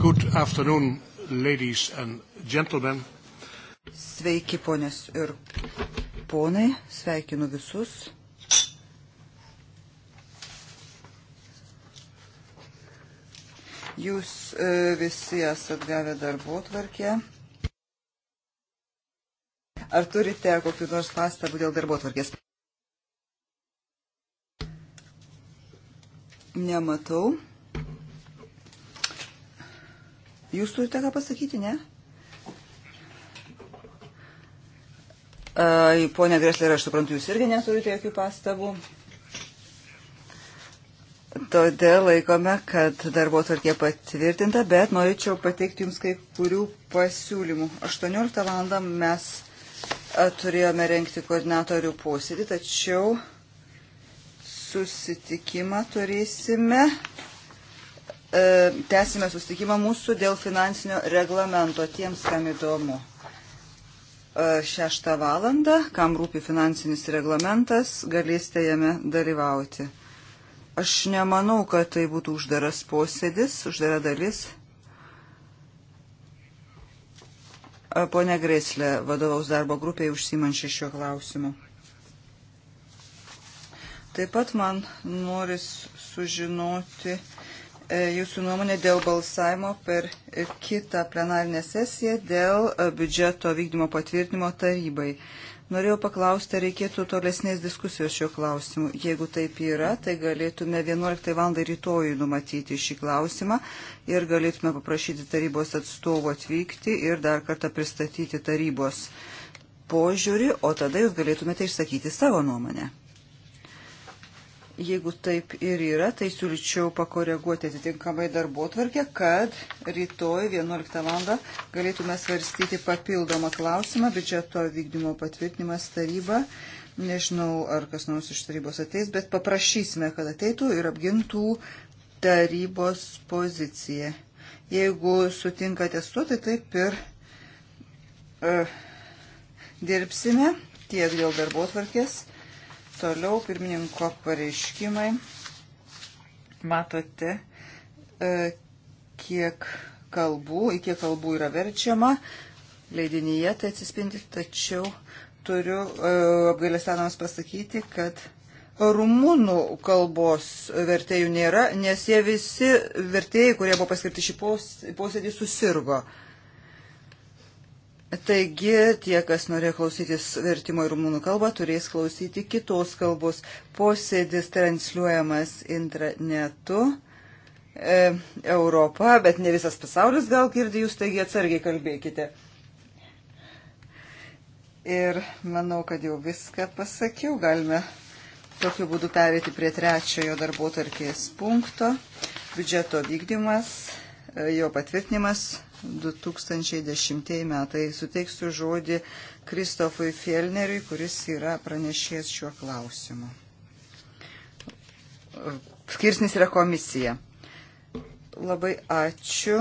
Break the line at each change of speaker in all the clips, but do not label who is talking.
Good afternoon, ladies and gentlemen.
Sveiki, ponės ir ponai, sveikinu visus. Jūs e, visi esat gavę darbo tvarkę. Ar turite kokiu nors pastabų dėl darbo tvarkės? Nematau. Jūs turite ką pasakyti, ne? Pone Gresler, aš suprantu, jūs irgi neturite jokių pastabų. Todėl laikome, kad darbo tvarkė patvirtinta, bet norėčiau pateikti Jums kai kurių pasiūlymų. 18 val. mes turėjome renkti koordinatorių posėdį, tačiau susitikimą turėsime E, tęsime sustikimą mūsų dėl finansinio reglamento tiems, kam įdomu. E, šeštą valandą, kam rūpi finansinis reglamentas, galėsite jame dalyvauti. Aš nemanau, kad tai būtų uždaras posėdis, uždara dalis. E, Pone Greslė vadovaus darbo grupiai užsimančia šiuo klausimu. Taip pat man noris sužinoti, E, jūsų nuomonė dėl balsavimo per kitą plenarinę sesiją dėl e, biudžeto vykdymo patvirtinimo tarybai. Norėjau paklausti, ar reikėtų tolesnės diskusijos šiuo klausimu. Jeigu taip yra, tai galėtume 11 val. rytoj numatyti šį klausimą ir galėtume paprašyti tarybos atstovų atvykti ir dar kartą pristatyti tarybos požiūrį, o tada jūs galėtumėte išsakyti savo nuomonę. Jeigu taip ir yra, tai siūlyčiau pakoreguoti atitinkamai darbo tvarkę, kad rytoj 11 val. galėtume svarstyti papildomą klausimą biudžeto vykdymo patvirtinimas taryba. Nežinau, ar kas nors iš tarybos ateis, bet paprašysime, kad ateitų ir apgintų tarybos poziciją. Jeigu sutinkate su, tai taip ir uh, dirbsime tiek dėl darbo tvarkės Toliau pirmininko pareiškimai. Matote, e, kiek kalbų, į kiek kalbų yra verčiama. Leidinyje tai atsispindi, tačiau turiu e, apgailestavimas pasakyti, kad rumunų kalbos vertėjų nėra, nes jie visi vertėjai, kurie buvo paskirti šį posėdį, susirgo. Uh, Taigi, tie, kas norėjo klausytis vertimo į rumūnų kalbą, turės klausyti kitos kalbos. Posėdis transliuojamas intranetu. E, Europa, bet ne visas pasaulis gal girdi, jūs taigi atsargiai kalbėkite. Ir manau, kad jau viską pasakiau. Galime tokiu būdu perėti prie trečiojo darbo tarkės punkto. Biudžeto vykdymas, e, jo patvirtinimas 2010 metai. Suteiksiu žodį Kristofui Fielneriui, kuris yra pranešėjęs šiuo klausimu. Skirsnis yra komisija. Labai ačiū.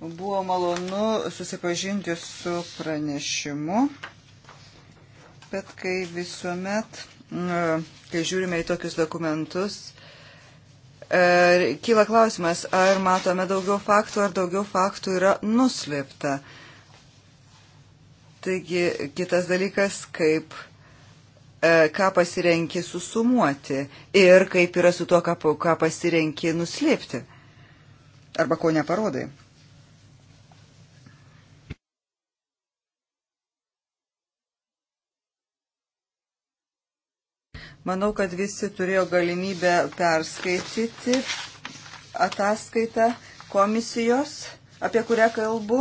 Buvo malonu susipažinti su pranešimu, bet kai visuomet, kai žiūrime į tokius dokumentus, E, kyla klausimas, ar matome daugiau faktų, ar daugiau faktų yra nuslėpta. Taigi kitas dalykas, kaip e, ką pasirenki susumuoti ir kaip yra su tuo, ką, ką pasirenki nuslėpti arba ko neparodai. Manau, kad visi turėjo galimybę perskaityti ataskaitą komisijos, apie kurią kalbu,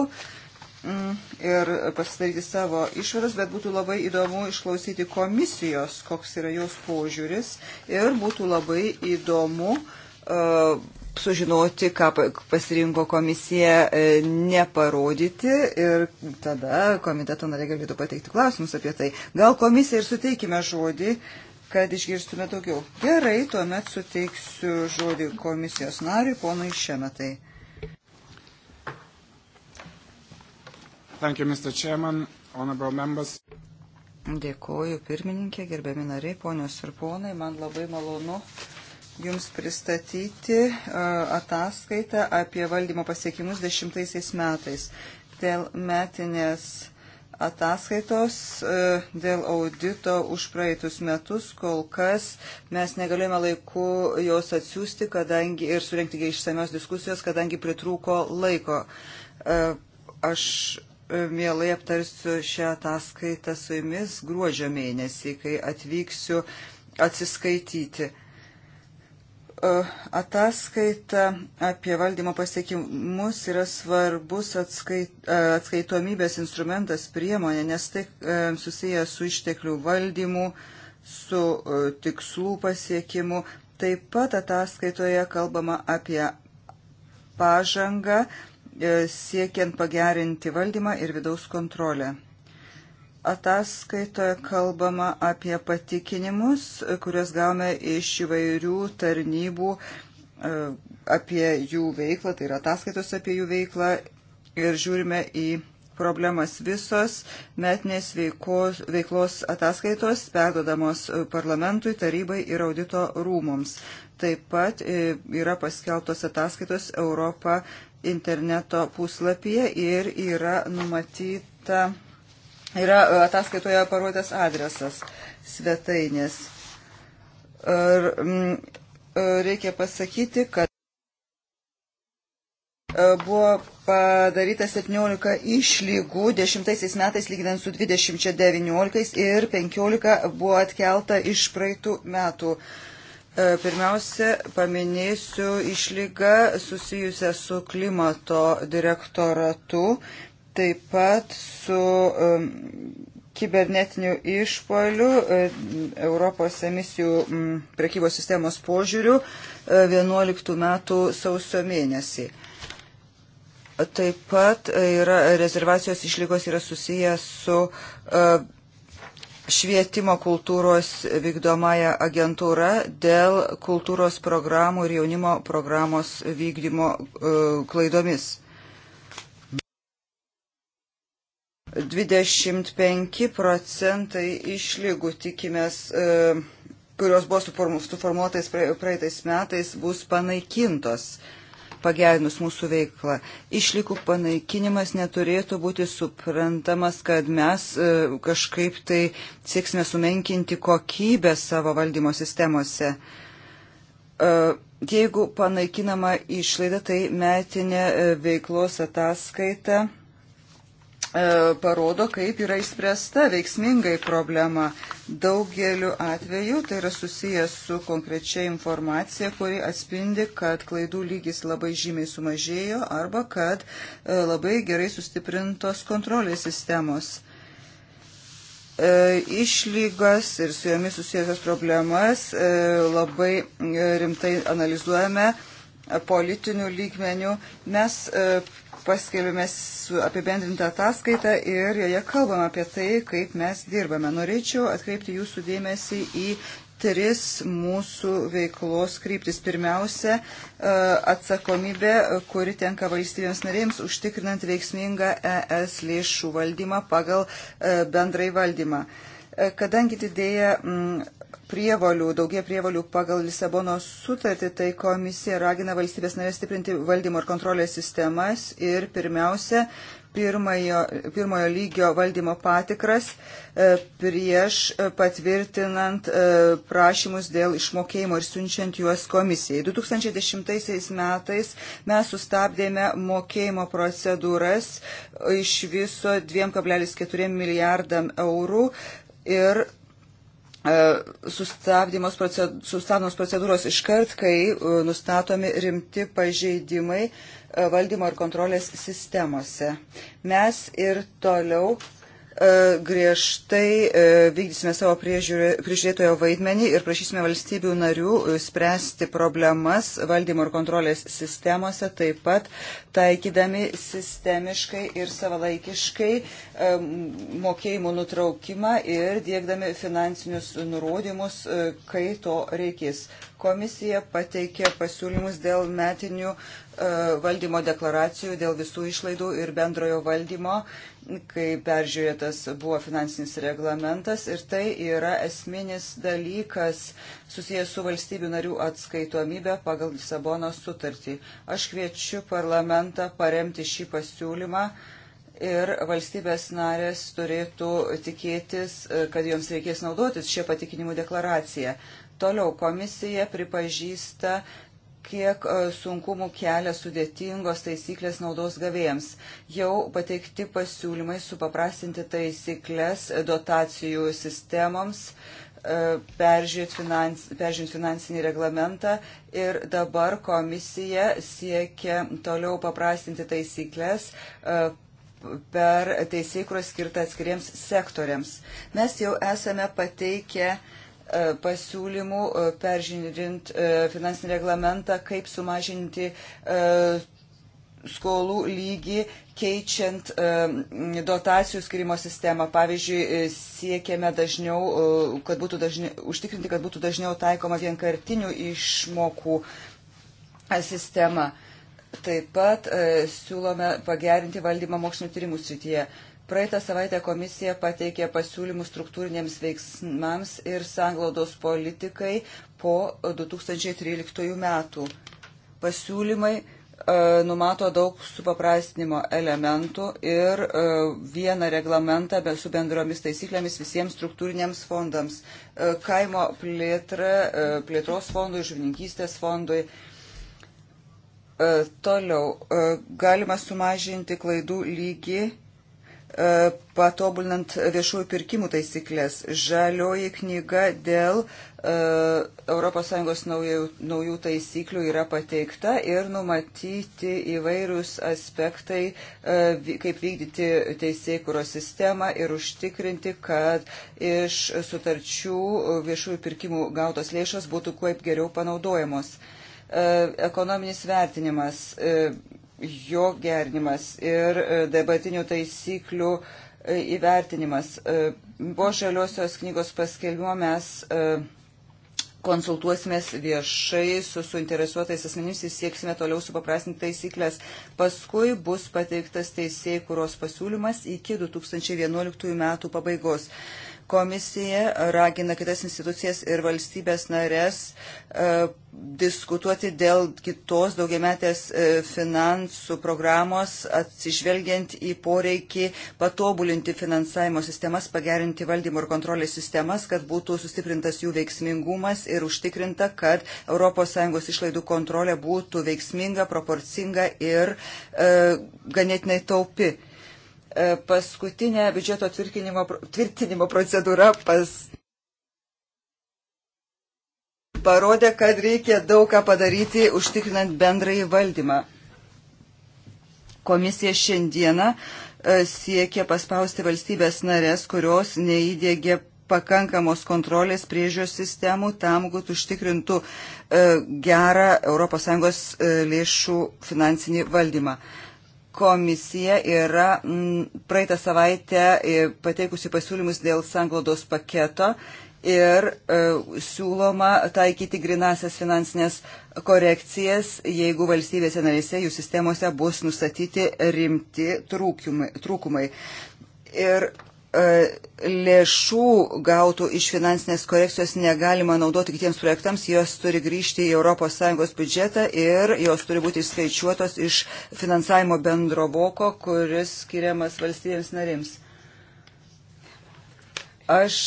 mm, ir pasidaryti savo išvadas, bet būtų labai įdomu išklausyti komisijos, koks yra jos požiūris, ir būtų labai įdomu uh, sužinoti, ką pasirinko komisija e, neparodyti ir tada komiteto nariai galėtų pateikti klausimus apie tai. Gal komisija ir suteikime žodį kad išgirstume daugiau. Gerai, tuomet suteiksiu žodį komisijos nariui, ponui Šemetai. Thank you, Mr. Chairman, honorable members. Dėkoju pirmininkė, gerbiami nariai, ponios ir ponai, man labai malonu Jums pristatyti ataskaitą apie valdymo pasiekimus dešimtaisiais metais. Dėl metinės ataskaitos e, dėl audito už praeitus metus. Kol kas mes negalėjome laiku jos atsiųsti kadangi, ir surenkti išsamios diskusijos, kadangi pritrūko laiko. E, aš e, mielai aptarsiu šią ataskaitą su jumis gruodžio mėnesį, kai atvyksiu atsiskaityti. E, ataskaita apie valdymo pasiekimus yra svarbus atskait, e, atskaitomybės instrumentas priemonė, nes tai e, susijęs su išteklių valdymu, su tikslų pasiekimu. Taip pat ataskaitoje kalbama apie pažangą siekiant pagerinti valdymą ir vidaus kontrolę. Ataskaitoje kalbama apie patikinimus, kuriuos gavome iš įvairių tarnybų e, apie jų veiklą, tai yra ataskaitos apie jų veiklą ir žiūrime į problemas visos metinės veikos, veiklos ataskaitos perdodamos parlamentui, tarybai ir audito rūmoms. Taip pat e, yra paskeltos ataskaitos Europą interneto puslapyje ir yra numatyta yra e, ataskaitoje parodęs adresas svetainės. Ir mm, e, reikia pasakyti, kad e, buvo padaryta 17 išlygų 10 metais lyginant su 2019 ir 15 buvo atkelta iš praeitų metų. Pirmiausia, paminėsiu išlygą susijusią su klimato direktoratu taip pat su um, kibernetiniu išpoliu um, Europos emisijų um, prekybos sistemos požiūriu 11 uh, metų sausio mėnesį. Taip pat yra, rezervacijos išlygos yra susijęs su uh, švietimo kultūros vykdomąją agentūrą dėl kultūros programų ir jaunimo programos vykdymo uh, klaidomis. 25 procentai išlygų tikimės, e, kurios buvo suformuotais praeitais metais, bus panaikintos pagerinus mūsų veiklą. Išlikų panaikinimas neturėtų būti suprantamas, kad mes e, kažkaip tai sieksime sumenkinti kokybę savo valdymo sistemose. E, jeigu panaikinama išlaida, tai metinė veiklos ataskaita E, parodo, kaip yra išspręsta veiksmingai problema. Daugeliu atveju tai yra susijęs su konkrečia informacija, kuri atspindi, kad klaidų lygis labai žymiai sumažėjo arba kad e, labai gerai sustiprintos kontrolės sistemos. E, išlygas ir su jomis susijusios problemas labai rimtai analizuojame politinių lygmenių. Mes paskelbėme apibendrintą ataskaitą ir joje kalbam apie tai, kaip mes dirbame. Norėčiau atkreipti jūsų dėmesį į tris mūsų veiklos kryptis. Pirmiausia, e, atsakomybė, kuri tenka valstybėms narėms, užtikrinant veiksmingą ES lėšų valdymą pagal e, bendrai valdymą. Kadangi didėja mm, prievalių, daugie prievalių pagal Lisabono sutartį, tai komisija ragina valstybės narės stiprinti valdymo ir kontrolės sistemas ir pirmiausia, pirmojo, pirmojo lygio valdymo patikras e, prieš patvirtinant e, prašymus dėl išmokėjimo ir siunčiant juos komisijai. 2010 metais mes sustabdėme mokėjimo procedūras iš viso 2,4 milijardam eurų ir e, sustabdymos procedūros iškart, kai e, nustatomi rimti pažeidimai e, valdymo ir kontrolės sistemose. Mes ir toliau griežtai vykdysime savo prižiūrėtojo vaidmenį ir prašysime valstybių narių spręsti problemas valdymo ir kontrolės sistemose, taip pat taikydami sistemiškai ir savalaikiškai mokėjimų nutraukimą ir dėkdami finansinius nurodymus, e, kai to reikės. Komisija pateikė pasiūlymus dėl metinių e, valdymo deklaracijų, dėl visų išlaidų ir bendrojo valdymo, kai peržiūrėtas buvo finansinis reglamentas ir tai yra esminis dalykas susijęs su valstybių narių atskaitomybė pagal Lisabono sutartį. Aš kviečiu parlamentą paremti šį pasiūlymą ir valstybės narės turėtų tikėtis, e, kad joms reikės naudotis šią patikinimų deklaraciją. Toliau komisija pripažįsta, kiek e, sunkumų kelia sudėtingos taisyklės naudos gavėjams. Jau pateikti pasiūlymai supaprastinti taisyklės dotacijų sistemoms E, peržiūrint finans, finansinį reglamentą ir dabar komisija siekia toliau paprastinti taisyklės e, per teisėkurą skirtą atskiriems sektoriams. Mes jau esame pateikę e, pasiūlymų peržiūrint finansinį reglamentą, kaip sumažinti skolų lygį keičiant dotacijų skirimo sistemą. Pavyzdžiui, e, siekėme dažniau, e, kad būtų dažniau, užtikrinti, kad būtų dažniau taikoma vienkartinių išmokų e, sistema. Taip pat siūlome pagerinti valdymą mokslinio tyrimų srityje. Praeitą savaitę komisija pateikė pasiūlymus struktūriniams veiksmams ir sanglaudos politikai po 2013 metų. Pasiūlymai E, numato daug supaprastinimo elementų ir e, vieną reglamentą su bendromis taisyklėmis visiems struktūriniams fondams e, - kaimo plėtra, plėtros fondui, žuvininkystės fondui. Toliau galima sumažinti klaidų lygį patobulinant viešųjų pirkimų taisyklės. Žalioji knyga dėl ES naujų, naujų taisyklių yra pateikta ir numatyti įvairūs aspektai, e, kaip vykdyti teisėkuros sistemą ir užtikrinti, kad iš sutarčių viešųjų pirkimų gautos lėšos būtų kaip geriau panaudojamos. E, ekonominis vertinimas e, jo gernimas ir e, dabartinių taisyklių e, įvertinimas. E, po žaliosios knygos paskelbimo mes konsultuosimės viešai su suinteresuotais asmenimis ir sieksime toliau supaprastinti taisyklės. Paskui bus pateiktas teisėjai, kurios pasiūlymas iki 2011 metų pabaigos. Komisija ragina kitas institucijas ir valstybės narės e, diskutuoti dėl kitos daugiametės e, finansų programos, atsižvelgiant į poreikį patobulinti finansavimo sistemas, pagerinti valdymo ir kontrolės sistemas, kad būtų sustiprintas jų veiksmingumas ir užtikrinta, kad ES išlaidų kontrolė būtų veiksminga, proporcinga ir e, ganėtinai taupi. E, paskutinė biudžeto tvirtinimo, tvirtinimo procedūra pas parodė, kad reikia daug ką padaryti, užtikrinant bendrąjį valdymą. Komisija šiandieną e, siekia paspausti valstybės narės, kurios neįdėgė pakankamos kontrolės priežios sistemų tam, kad užtikrintų e, gerą ES lėšų finansinį valdymą komisija yra mm, praeitą savaitę e, pateikusi pasiūlymus dėl sanglaudos paketo ir e, siūloma taikyti grinasias finansinės korekcijas, jeigu valstybėse narėse jų sistemose bus nustatyti rimti trūkumai. trūkumai. Ir E, lėšų gautų iš finansinės korekcijos negalima naudoti kitiems projektams, jos turi grįžti į ES biudžetą ir jos turi būti išskaičiuotos iš finansavimo bendro voko, kuris skiriamas valstybėms narims. Aš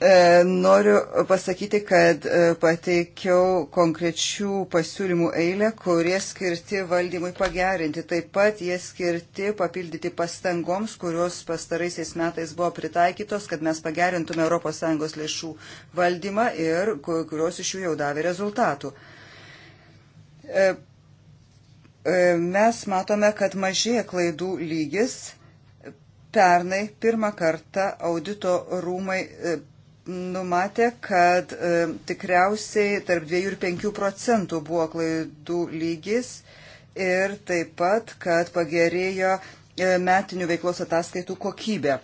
E, noriu pasakyti, kad e, pateikiau konkrečių pasiūlymų eilę, kurie skirti valdymui pagerinti. Taip pat jie skirti papildyti pastangoms, kurios pastaraisiais metais buvo pritaikytos, kad mes pagerintume ES lėšų valdymą ir kurios iš jų jau davė rezultatų. E, mes matome, kad mažėja klaidų lygis. Pernai pirmą kartą audito rūmai numatė, kad e, tikriausiai tarp 2 ir 5 procentų buvo klaidų lygis ir taip pat, kad pagerėjo e, metinių veiklos ataskaitų kokybė.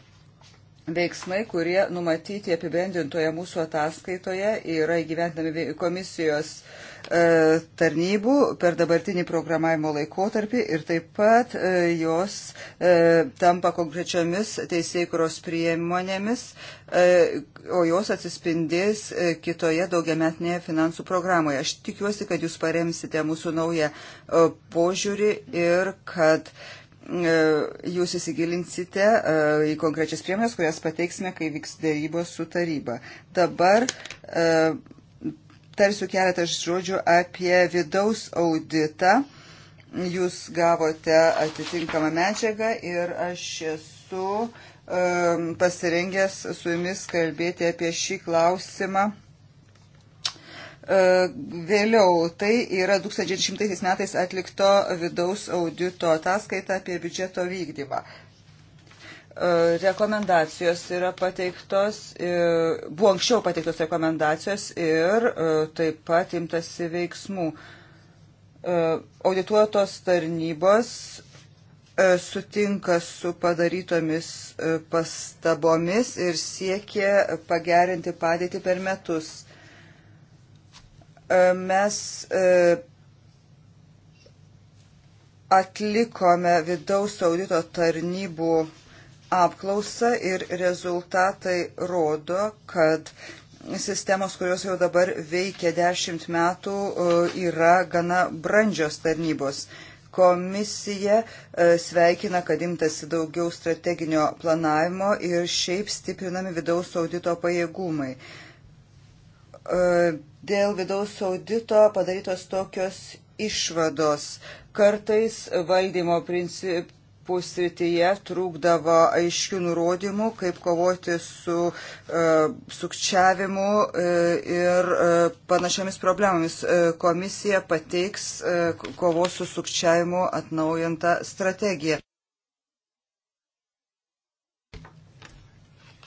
Veiksmai, kurie numatyti apibendintoje mūsų ataskaitoje, yra įgyventami komisijos e, E, tarnybų per dabartinį programavimo laikotarpį ir taip pat e, jos e, tampa konkrečiomis teisėkuros priemonėmis, o jos atsispindės kitoje daugiametinėje finansų programoje. Aš tikiuosi, kad jūs paremsite mūsų naują požiūrį ir kad jūs įsigilinsite į konkrečias priemonės, kurias pateiksime, kai vyks dėrybos su taryba. Dabar tarsiu keletą žodžių apie vidaus auditą. Jūs gavote atitinkamą medžiagą ir aš esu um, pasirengęs su jumis kalbėti apie šį klausimą. Uh, vėliau tai yra 2010 metais atlikto vidaus audito ataskaita apie biudžeto vykdymą. E, rekomendacijos yra pateiktos, e, buvo anksčiau pateiktos rekomendacijos ir e, taip pat imtasi veiksmų. Audituotos tarnybos sutinka su padarytomis pastabomis ir siekia pagerinti padėtį per metus. Mes atlikome vidaus audito tarnybų apklausą ir rezultatai rodo, kad sistemos, kurios jau dabar veikia dešimt metų, e, yra gana brandžios tarnybos. Komisija e, sveikina, kad imtasi daugiau strateginio planavimo ir šiaip stiprinami vidaus audito pajėgumai. E, dėl vidaus audito padarytos tokios išvados. Kartais valdymo principų pusrityje trūkdavo aiškių nurodymų, kaip kovoti su e, sukčiavimu e, ir e, panašiamis problemomis. E, komisija pateiks e, kovos su sukčiavimu atnaujantą strategiją.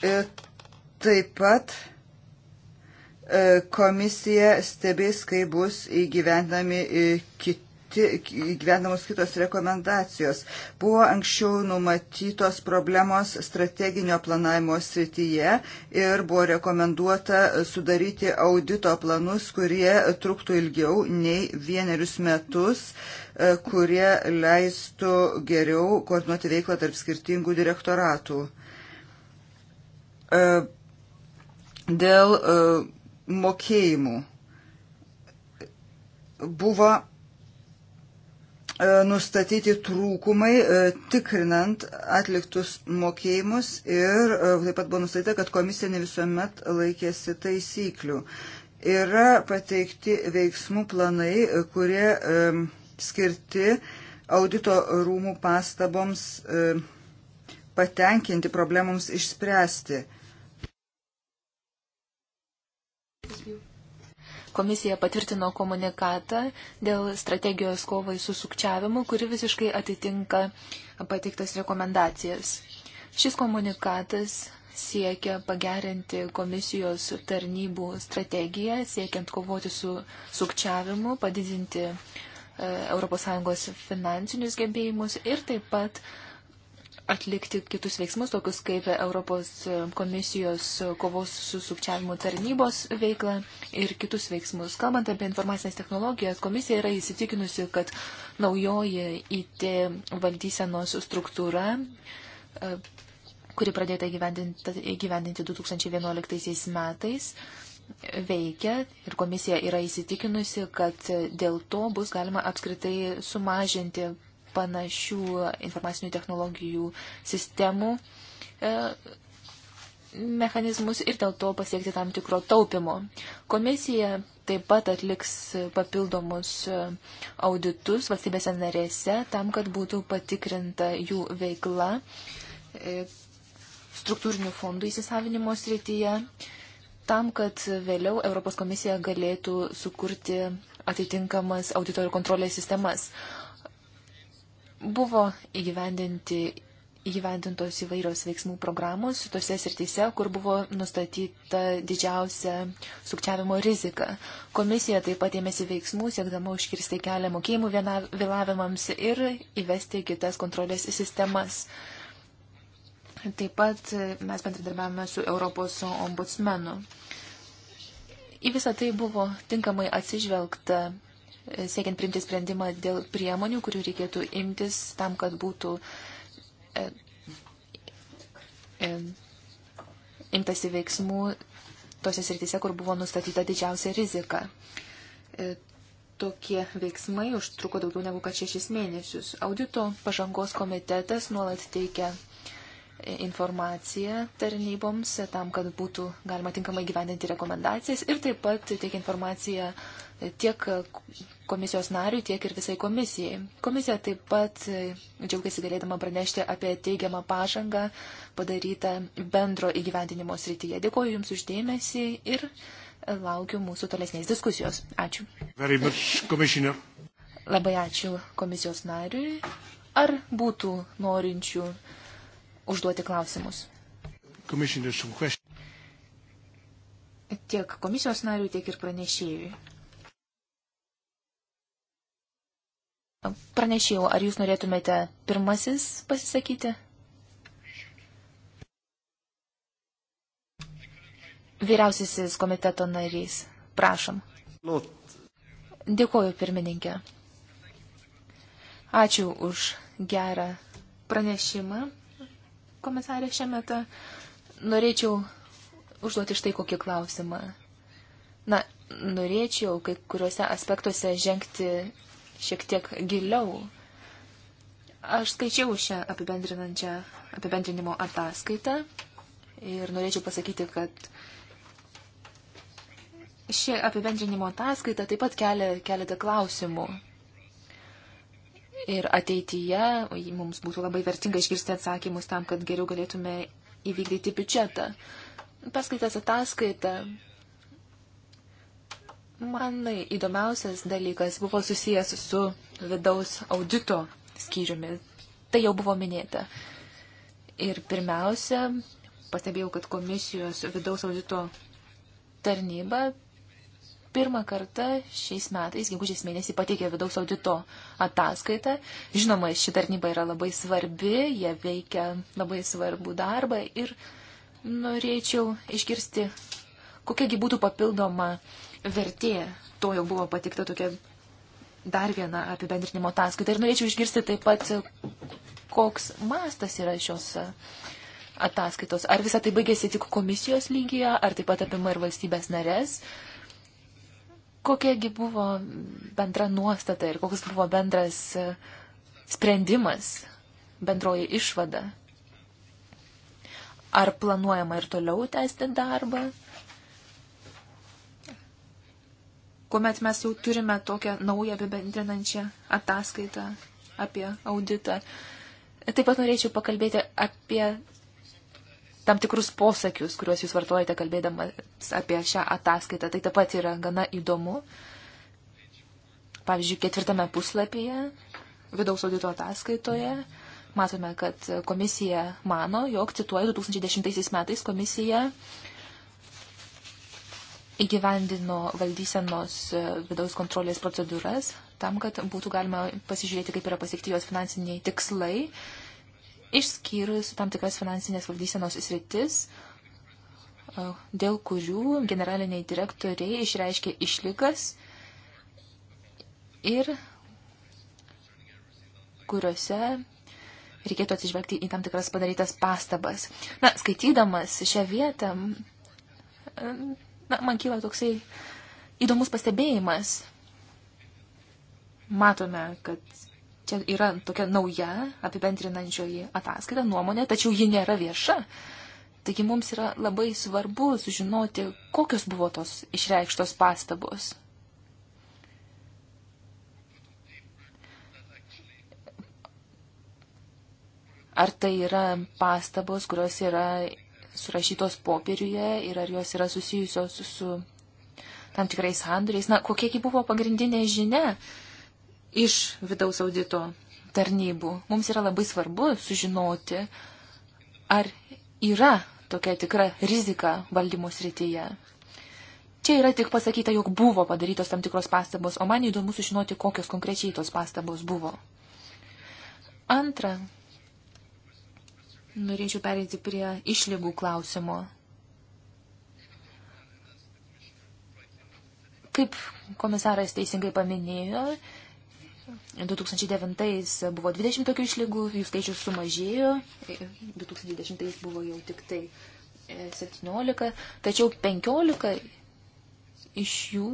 E, taip pat e, komisija stebės, kaip bus įgyvendami e, kiti įgyvendamos kitos rekomendacijos. Buvo anksčiau numatytos problemos strateginio planavimo srityje ir buvo rekomenduota sudaryti audito planus, kurie truktų ilgiau nei vienerius metus, e, kurie leistų geriau koordinuoti veiklą tarp skirtingų direktoratų. E, dėl e, mokėjimų buvo E, nustatyti trūkumai, e, tikrinant atliktus mokėjimus ir e, taip pat buvo nustatyta, kad komisija ne visuomet laikėsi taisyklių. Yra pateikti veiksmų planai, kurie skirti audito rūmų pastaboms patenkinti problemams išspręsti komisija
patvirtino komunikatą dėl strategijos kovai su sukčiavimu, kuri visiškai atitinka pateiktas rekomendacijas. Šis komunikatas siekia pagerinti komisijos tarnybų strategiją, siekiant kovoti su sukčiavimu, padidinti ES finansinius gebėjimus ir taip pat atlikti kitus veiksmus, tokius kaip Europos komisijos kovos su sukčiavimu tarnybos veikla ir kitus veiksmus. Kalbant apie informacinės technologijas, komisija yra įsitikinusi, kad naujoji IT valdysenos struktūra e, kuri pradėta įgyvendinti 2011 metais, veikia ir komisija yra įsitikinusi, kad dėl to bus galima apskritai sumažinti panašių informacinių technologijų sistemų e, mechanizmus ir dėl to pasiekti tam tikro taupimo. Komisija taip pat atliks papildomus e, auditus valstybėse narėse tam, kad būtų patikrinta jų veikla e, struktūrinių fondų įsisavinimo srityje, tam, kad vėliau Europos komisija galėtų sukurti atitinkamas auditorių kontrolės sistemas. Buvo įgyvendinti įgyvendintos įvairios veiksmų programos tose srityse, kur buvo nustatyta didžiausia sukčiavimo rizika. Komisija taip pat ėmėsi veiksmų, siekdama užkirsti kelią mokėjimų vėlavimams ir įvesti kitas kontrolės sistemas. Taip pat mes bendradarbiavome su Europos ombudsmenu. Į visą tai buvo tinkamai atsižvelgta siekiant priimti sprendimą dėl priemonių, kurių reikėtų imtis tam, kad būtų e, e, imtasi veiksmų tose srityse, kur buvo nustatyta didžiausia rizika. E, tokie veiksmai užtruko daugiau negu kad šešis mėnesius. Audito pažangos komitetas nuolat teikia e, informaciją tarnyboms e, tam, kad būtų galima tinkamai gyvendinti rekomendacijas ir taip pat teikia informaciją e, tiek komisijos nariui, tiek ir visai komisijai. Komisija taip pat e, džiaugiasi galėdama pranešti apie teigiamą pažangą padarytą bendro įgyvendinimo srityje. Dėkuoju Jums uždėmesį ir laukiu mūsų tolesnės diskusijos. Ačiū.
Much,
Labai ačiū komisijos nariui. Ar būtų norinčių užduoti klausimus? Tiek komisijos nariui, tiek ir pranešėjui. Pranešėjau, ar jūs norėtumėte pirmasis pasisakyti? Vyriausiasis komiteto narys, prašom. Dėkoju, pirmininkė. Ačiū už gerą pranešimą, komisarė šiame metą. Norėčiau užduoti štai kokį klausimą. Na, norėčiau kai kuriuose aspektuose žengti šiek tiek giliau. Aš skaičiau šią apibendrinančią apibendrinimo ataskaitą ir norėčiau pasakyti, kad ši apibendrinimo ataskaita taip pat kelia keletą klausimų. Ir ateityje mums būtų labai vertinga išgirsti atsakymus tam, kad geriau galėtume įvykdyti biudžetą. Paskaitas ataskaitą Man įdomiausias dalykas buvo susijęs su vidaus audito skyriumi. Tai jau buvo minėta. Ir pirmiausia, pastebėjau, kad komisijos vidaus audito tarnyba pirmą kartą šiais metais, gegužės mėnesį, pateikė vidaus audito ataskaitą. Žinoma, ši tarnyba yra labai svarbi, jie veikia labai svarbų darbą ir norėčiau išgirsti, kokiagi būtų papildoma uh, vertė. To jau buvo patikta tokia dar viena apibendrinimo ataskaita. Ir norėčiau išgirsti taip pat, koks mastas yra šios ataskaitos. Ar visą tai baigėsi tik komisijos lygyje, ar taip pat apima ir valstybės narės? Kokiagi buvo bendra nuostata ir koks buvo bendras e, sprendimas, bendroji išvada? Ar planuojama ir toliau tęsti darbą? kuomet mes jau turime tokią naują apibendrinančią ataskaitą apie auditą. Taip pat norėčiau pakalbėti apie tam tikrus posakius, kuriuos jūs vartojate kalbėdamas apie šią ataskaitą. Tai taip pat yra gana įdomu. Pavyzdžiui, ketvirtame puslapyje, vidaus audito ataskaitoje, matome, kad komisija mano, jog, cituoju, 2010 metais komisija uh, įgyvendino valdysenos e, vidaus kontrolės procedūras tam, kad būtų galima pasižiūrėti, kaip yra pasiekti jos finansiniai tikslai, išskyrus tam tikras finansinės valdysenos sritis, e, dėl kurių generaliniai direktoriai išreiškė išlygas ir kuriuose reikėtų atsižvelgti į tam tikras padarytas pastabas. Na, skaitydamas šią vietą, Na, man kyla toksai įdomus pastebėjimas. Matome, kad čia yra tokia nauja apibendrinančioji ataskaita, nuomonė, tačiau ji nėra vieša. Taigi mums yra labai svarbu sužinoti, kokios buvo tos išreikštos pastabos. Ar tai yra pastabos, kurios yra surašytos popieriuje ir ar jos yra susijusios su tam tikrais sandoriais. Na, kokiegi buvo pagrindinė žinia iš vidaus audito tarnybų. Mums yra labai svarbu sužinoti, ar yra tokia tikra rizika valdymo srityje. Čia yra tik pasakyta, jog buvo padarytos tam tikros pastabos, o man įdomu sužinoti, kokios konkrečiai tos pastabos buvo. Antra, Norėčiau perėti prie išlygų klausimo. Kaip komisaras teisingai paminėjo, 2009 buvo 20 tokių išlygų, jų skaičius sumažėjo, 2010 buvo jau tik tai 17, e, tačiau 15 iš jų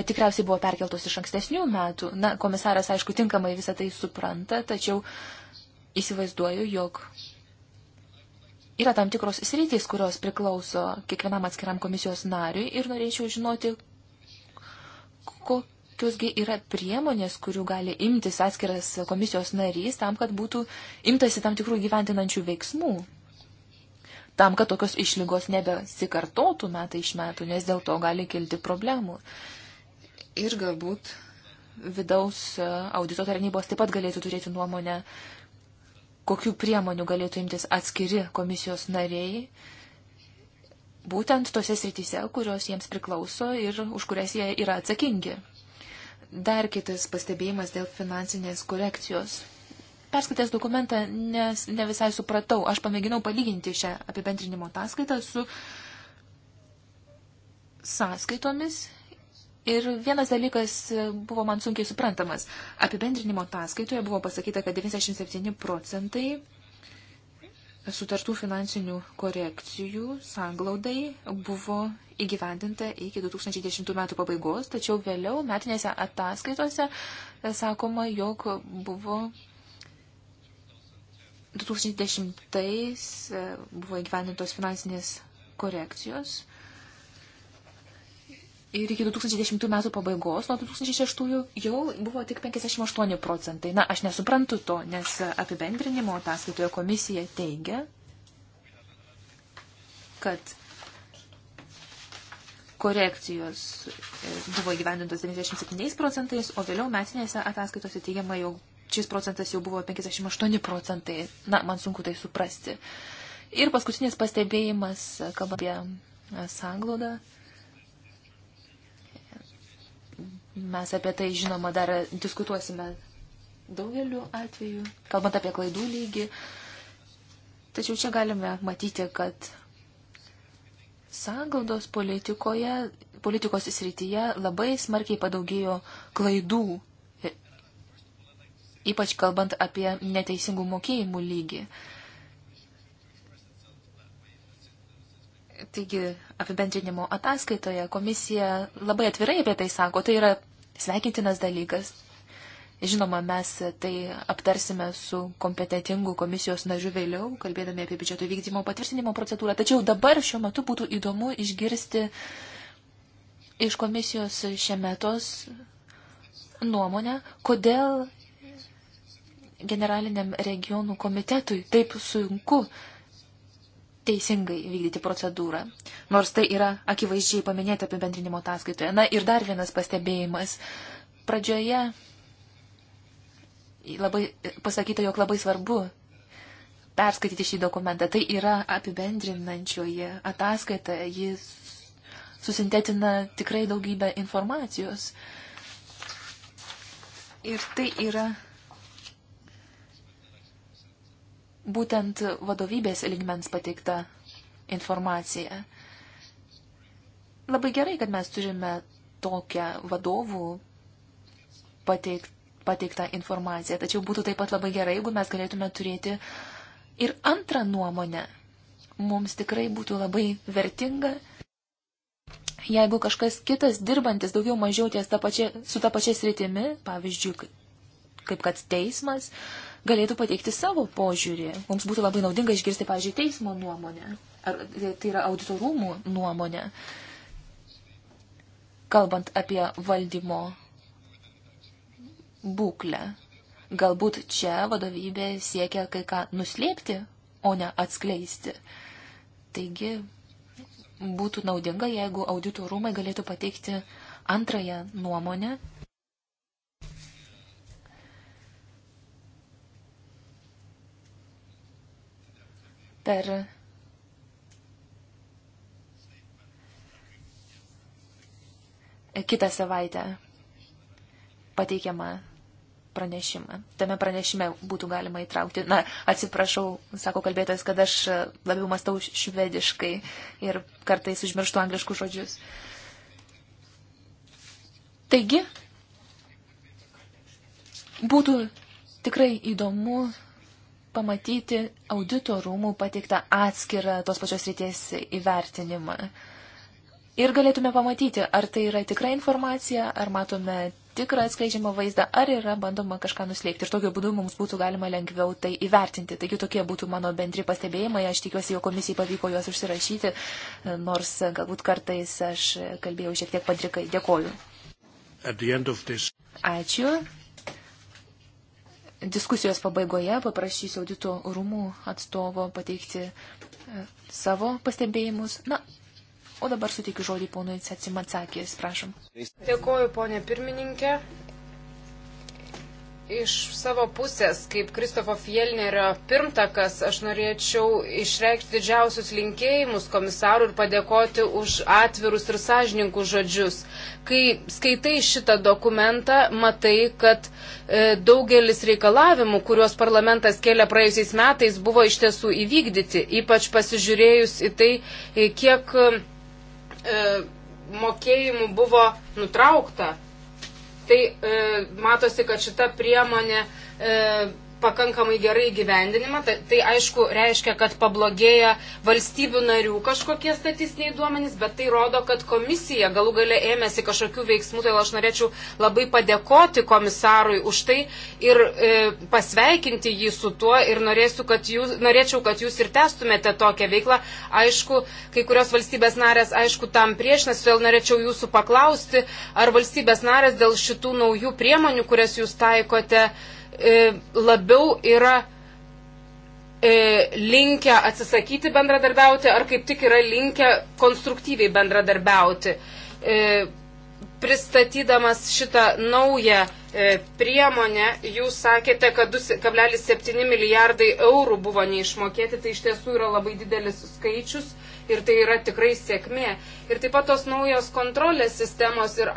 tikriausiai buvo perkeltos iš ankstesnių metų. Na, komisaras, aišku, tinkamai visą tai supranta, tačiau įsivaizduoju, jog yra tam tikros sritys, kurios priklauso kiekvienam atskiram komisijos nariui ir norėčiau žinoti, kokiusgi yra priemonės, kurių gali imtis atskiras komisijos narys tam, kad būtų imtasi tam tikrų gyventinančių veiksmų. Tam, kad tokios išlygos nebesikartotų metai iš metų, nes dėl to gali kilti problemų ir galbūt vidaus e, audito tarnybos taip pat galėtų turėti nuomonę, kokiu priemonių galėtų imtis atskiri komisijos nariai, būtent tose srityse, kurios jiems priklauso ir už kurias jie yra atsakingi. Dar kitas pastebėjimas dėl finansinės korekcijos. Perskaitęs dokumentą, nes ne visai supratau, aš pamėginau palyginti šią apibendrinimo ataskaitą su sąskaitomis Ir vienas dalykas buvo man sunkiai suprantamas. Apibendrinimo ataskaitoje buvo pasakyta, kad 97 procentai sutartų finansinių korekcijų sanglaudai buvo įgyvendinta iki 2010 metų pabaigos, tačiau vėliau metinėse ataskaitose sakoma, jog buvo 2010 buvo įgyvendintos finansinės korekcijos Ir iki 2010 metų pabaigos, nuo 2006 jau buvo tik 58 procentai. Na, aš nesuprantu to, nes apibendrinimo ataskaitoje komisija teigia, kad korekcijos e, buvo įgyvendintos 97 procentais, o vėliau metinėse ataskaitose teigiama, jog šis procentas jau buvo 58 procentai. Na, man sunku tai suprasti. Ir paskutinis pastebėjimas, kalbant apie e, sanglaudą, Mes apie tai, žinoma, dar diskutuosime daugeliu atveju, kalbant apie klaidų lygį. Tačiau čia galime matyti, kad sągaldos politikoje, politikos srityje labai smarkiai padaugėjo klaidų, ypač kalbant apie neteisingų mokėjimų lygį. Taigi, apibendrinimo ataskaitoje komisija labai atvirai apie tai sako, tai yra sveikintinas dalykas. Žinoma, mes tai aptarsime su kompetentingu komisijos nažiu vėliau, kalbėdami apie biudžeto vykdymo patvirtinimo procedūrą. Tačiau dabar šiuo metu būtų įdomu išgirsti iš komisijos šiemetos nuomonę, kodėl generaliniam regionų komitetui taip sunku uh, teisingai vykdyti procedūrą. Nors tai yra akivaizdžiai paminėta apibendrinimo ataskaitoje. Na ir dar vienas pastebėjimas. Pradžioje labai, pasakyta, jog labai svarbu perskaityti šį dokumentą. Tai yra apibendrinančioji ataskaita. Jis susintetina tikrai daugybę informacijos. Ir tai yra būtent vadovybės lygmens pateikta informacija. Labai gerai, kad mes turime tokią vadovų pateik, pateiktą informaciją, tačiau būtų taip pat labai gerai, jeigu mes galėtume turėti ir antrą nuomonę. Mums tikrai būtų labai vertinga, jeigu kažkas kitas dirbantis daugiau mažiau ties ta pačia, su ta pačia sritimi, pavyzdžiui, kaip kad teismas, uh, galėtų pateikti savo požiūrį. Mums būtų labai naudinga išgirsti, pavyzdžiui, teismo nuomonę. Ar tai yra auditorumų nuomonė. Kalbant apie valdymo būklę. Galbūt čia vadovybė siekia kai ką nuslėpti, o ne atskleisti. Taigi būtų naudinga, jeigu auditorumai galėtų pateikti antrąją nuomonę per kitą savaitę pateikiamą pranešimą. Tame pranešime būtų galima įtraukti. Na, atsiprašau, sako kalbėtojas, kad aš labiau mastau švediškai ir kartais užmirštu angliškus žodžius. Taigi, būtų tikrai įdomu pamatyti audito rūmų pateiktą atskirą tos pačios ryties įvertinimą. Ir galėtume pamatyti, ar tai yra tikra informacija, ar matome tikrą atskleidžiamą vaizdą, ar yra bandoma kažką nuslėpti. Ir tokiu būdu mums būtų galima lengviau tai įvertinti. Taigi tokie būtų mano bendri pastebėjimai. Aš tikiuosi, jo komisijai pavyko juos užsirašyti, nors galbūt kartais aš kalbėjau šiek tiek padrikai. Dėkoju. This... Ačiū diskusijos pabaigoje paprašysiu audito rūmų atstovo pateikti e, savo pastebėjimus. Na, o dabar suteikiu žodį ponui Cecimatsakės, prašom.
Dėkoju, ponė pirmininkė iš savo pusės, kaip Kristofo Fielnerio pirmtakas, aš norėčiau išreikšti didžiausius linkėjimus komisarų ir padėkoti už atvirus ir sąžininkų žodžius. Kai skaitai šitą dokumentą, matai, kad e, daugelis reikalavimų, kuriuos parlamentas kėlė praėjusiais metais, buvo iš tiesų įvykdyti, ypač pasižiūrėjus į tai, e, kiek e, mokėjimų buvo nutraukta tai e, matosi, kad šita priemonė e, pakankamai gerai gyvendinimą, tai, tai aišku reiškia, kad pablogėja valstybių narių kažkokie statistiniai duomenys, bet tai rodo, kad komisija galų gale ėmėsi kažkokių veiksmų, tai aš norėčiau labai padėkoti komisarui už tai ir e, pasveikinti jį su tuo ir norėsiu, kad jūs, norėčiau, kad jūs ir testumėte tokią veiklą. Aišku, kai kurios valstybės narės, aišku, tam priešinasi, vėl norėčiau jūsų paklausti, ar valstybės narės dėl šitų naujų priemonių, kurias jūs taikote, E, labiau yra e, linkę atsisakyti bendradarbiauti ar kaip tik yra linkę konstruktyviai bendradarbiauti. E, pristatydamas šitą naują priemonę, jūs sakėte, kad 2,7 milijardai eurų buvo neišmokėti, tai iš tiesų yra labai didelis skaičius ir tai yra tikrai sėkmė. Ir taip pat tos naujos kontrolės sistemos ir,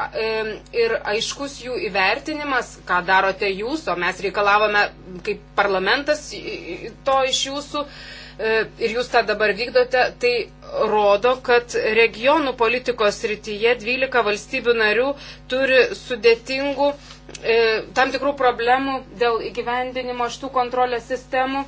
ir aiškus jų įvertinimas, ką darote jūs, o mes reikalavome kaip parlamentas to iš jūsų e, ir jūs tą dabar vykdote, tai rodo, kad regionų politikos rytyje 12 valstybių narių turi sudėtingų e, tam tikrų problemų dėl įgyvendinimo šitų kontrolės sistemų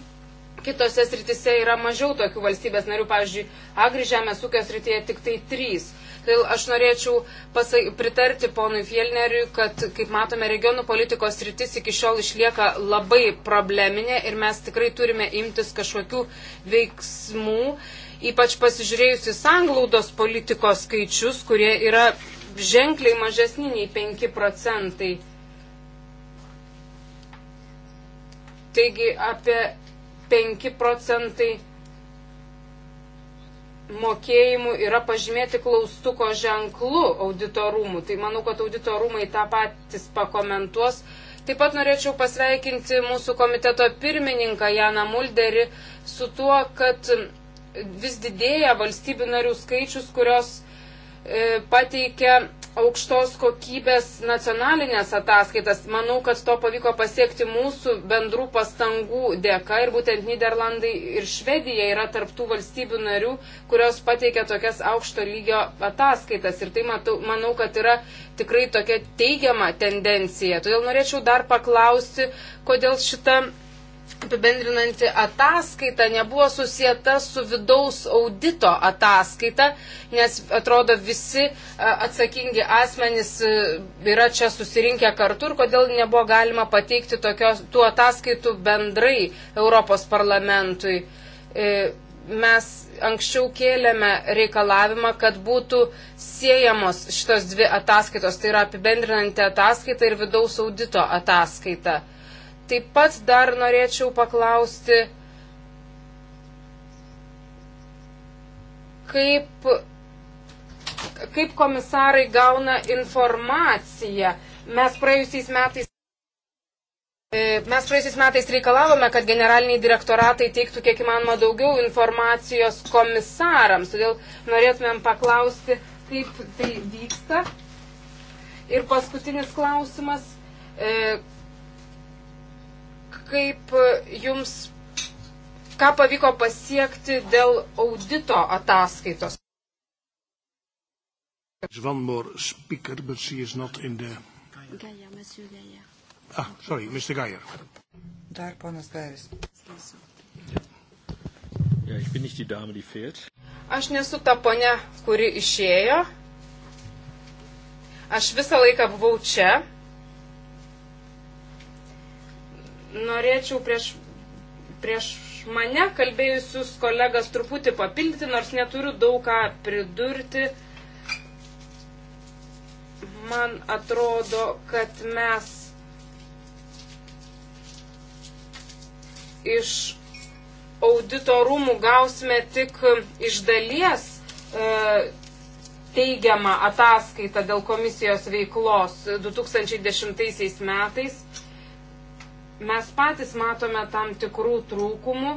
kitose sritise yra mažiau tokių valstybės narių, pavyzdžiui, agri žemės ūkio srityje tik tai trys. Todėl tai aš norėčiau pasai, pritarti ponui Fielneriui, kad, kaip matome, regionų politikos sritis iki šiol išlieka labai probleminė ir mes tikrai turime imtis kažkokių veiksmų, ypač pasižiūrėjus į sanglaudos politikos skaičius, kurie yra ženkliai mažesni nei 5 procentai. Taigi apie 5 procentai mokėjimų yra pažymėti klaustuko ženklu auditorumų. Tai manau, kad auditorumai tą patys pakomentuos. Taip pat norėčiau pasveikinti mūsų komiteto pirmininką Janą Mulderį su tuo, kad vis didėja valstybių narių skaičius, kurios e, pateikia aukštos kokybės nacionalinės ataskaitas. Manau, kad to pavyko pasiekti mūsų bendrų pastangų dėka ir būtent Niderlandai ir Švedija yra tarptų valstybių narių, kurios pateikia tokias aukšto lygio ataskaitas. Ir tai matau, manau, kad yra tikrai tokia teigiama tendencija. Todėl norėčiau dar paklausti, kodėl šita apibendrinanti ataskaita nebuvo susijęta su vidaus audito ataskaita, nes atrodo visi e, atsakingi asmenys e, yra čia susirinkę kartu ir kodėl nebuvo galima pateikti tokios, tų ataskaitų bendrai Europos parlamentui. E, mes anksčiau kėlėme reikalavimą, kad būtų siejamos šitos dvi ataskaitos, tai yra apibendrinanti ataskaita ir vidaus audito ataskaita. Taip pat dar norėčiau paklausti, kaip, kaip komisarai gauna informaciją. Mes praėjusiais metais. E, mes praėjusiais metais reikalavome, kad generaliniai direktoratai teiktų kiek įmanoma daugiau informacijos komisarams, todėl norėtumėm paklausti, kaip tai vyksta. Ir paskutinis klausimas, e, kaip e, jums, ką pavyko pasiekti dėl audito ataskaitos.
There's one more speaker, but she is not in the.
Gaia, Monsieur
Gaia.
Ah, sorry, Mr. Gaia.
Dar ponas Gairis.
Ja, ich bin nicht die Dame, die fehlt.
Aš nesu ta ponia, kuri išėjo. Aš visą laiką buvau čia. norėčiau prieš, prieš mane kalbėjusius kolegas truputį papildyti, nors neturiu daug ką pridurti. Man atrodo, kad mes iš auditorumų gausime tik iš dalies e, teigiamą ataskaitą dėl komisijos veiklos 2010 metais Mes patys matome tam tikrų trūkumų.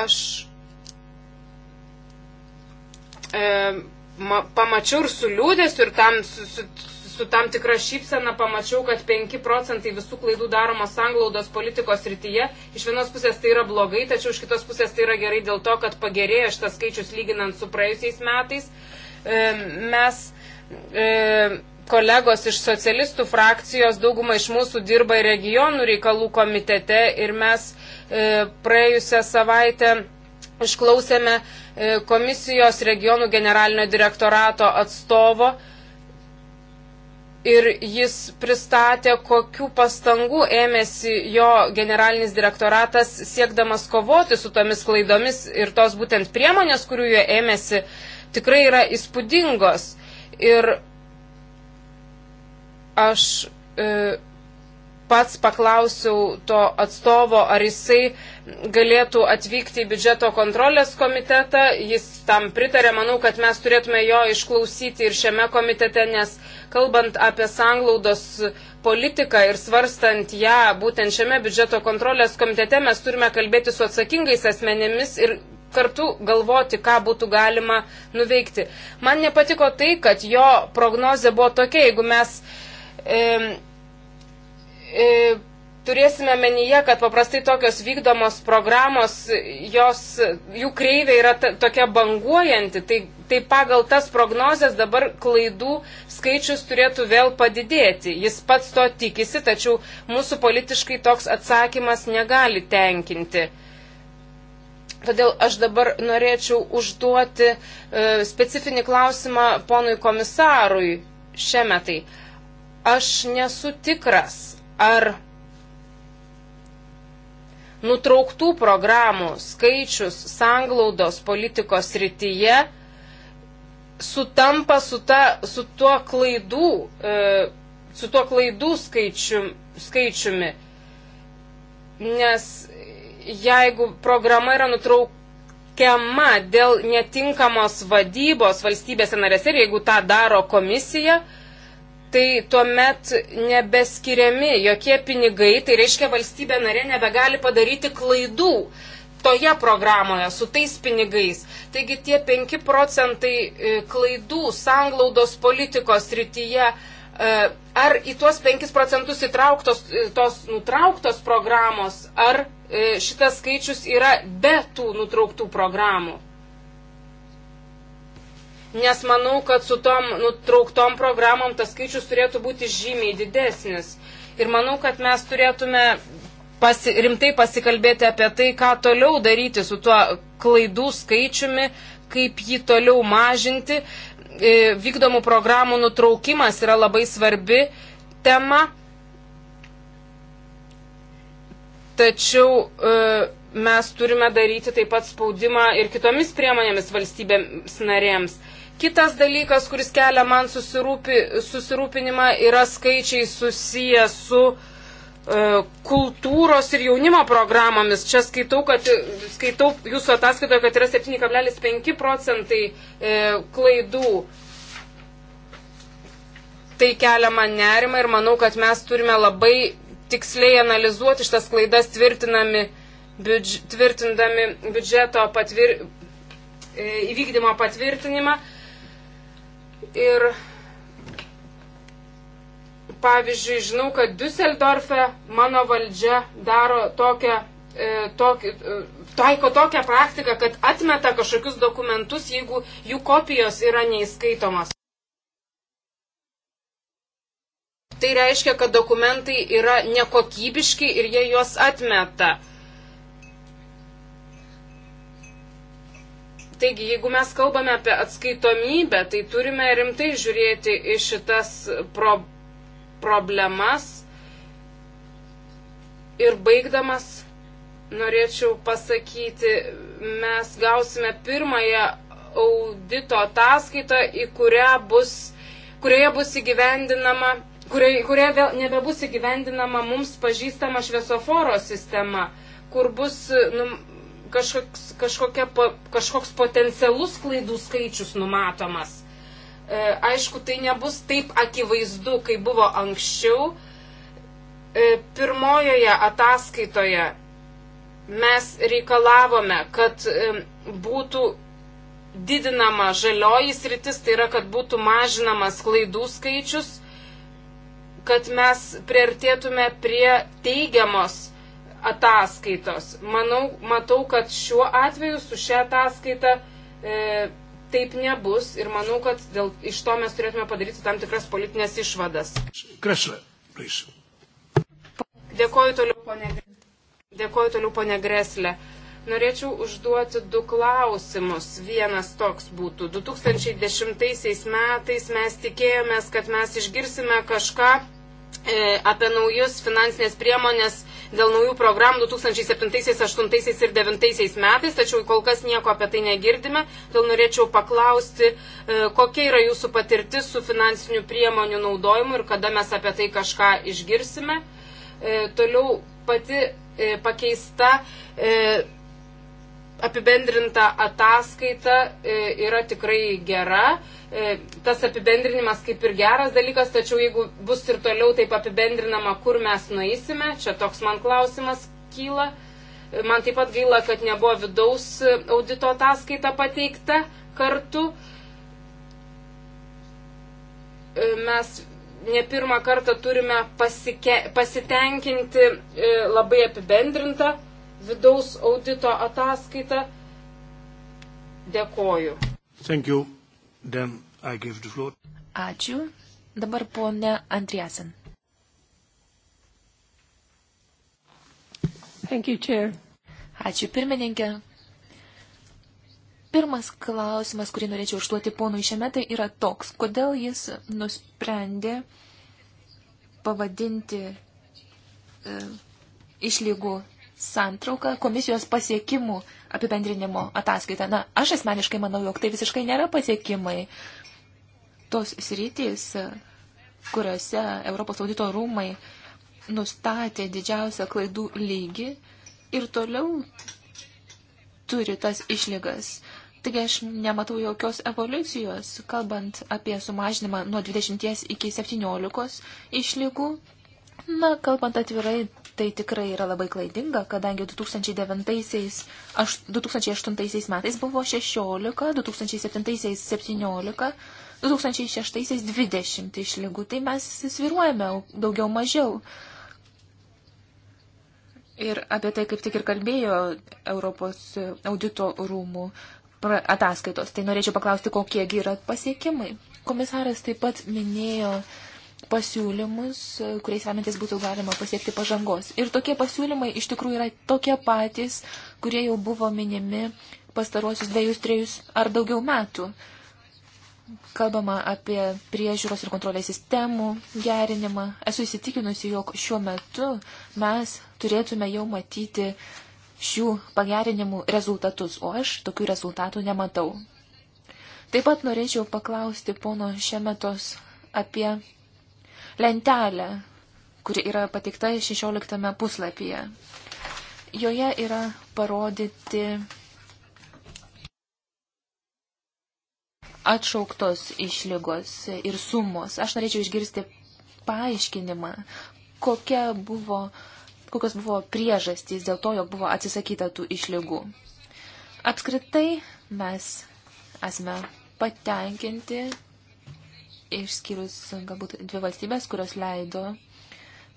Aš e, ma, pamačiau ir su liūdėsiu, ir tam su, su, su tam tikra šypsena pamačiau, kad 5 procentai visų klaidų daromos sanglaudos politikos rytyje. Iš vienos pusės tai yra blogai, tačiau iš kitos pusės tai yra gerai dėl to, kad pagerėjo šitas skaičius lyginant su praėjusiais metais. E, mes e, kolegos iš socialistų frakcijos, dauguma iš mūsų dirba regionų reikalų komitete ir mes e, praėjusią savaitę išklausėme komisijos regionų generalinio direktorato atstovo ir jis pristatė, kokiu pastangu ėmėsi jo generalinis direktoratas siekdamas kovoti su tomis klaidomis ir tos būtent priemonės, kurių jie ėmėsi, tikrai yra įspūdingos. Ir aš. E, pats paklausiau to atstovo, ar jisai galėtų atvykti į biudžeto kontrolės komitetą. Jis tam pritarė. Manau, kad mes turėtume jo išklausyti ir šiame komitete, nes kalbant apie sanglaudos politiką ir svarstant ją būtent šiame biudžeto kontrolės komitete, mes turime kalbėti su atsakingais asmenėmis ir kartu galvoti, ką būtų galima nuveikti. Man nepatiko tai, kad jo prognozė buvo tokia, jeigu mes e, e, turėsime menyje, kad paprastai tokios vykdomos programos, jos, jų kreivė yra ta, tokia banguojanti, tai, tai pagal tas prognozes dabar klaidų skaičius turėtų vėl padidėti. Jis pats to tikisi, tačiau mūsų politiškai toks atsakymas negali tenkinti. Todėl aš dabar norėčiau užduoti e, specifinį klausimą ponui komisarui šiame tai. Aš nesu tikras, ar nutrauktų programų skaičius sanglaudos politikos rytyje sutampa su, ta, su, tuo, klaidų, e, su tuo klaidų skaičium, skaičiumi. Nes jeigu programa yra nutraukiama dėl netinkamos vadybos valstybėse narėse ir jeigu tą daro komisija, tai tuomet nebeskiriami jokie pinigai, tai reiškia valstybė narė nebegali padaryti klaidų toje programoje su tais pinigais. Taigi tie 5 procentai e, klaidų sanglaudos politikos rytyje, e, ar į tuos 5 procentus įtrauktos e, tos nutrauktos programos, ar šitas skaičius yra be tų nutrauktų programų? nes manau, kad su tom nutrauktom programom tas skaičius turėtų būti žymiai didesnis. Ir manau, kad mes turėtume pasi, rimtai pasikalbėti apie tai, ką toliau daryti su tuo klaidų skaičiumi, kaip jį toliau mažinti. E, vykdomų programų nutraukimas yra labai svarbi tema. Tačiau e, mes turime daryti taip pat spaudimą ir kitomis priemonėmis valstybėms narėms. Kitas dalykas, kuris kelia man susirūpi, susirūpinimą, yra skaičiai susiję su e, kultūros ir jaunimo programomis. Čia skaitau, kad, skaitau jūsų ataskaitoje, kad yra 7,5 procentai e, klaidų. Tai kelia man nerimą ir manau, kad mes turime labai tiksliai analizuoti šitas klaidas tvirtinami, biudž, tvirtindami biudžeto patvir, e, įvykdymo patvirtinimą Ir pavyzdžiui, žinau, kad Düsseldorfe mano valdžia daro tokią, e, tokį, e, taiko tokią praktiką, kad atmeta kažkokius dokumentus, jeigu jų kopijos yra neįskaitomas. Tai reiškia, kad dokumentai yra nekokybiški ir jie juos atmeta. Taigi, jeigu mes kalbame apie atskaitomybę, tai turime rimtai žiūrėti į šitas pro problemas. Ir baigdamas, norėčiau pasakyti, mes gausime pirmąją audito ataskaitą, į kurią bus, kurioje bus įgyvendinama, kurioje, kurioje vėl nebebus įgyvendinama mums pažįstama šviesoforo sistema, kur bus. Nu, kažkoks, kažkokia, kažkoks potencialus klaidų skaičius numatomas. E, aišku, tai nebus taip akivaizdu, kaip buvo anksčiau. E, pirmojoje ataskaitoje mes reikalavome, kad e, būtų didinama žalioji sritis, tai yra, kad būtų mažinamas klaidų skaičius, kad mes priartėtume prie teigiamos ataskaitos. Manau, matau, kad šiuo atveju su šia ataskaita e, taip nebus ir manau, kad dėl, iš to mes turėtume padaryti tam tikras politinės išvadas.
Krešlė, prašau.
Dėkoju toliau, ponė, dėkoju toliau, ponė Greslė. Norėčiau užduoti du klausimus. Vienas toks būtų. 2010 metais mes tikėjomės, kad mes išgirsime kažką E, apie naujus finansinės priemonės dėl naujų programų 2007, 2008 ir 2009 metais, tačiau kol kas nieko apie tai negirdime. Todėl norėčiau paklausti, e, kokia yra jūsų patirtis su finansinių priemonių naudojimu ir kada mes apie tai kažką išgirsime. E, toliau pati pakeista apibendrinta ataskaita e, yra tikrai gera. E, tas apibendrinimas kaip ir geras dalykas, tačiau jeigu bus ir toliau taip apibendrinama, kur mes nueisime, čia toks man klausimas kyla. E, man taip pat gaila, kad nebuvo vidaus audito ataskaita pateikta kartu. Mes ne pirmą kartą turime pasike, pasitenkinti labai apibendrintą vidaus audito ataskaitą. Dėkoju. Ačiū.
Dabar ponė Andriasen. Ačiū pirmininkė. Pirmas klausimas, kurį norėčiau užduoti ponui šiame, tai yra toks, kodėl jis nusprendė pavadinti e, išlygų santrauką komisijos pasiekimų apibendrinimo ataskaitą. Na, aš asmeniškai manau, jog tai visiškai nėra pasiekimai. Tos sritys, kuriuose Europos audito rūmai nustatė didžiausią klaidų lygį ir toliau turi tas išlygas. Taigi aš nematau jokios evoliucijos, kalbant apie sumažinimą nuo 20 iki 17 išlygų. Na, kalbant atvirai, Tai tikrai yra labai klaidinga, kadangi 2009, 2008 metais buvo 16, 2007 17, 2006 20 išlygų. Tai mes sviruojame daugiau mažiau. Ir apie tai kaip tik ir kalbėjo Europos audito rūmų ataskaitos. Tai norėčiau paklausti, kokiegi yra pasiekimai. Komisaras taip pat minėjo pasiūlymus, kuriais remiantis būtų galima pasiekti pažangos. Ir tokie pasiūlymai iš tikrųjų yra tokie patys, kurie jau buvo minimi pastaruosius dviejus, trejus ar daugiau metų. Kalbama apie priežiūros ir kontrolės sistemų gerinimą. Esu įsitikinusi, jog šiuo metu mes turėtume jau matyti šių pagerinimų rezultatus, o aš tokių rezultatų nematau. Taip pat norėčiau paklausti pono Šemetos apie lentelę, kuri yra pateikta 16 puslapyje. Joje yra parodyti atšauktos išlygos ir sumos. Aš norėčiau išgirsti paaiškinimą, kokia buvo, kokios buvo priežastys dėl to, jog buvo atsisakyta tų išlygų. Apskritai mes esame patenkinti išskyrus galbūt dvi valstybės, kurios leido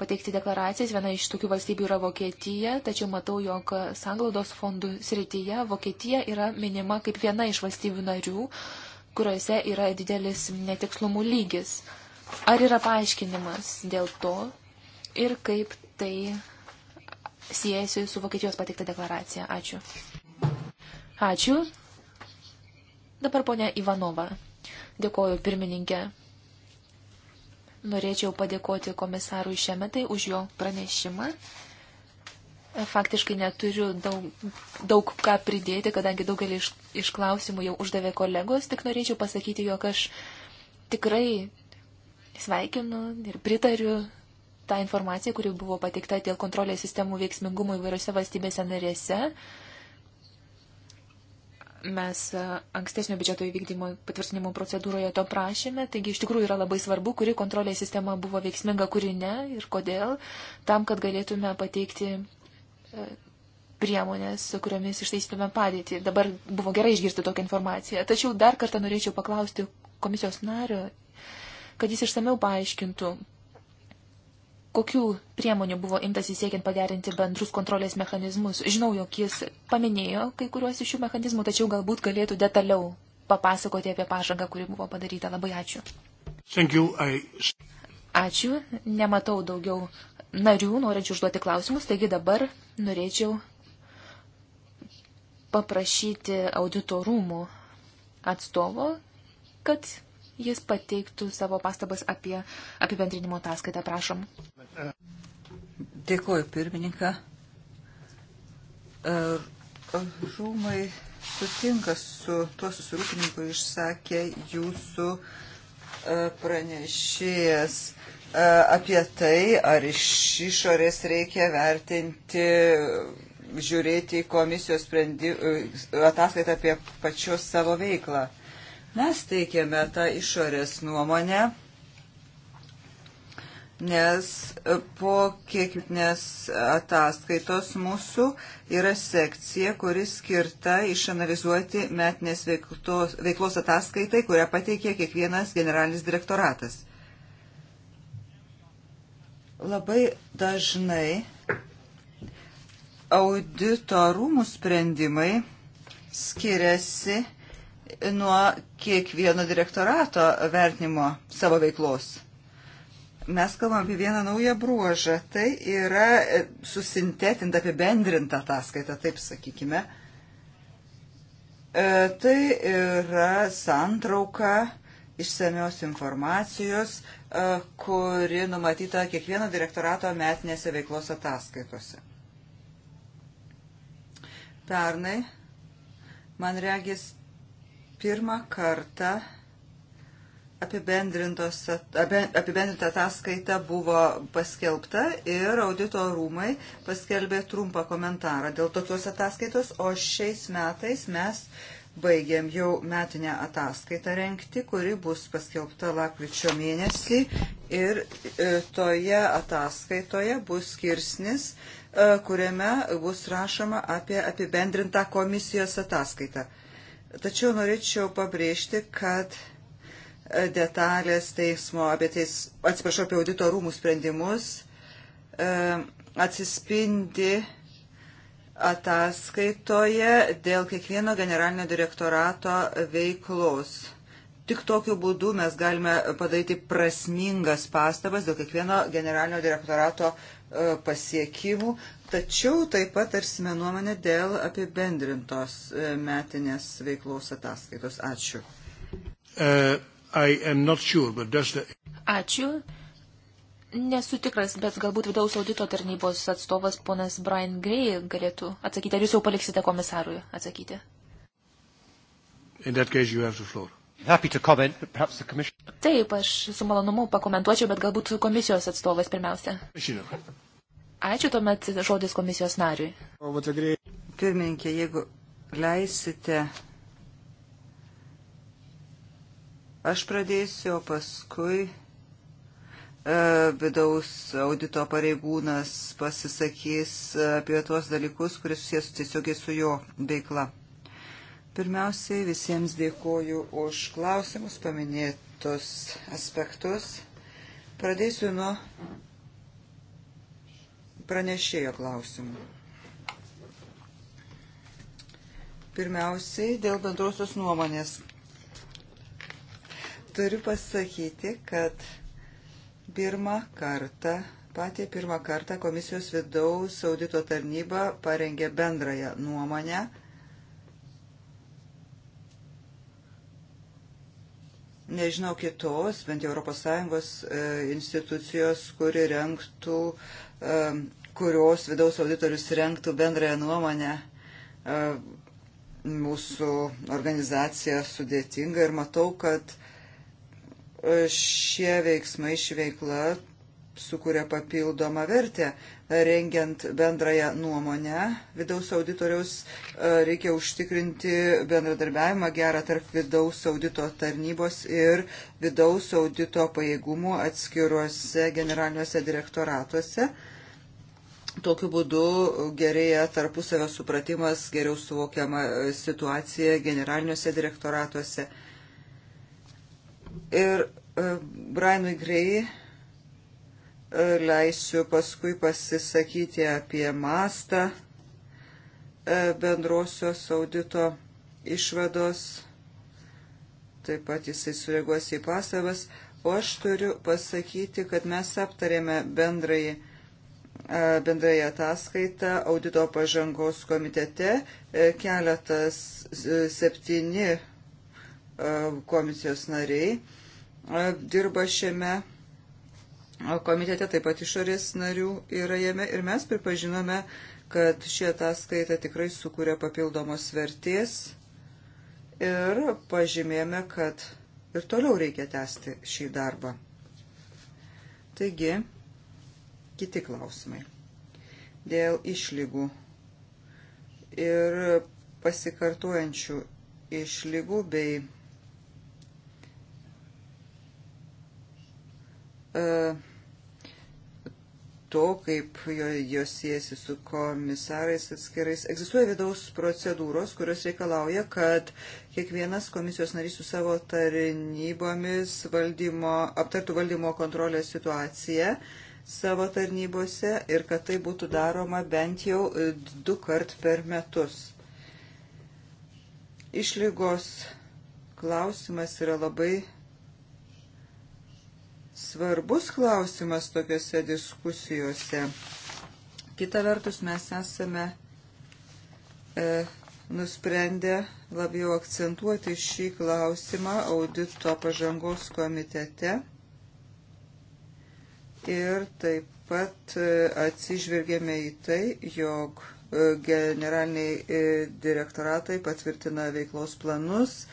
pateikti deklaracijas. Viena iš tokių valstybių yra Vokietija, tačiau matau, jog sanglaudos fondų srityje Vokietija yra minima kaip viena iš valstybių narių, kuriuose yra didelis netikslumų lygis. Ar yra paaiškinimas dėl to ir kaip tai siejasi su Vokietijos pateikta deklaracija? Ačiū. Ačiū. Dabar ponia Ivanova. Dėkoju pirmininkė. Norėčiau padėkoti komisarui Šemetai už jo pranešimą. E, faktiškai neturiu daug, daug ką pridėti, kadangi daugelį iš, iš klausimų jau uždavė kolegos, tik norėčiau pasakyti, jog aš tikrai sveikinu ir pritariu tą informaciją, kuri buvo pateikta dėl kontrolės sistemų veiksmingumo įvairiose valstybėse narėse. Uh, Mes e, ankstesnio biudžeto įvykdymo patvirtinimo procedūroje to prašėme, taigi iš tikrųjų yra labai svarbu, kuri kontrolės sistema buvo veiksminga, kuri ne ir kodėl, tam, kad galėtume pateikti e, priemonės, kuriomis ištaisytume padėtį. Dabar buvo gerai išgirsti tokią informaciją. Tačiau dar kartą norėčiau paklausti komisijos nario, kad jis išsameu paaiškintų, kokių priemonių buvo imtasi siekiant pagerinti bendrus kontrolės mechanizmus. Žinau, jog jis paminėjo kai kuriuos iš šių mechanizmų, tačiau galbūt galėtų detaliau papasakoti apie pažangą, kuri buvo padaryta. Labai ačiū.
I...
Ačiū. Nematau daugiau narių norinčių užduoti klausimus, taigi dabar norėčiau paprašyti auditorumų atstovo, kad jis pateiktų savo pastabas apie
apibendrinimo ataskaitą, prašom. Dėkuoju, pirmininką. E, rūmai sutinka su tuo susirūpinimu, kurį išsakė jūsų e, pranešėjas e, apie tai, ar iš išorės reikia vertinti žiūrėti į komisijos ataskaitą apie pačios savo veiklą. Mes teikėme tą išorės nuomonę, nes po kiekvienos ataskaitos mūsų yra sekcija, kuri skirta išanalizuoti metinės veiklos, veiklos ataskaitai, kurią pateikė kiekvienas generalinis direktoratas. Labai dažnai audito rūmų sprendimai skiriasi nuo kiekvieno direktorato vertinimo savo veiklos. Mes kalbam apie vieną naują bruožą. Tai yra e, susintetinta, apibendrinta ataskaita, taip sakykime. E, tai yra santrauka išsamios informacijos, e, kuri numatyta kiekvieno direktorato metinėse veiklos ataskaitose. Pernai, man regis, Pirmą kartą apibendrinta ataskaita buvo paskelbta ir audito rūmai paskelbė trumpą komentarą dėl tokios ataskaitos, o šiais metais mes baigiam jau metinę ataskaitą renkti, kuri bus paskelbta lakryčio mėnesį ir e, toje ataskaitoje bus skirsnis, e, kuriame bus rašoma apie apibendrintą komisijos ataskaitą. Tačiau norėčiau pabrėžti, kad e, detalės teismo apie teis, atsiprašau, apie audito rūmų sprendimus e, atsispindi ataskaitoje dėl kiekvieno generalinio direktorato veiklos. Tik tokiu būdu mes galime padaryti prasmingas pastabas dėl kiekvieno generalinio direktorato e, pasiekimų, tačiau taip pat tarsime nuomonę dėl apibendrintos e, metinės veiklos ataskaitos. Ačiū.
Uh, sure, the...
Ačiū. Nesu tikras, bet galbūt vidaus audito tarnybos atstovas ponas Brian Gray galėtų atsakyti. Ar jūs jau paliksite komisarui atsakyti?
In that case you have the floor. Comment,
Taip, aš su malonumu pakomentuočiau, bet galbūt komisijos atstovas pirmiausia. Ačiū tuomet žodis komisijos nariui.
Pirmininkė, jeigu leisite, aš pradėsiu, o paskui e, vidaus audito pareigūnas pasisakys apie tuos dalykus, kuris susijęs tiesiogiai su jo veikla. Pirmiausiai visiems dėkoju už klausimus paminėtus aspektus. Pradėsiu nuo pranešėjo klausimų. Pirmiausiai dėl bendrosios nuomonės. Turiu pasakyti, kad pirmą kartą, patį pirmą kartą komisijos vidaus audito tarnyba parengė bendrąją nuomonę nežinau kitos, bent jau ES e, institucijos, kuri renktų, e, kurios vidaus auditorius renktų bendrąją nuomonę. E, mūsų organizacija sudėtinga ir matau, kad šie veiksmai, ši veikla sukuria papildomą vertę. Rengiant bendrąją nuomonę vidaus auditoriaus e, reikia užtikrinti bendradarbiavimą gerą tarp vidaus audito tarnybos ir vidaus audito pajėgumų atskiruose generaliniuose direktoratuose. Tokiu būdu gerėja tarpusavio supratimas, geriau suvokiama e, situacija generaliniuose direktoratuose. Ir e, Brianui Grėjai leisiu paskui pasisakyti apie mastą e, bendrosios audito išvados, taip pat jisai sureaguos į pasavas, o aš turiu pasakyti, kad mes aptarėme bendrai, e, bendrai ataskaitą audito pažangos komitete, e, keletas septyni komisijos nariai dirba šiame komitete taip pat išorės narių yra jame ir mes pripažinome, kad ši ataskaita tikrai sukuria papildomos vertės ir pažymėjome, kad ir toliau reikia tęsti šį darbą. Taigi, kiti klausimai. Dėl išlygų ir pasikartojančių išlygų bei E, to, kaip jos siejasi su komisarais atskirais. Egzistuoja vidaus procedūros, kurios reikalauja, kad kiekvienas komisijos narys su savo tarnybomis valdymo, aptartų valdymo kontrolės situaciją savo tarnybose ir kad tai būtų daroma bent jau du kart per metus. Išlygos klausimas yra labai svarbus klausimas tokiuose diskusijose. Kita vertus, mes esame e, nusprendę labiau akcentuoti šį klausimą audito pažangos komitete ir taip pat e, atsižvelgėme į tai, jog e, generaliniai e, direktoratai patvirtina veiklos planus,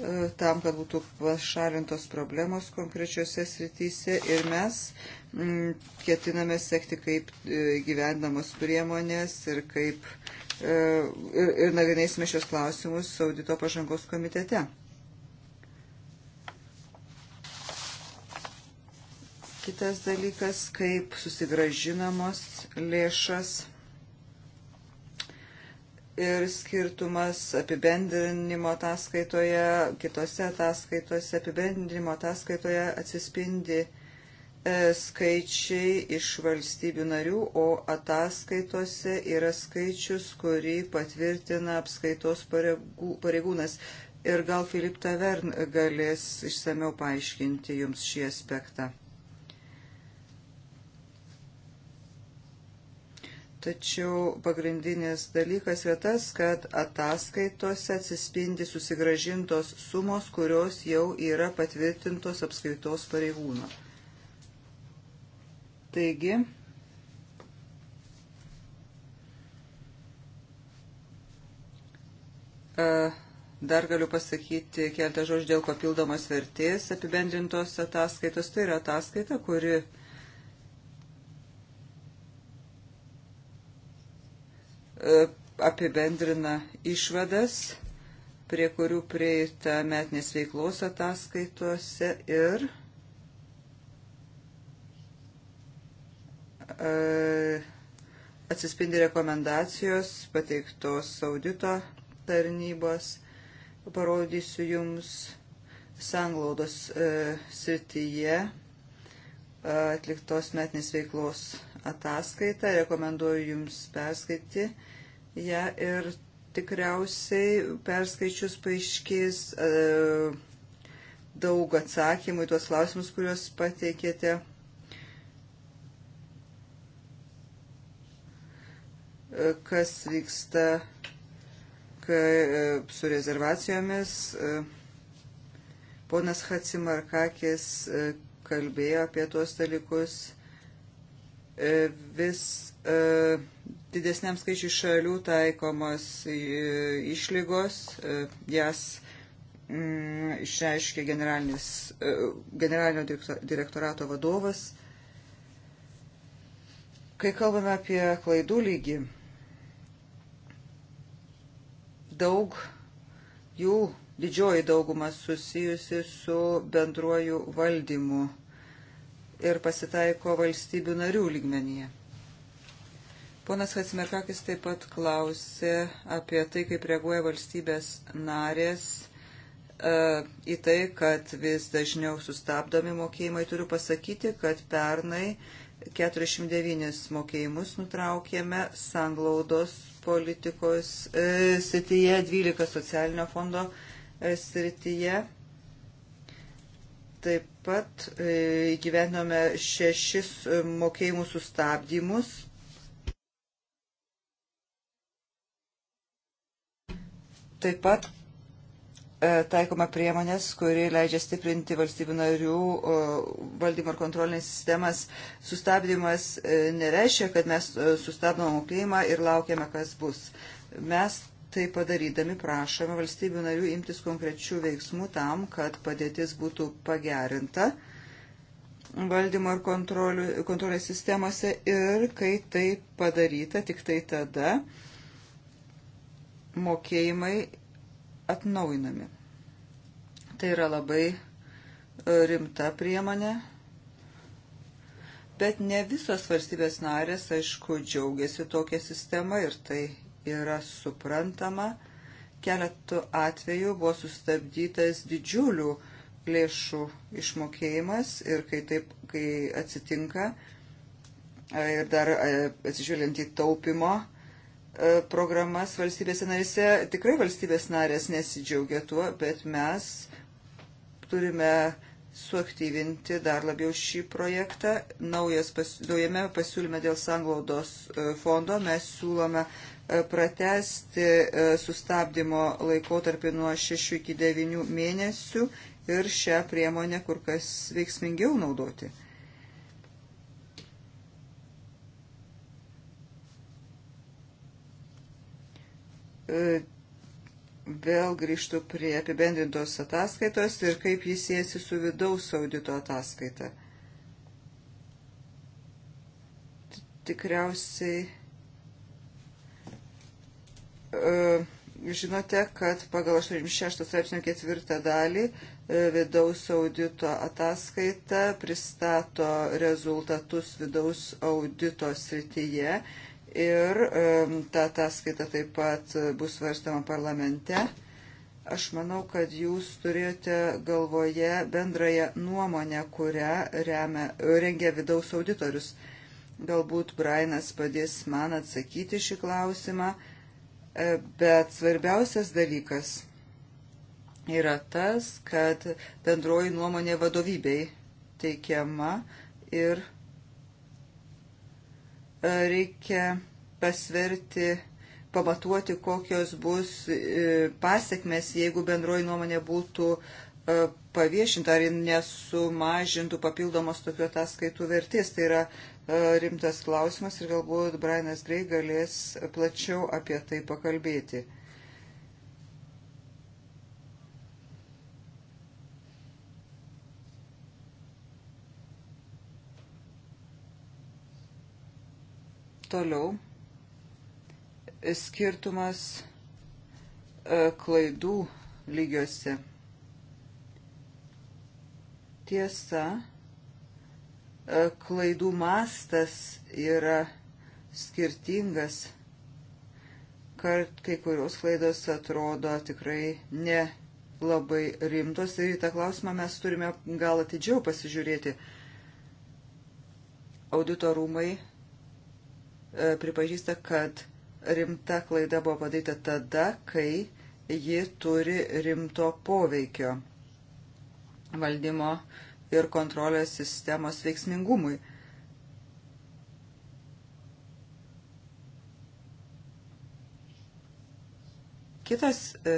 E, tam, kad būtų pašalintos problemos konkrečiose srityse ir mes m, ketiname sekti, kaip e, gyvendamos priemonės ir kaip e, ir, ir nagrinėsime šios klausimus audito pažangos komitete. Kitas dalykas, kaip susigražinamos lėšas ir skirtumas apibendrinimo ataskaitoje, kitose ataskaitose apibendrinimo ataskaitoje atsispindi e, skaičiai iš valstybių narių, o ataskaitose yra skaičius, kurį patvirtina apskaitos pareigų, pareigūnas. Ir gal Filip Tavern galės išsameu paaiškinti jums šį aspektą. Tačiau pagrindinis dalykas yra tas, kad ataskaitose atsispindi susigražintos sumos, kurios jau yra patvirtintos apskaitos pareigūno. Taigi, dar galiu pasakyti keletą žodžių dėl papildomos vertės apibendrintos ataskaitos. Tai yra ataskaita, kuri E, apibendrina išvadas, prie kurių prieita metinės veiklos ataskaitose ir e, atsispindi rekomendacijos pateiktos audito tarnybos. Parodysiu jums sanglaudos e, srityje atliktos metinės veiklos ataskaitą, rekomenduoju Jums perskaityti ją ja, ir tikriausiai perskaičius paaiškės e, daug atsakymų į tuos klausimus, kuriuos pateikėte. E, kas vyksta kai, e, su rezervacijomis. E, ponas Hatsimarkakis kalbėjo apie tuos dalykus E, vis e, didesniam skaičiui šalių taikomos e, išlygos, jas mm, išreiškė generalinio direktorato vadovas. Kai kalbame apie klaidų lygį, daug jų, didžioji dauguma susijusi su bendruoju valdymu ir pasitaiko valstybių narių lygmenyje. Ponas Hatsimerkakis taip pat klausė apie tai, kaip reaguoja valstybės narės e, į tai, kad vis dažniau sustabdomi mokėjimai. Turiu pasakyti, kad pernai 49 mokėjimus nutraukėme sanglaudos politikos e, srityje, 12 socialinio fondo e, srityje Taip pat e, įgyvenome šešis e, mokėjimų sustabdymus. Taip pat e, taikoma priemonės, kuri leidžia stiprinti valstybių narių valdymo ir kontrolinės sistemas. Sustabdymas nereiškia, kad mes sustabdome mokėjimą ir laukiame, kas bus. Mes Tai padarydami prašome valstybių narių imtis konkrečių veiksmų tam, kad padėtis būtų pagerinta valdymo ir kontrolės sistemose ir kai tai padaryta, tik tai tada mokėjimai atnaujinami. Tai yra labai e, rimta priemonė, bet ne visos valstybės narės, aišku, džiaugiasi tokią sistemą ir tai yra suprantama. Keletu atveju buvo sustabdytas didžiulių lėšų išmokėjimas ir kai taip, kai atsitinka e, ir dar e, atsižiūrint į taupimo e, programas valstybėse narėse, tikrai valstybės narės nesidžiaugia tuo, bet mes turime suaktyvinti dar labiau šį projektą. Naujas pas, naujame pasiūlyme dėl sanglaudos fondo mes siūlome E, pratesti e, sustabdymo laikotarpį nuo 6 iki 9 mėnesių ir šią priemonę kur kas veiksmingiau naudoti. E, vėl grįžtu prie apibendrintos ataskaitos ir kaip jis siejasi su vidaus audito ataskaita. Tikriausiai E, žinote, kad pagal 86 straipsnio ketvirtą dalį e, vidaus audito ataskaita pristato rezultatus vidaus audito srityje ir e, ta ataskaita taip pat bus svarstama parlamente. Aš manau, kad jūs turėjote galvoje bendrąją nuomonę, kurią remia, rengia vidaus auditorius. Galbūt Brainas padės man atsakyti šį klausimą. E, bet svarbiausias dalykas yra tas, kad bendroji nuomonė vadovybei teikiama ir e, reikia pasverti, pamatuoti, kokios bus e, pasiekmes, jeigu bendroji nuomonė būtų paviešinta ar nesumažintų papildomos tokių ataskaitų vertės. Tai yra E, rimtas klausimas ir galbūt Brianas Grey galės plačiau apie tai pakalbėti. Toliau skirtumas e, klaidų lygiuose. Tiesa, E, klaidų mastas yra skirtingas. Kart kai kurios klaidos atrodo tikrai ne labai rimtos ir į tą klausimą mes turime gal atidžiau pasižiūrėti. Audito rūmai e, pripažįsta, kad rimta klaida buvo padaryta tada, kai ji turi rimto poveikio valdymo e, ir kontrolės sistemos veiksmingumui. Kitas e,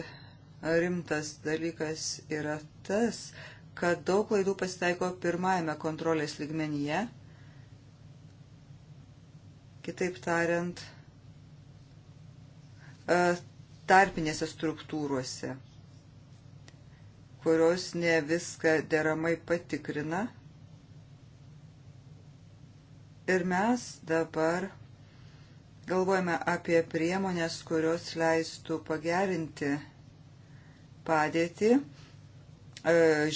rimtas dalykas yra tas, kad daug klaidų pasitaiko pirmajame kontrolės lygmenyje. Kitaip tariant, e, tarpinėse struktūruose kurios ne viską deramai patikrina. Ir mes dabar galvojame apie priemonės, kurios leistų pagerinti padėtį e,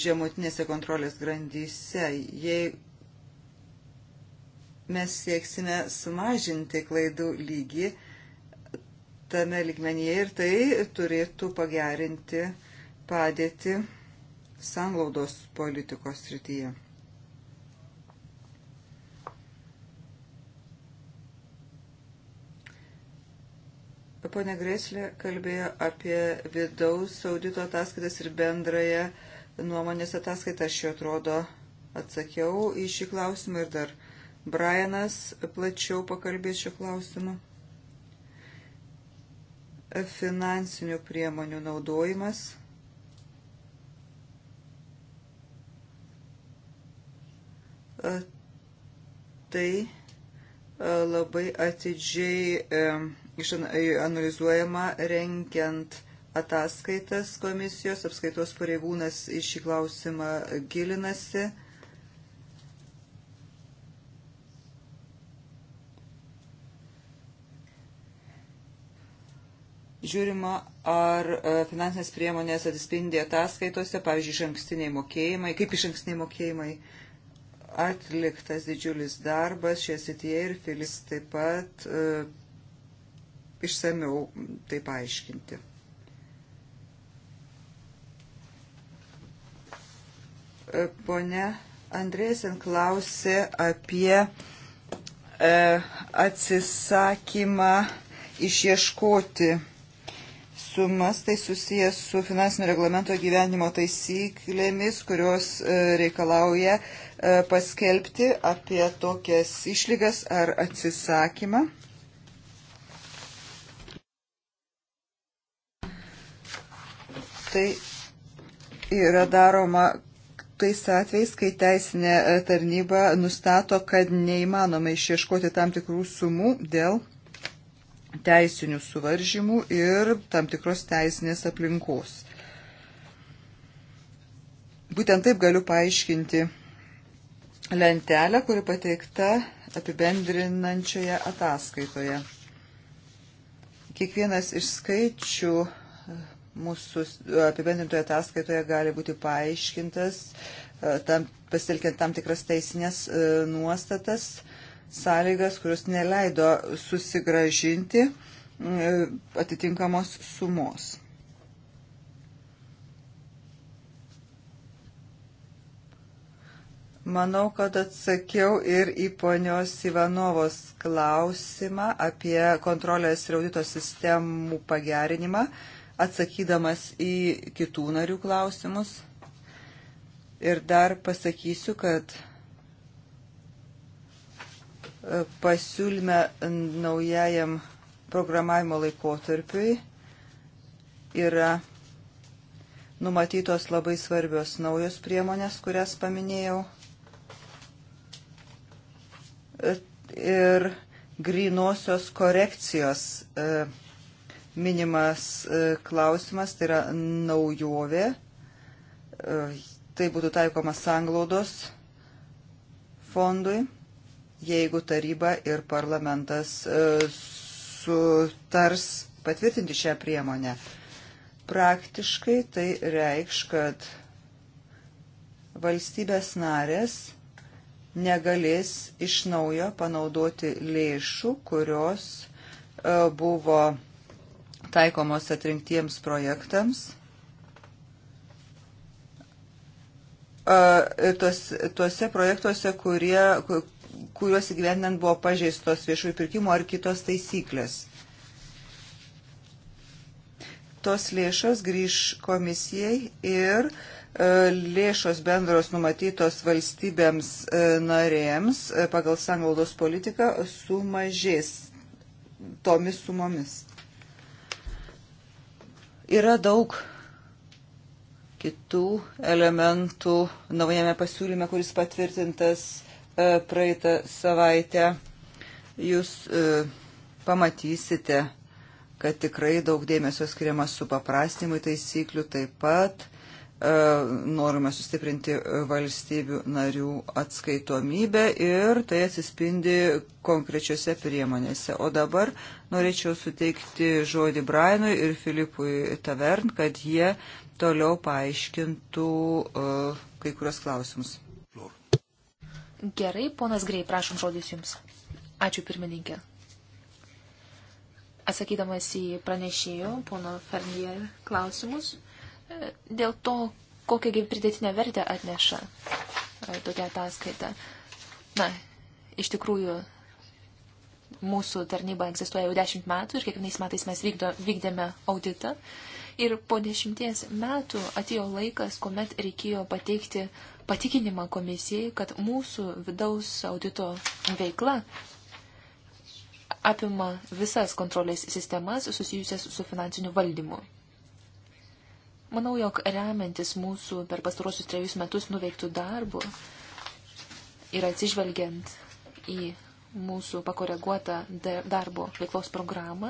žemutinėse kontrolės grandyse. Jei mes sieksime sumažinti klaidų lygį tame ligmenyje ir tai turėtų pagerinti padėtį sanglaudos politikos srityje. Pone Greslė kalbėjo apie vidaus audito ataskaitas ir bendrąją nuomonės ataskaitą. Aš jau atrodo atsakiau į šį klausimą ir dar Brianas plačiau pakalbės šio klausimu. Finansinių priemonių naudojimas. tai labai atidžiai e, išanalizuojama e, renkiant ataskaitas komisijos, apskaitos pareigūnas į šį klausimą gilinasi. žiūrima, ar e, finansinės priemonės atspindi ataskaitose, pavyzdžiui, iš ankstiniai mokėjimai, kaip iš ankstiniai mokėjimai atliktas didžiulis darbas šioje srityje ir Filis taip pat e, išsamiau tai paaiškinti. E, Pone Andrėsen klausė apie e, atsisakymą išieškoti sumas, tai susijęs su finansinio reglamento gyvenimo taisyklėmis, kurios e, reikalauja E, paskelbti apie tokias išlygas ar atsisakymą. Tai yra daroma tais atvejais, kai teisinė e, tarnyba nustato, kad neįmanoma išieškoti tam tikrų sumų dėl teisinių suvaržymų ir tam tikros teisinės aplinkos. Būtent taip galiu paaiškinti lentelę, kuri pateikta apibendrinančioje ataskaitoje. Kiekvienas iš skaičių e, mūsų e, apibendrintoje ataskaitoje gali būti paaiškintas, e, tam, pasitelkiant tam tikras teisinės nuostatas, sąlygas, kurios neleido susigražinti atitinkamos sumos. Manau, kad atsakiau ir į ponios Ivanovos klausimą apie kontrolės ir audito sistemų pagerinimą, atsakydamas į kitų narių klausimus. Ir dar pasakysiu, kad e, pasiūlyme naujajam programavimo laikotarpiui yra numatytos labai svarbios naujos priemonės, kurias paminėjau ir grinosios korekcijos e, minimas e, klausimas, tai yra naujovė. E, tai būtų taikoma sanglaudos fondui, jeigu taryba ir parlamentas sutars patvirtinti šią priemonę. Praktiškai tai reikš, kad valstybės narės negalės iš naujo panaudoti lėšų, kurios e, buvo taikomos atrinktiems projektams. E, tos, tuose projektuose, kurie, kuriuos įgyvendinant buvo pažeistos viešųjų pirkimų ar kitos taisyklės. Tos lėšos grįž komisijai ir uh, E, lėšos bendros numatytos valstybėms e, narėms e, pagal sanglaudos politiką sumažės tomis sumomis. Yra daug kitų elementų naujame pasiūlyme, kuris patvirtintas praeitą savaitę. Jūs pamatysite, kad tikrai daug dėmesio skiriama su paprastimui taisyklių taip pat E, norime sustiprinti valstybių narių atskaitomybę ir tai atsispindi konkrečiose priemonėse. O dabar norėčiau suteikti žodį Brainui ir Filipui Tavern, kad jie toliau paaiškintų uh, kai kurios klausimus.
Gerai, ponas Grei, prašom žodis jums. Ačiū pirmininkė. Atsakydamas į pranešėjo, pono Fernier klausimus, dėl to, kokią pridėtinę vertę atneša e, tokia ataskaita. Na, iš tikrųjų, mūsų tarnyba egzistuoja jau dešimt metų ir kiekvienais metais mes vykdo, vykdėme auditą. Ir po dešimties metų atėjo laikas, kuomet reikėjo pateikti patikinimą komisijai, kad mūsų vidaus audito veikla apima visas kontrolės sistemas susijusias su finansiniu valdymu. Manau, jog remiantis mūsų per pastarosius trejus metus nuveiktų darbų ir atsižvelgiant į mūsų pakoreguotą darbo veiklos programą,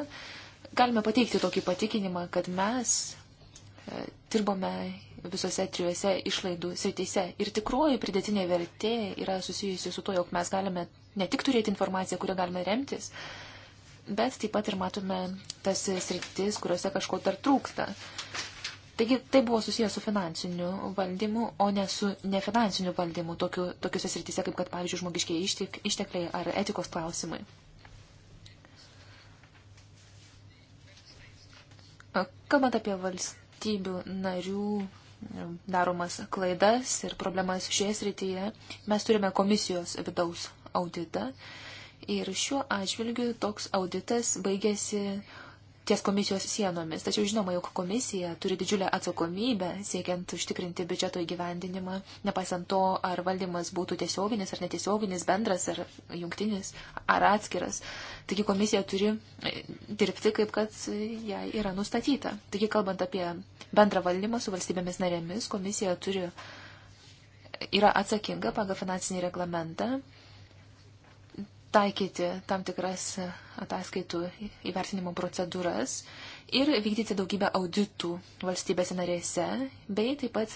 galime pateikti tokį patikinimą, kad mes e, dirbome visose trijose išlaidų srityse. Ir tikroji pridėtinė vertė yra susijusi su to, jog mes galime ne tik turėti informaciją, kurią galime remtis, bet taip pat ir matome tas sritis, kuriuose kažko dar trūksta. Taigi tai buvo susijęs su finansiniu valdymu, o ne su nefinansiniu valdymu tokiu, tokiuose srityse, kaip kad, pavyzdžiui, žmogiškiai ištek, ištekliai ar etikos klausimai. Kalbant apie valstybių narių daromas klaidas ir problemas šioje srityje, mes turime komisijos vidaus auditą. Ir šiuo atžvilgiu toks auditas baigėsi ties komisijos sienomis. Tačiau žinoma, jog komisija turi didžiulę atsakomybę siekiant užtikrinti biudžeto įgyvendinimą, nepaisant to, ar valdymas būtų tiesioginis ar netiesioginis, bendras ar jungtinis ar atskiras. Taigi komisija turi e, dirbti, kaip kad jai yra nustatyta. Taigi, kalbant apie bendrą valdymą su valstybėmis narėmis, komisija turi yra atsakinga pagal finansinį reglamentą taikyti tam tikras ataskaitų įvertinimo procedūras ir vykdyti daugybę auditų valstybėse narėse, bei taip pat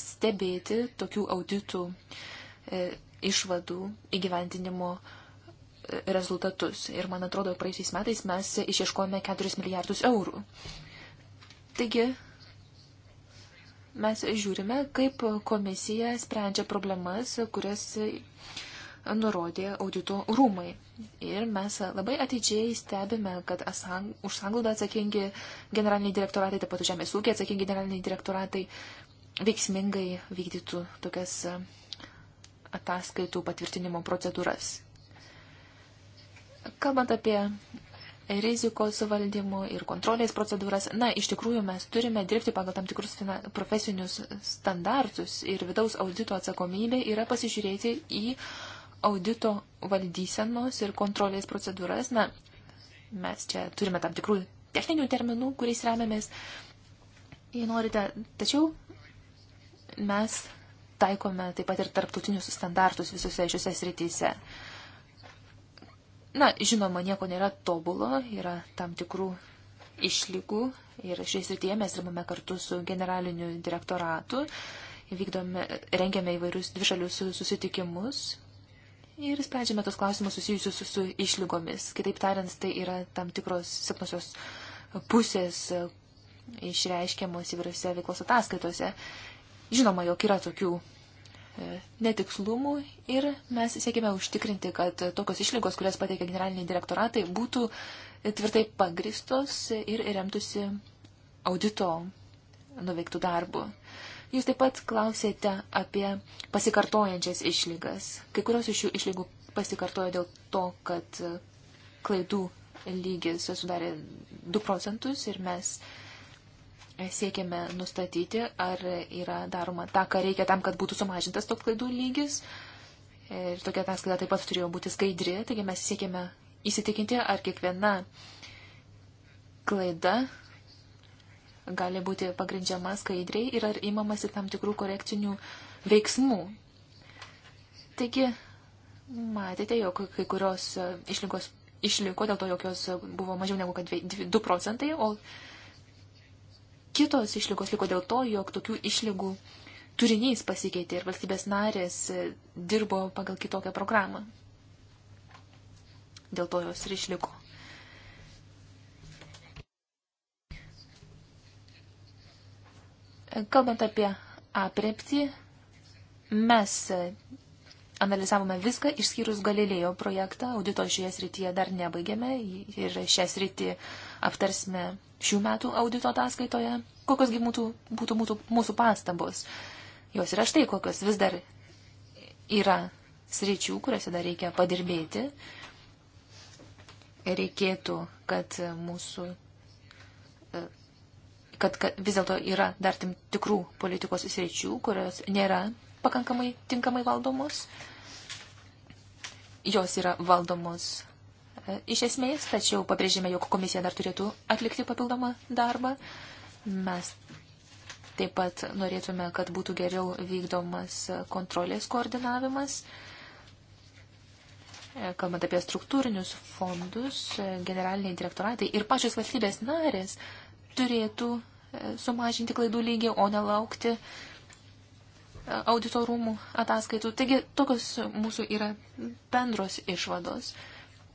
stebėti tokių auditų e, išvadų įgyventinimo e, rezultatus. Ir man atrodo, praeisiais metais mes išieškojame 4 milijardus eurų. Taigi, mes žiūrime, kaip komisija sprendžia problemas, kurias nurodė audito rūmai. Ir mes labai atidžiai stebime, kad asang, už sanglaudą atsakingi generaliniai direktoratai, taip pat už žemės ūkį atsakingi generaliniai direktoratai veiksmingai vykdytų tokias e, ataskaitų patvirtinimo procedūras. Kalbant apie rizikos valdymo ir kontrolės procedūras. Na, iš tikrųjų mes turime dirbti pagal tam tikrus profesinius standartus ir vidaus audito atsakomybė yra pasižiūrėti į audito valdysenos ir kontrolės procedūras. Na, mes čia turime tam tikrų techninių terminų, kuriais remiamės, jei norite. Tačiau mes taikome taip pat ir tarptautinius standartus visose šiuose srityse. Na, žinoma, nieko nėra tobulo, yra tam tikrų išlygų ir šioje srityje mes dirbame kartu su generaliniu direktoratu, vykdome, rengiame įvairius dvišalius susitikimus ir sprendžiame tos klausimus susijusius su, su išlygomis. Kitaip tariant, tai yra tam tikros silpnosios pusės e, išreiškiamos įvairiose veiklos ataskaitose. Žinoma, jog yra tokių e, netikslumų ir mes siekime užtikrinti, kad tokios išlygos, kurias pateikia generaliniai direktoratai, būtų tvirtai pagristos ir remtųsi audito nuveiktų darbų. Jūs taip pat klausėte apie pasikartojančias išlygas. Kai kurios iš šių išlygų pasikartojo dėl to, kad e, klaidų lygis sudarė 2 procentus ir mes e, siekiame nustatyti, ar yra daroma ta, ką reikia tam, kad būtų sumažintas to klaidų lygis. Ir tokia ataskaita taip pat turėjo būti skaidri, taigi mes siekiame įsitikinti, ar kiekviena klaida gali būti pagrindžiama skaidriai ir ar įmamasi tam tikrų korekcinių veiksmų. Taigi, matėte, jog kai kurios e, išlygos išliko, dėl to jokios buvo mažiau negu kad 2 procentai, o kitos išlygos liko dėl to, jog tokių išlygų turinys pasikeitė ir valstybės narės e, dirbo pagal kitokią programą. Dėl to jos ir išliko. Kalbant apie aprepti, mes e, analizavome viską išskyrus Galilėjo projektą, audito šioje srityje dar nebaigėme ir šią sritį aptarsime šių metų audito ataskaitoje. Kokiosgi būtų, būtų, būtų mūsų pastabos? Jos yra štai kokios vis dar yra sričių, kuriuose dar reikia padirbėti. Reikėtų, kad mūsų e, kad, kad vis dėlto yra dar tam tikrų politikos sričių, kurios nėra pakankamai tinkamai valdomos. Jos yra valdomos e, iš esmės, tačiau pabrėžėme, jog komisija dar turėtų atlikti papildomą darbą. Mes taip pat norėtume, kad būtų geriau vykdomas kontrolės koordinavimas. E, kalbant apie struktūrinius fondus, e, generaliniai direktoratai ir pačios valstybės narės turėtų e, sumažinti klaidų lygį, o nelaukti e, audito rūmų ataskaitų. Taigi tokios mūsų yra bendros išvados,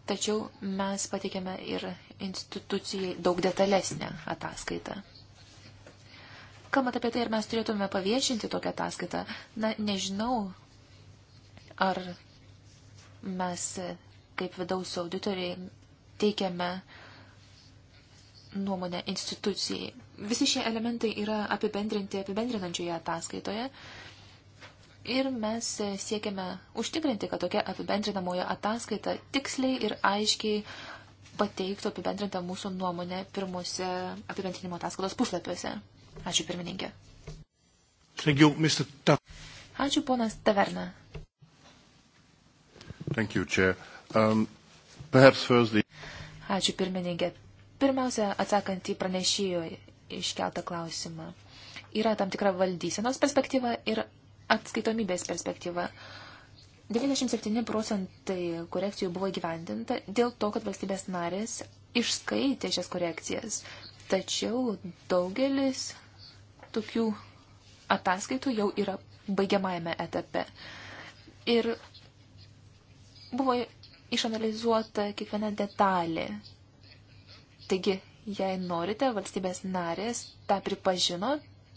tačiau mes pateikėme ir institucijai daug detalesnę ataskaitą. Kalbant apie tai, ar mes turėtume paviešinti tokią ataskaitą, na, nežinau, ar mes kaip vidaus auditoriai teikiame uh, nuomonę institucijai. Visi šie elementai yra apibendrinti apibendrinančioje ataskaitoje ir mes siekiame užtikrinti, kad tokia apibendrinamoja ataskaita tiksliai ir aiškiai pateiktų apibendrintą mūsų nuomonę pirmose apibendrinimo ataskaitos puslapiuose. Ačiū pirmininkė.
Thank you, Mr. Ta
Ačiū ponas Taverna.
Thank you, Chair. Um, perhaps firstly...
Ačiū pirmininkė. Pirmiausia, atsakant į pranešėjo iškeltą klausimą, yra tam tikra valdysenos perspektyva ir atskaitomybės perspektyva. 97 procentai korekcijų buvo gyvendinta dėl to, kad valstybės narės išskaitė šias korekcijas. Tačiau daugelis tokių ataskaitų jau yra baigiamajame etape. Ir buvo išanalizuota kiekviena detalė Taigi, jei norite, valstybės narės tą pripažino,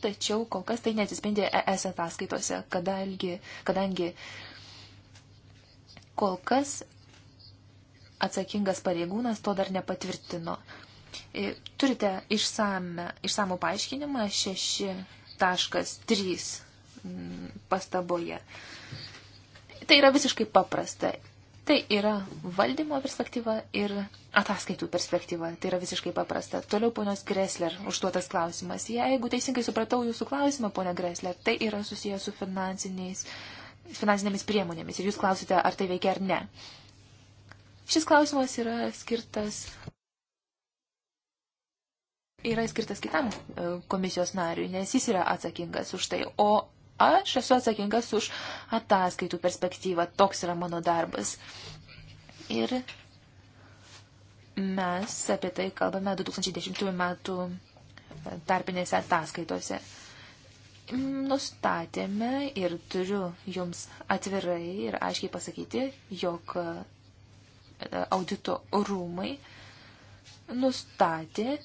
tačiau kol kas tai neatsispindi ES ataskaitose, kadangi, kadangi kol kas atsakingas pareigūnas to dar nepatvirtino. E, turite išsame, išsamų paaiškinimą 6.3 mm, pastaboje. Tai yra visiškai paprasta. Tai yra valdymo perspektyva ir ataskaitų perspektyva. Tai yra visiškai paprasta. Toliau ponios Gresler užduotas klausimas. Jeigu teisingai supratau jūsų klausimą, ponia Gresler, tai yra susijęs su finansinėmis priemonėmis. Ir jūs klausite, ar tai veikia ar ne. Šis klausimas yra skirtas. Yra skirtas kitam e, komisijos nariui, nes jis yra atsakingas už tai, o Aš esu atsakingas už ataskaitų perspektyvą. Toks yra mano darbas. Ir mes apie tai kalbame 2010 metų tarpinėse ataskaitose. Nustatėme ir turiu jums atvirai ir aiškiai pasakyti, jog e, audito rūmai nustatė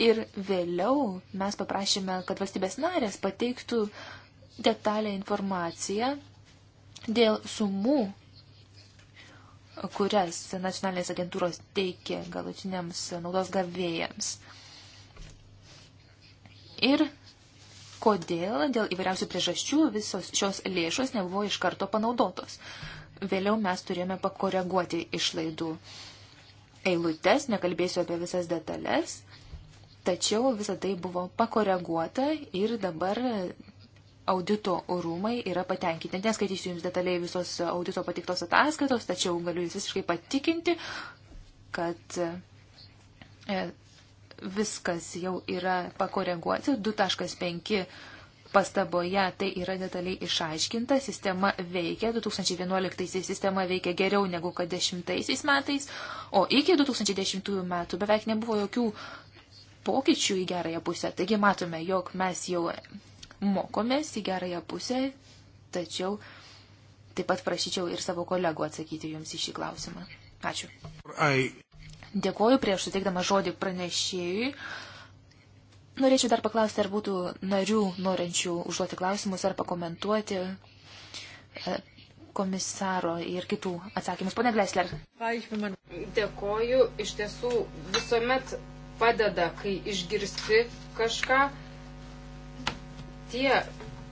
Ir vėliau mes paprašėme, kad valstybės narės pateiktų detalę informaciją dėl sumų, kurias nacionalinės agentūros teikia galutiniams naudos gavėjams. Ir kodėl dėl įvairiausių priežasčių visos šios lėšos nebuvo iš karto panaudotos. Vėliau mes turėjome pakoreguoti išlaidų eilutes, nekalbėsiu apie visas detalės, Tačiau visą tai buvo pakoreguota ir dabar audito rūmai yra patenkinti. Neskaitysiu jums detaliai visos audito patiktos ataskaitos, tačiau galiu jūs visiškai patikinti, kad e, viskas jau yra pakoreguoti. 2.5 pastaboje tai yra detaliai išaiškinta, sistema veikia, 2011 sistema veikia geriau negu kad 10 metais, o iki 2010 metų beveik nebuvo jokių pokyčių į gerąją pusę. Taigi matome, jog mes jau mokomės į gerąją pusę, tačiau taip pat prašyčiau ir savo kolegų atsakyti jums į šį klausimą. Ačiū. I... Dėkoju prieš suteikdama žodį pranešėjui. Norėčiau dar paklausti, ar būtų narių norinčių užduoti klausimus ar pakomentuoti e, komisaro ir kitų atsakymus. Pone Glesler.
Dėkoju. Iš tiesų visuomet padeda, kai išgirsti kažką. Tie,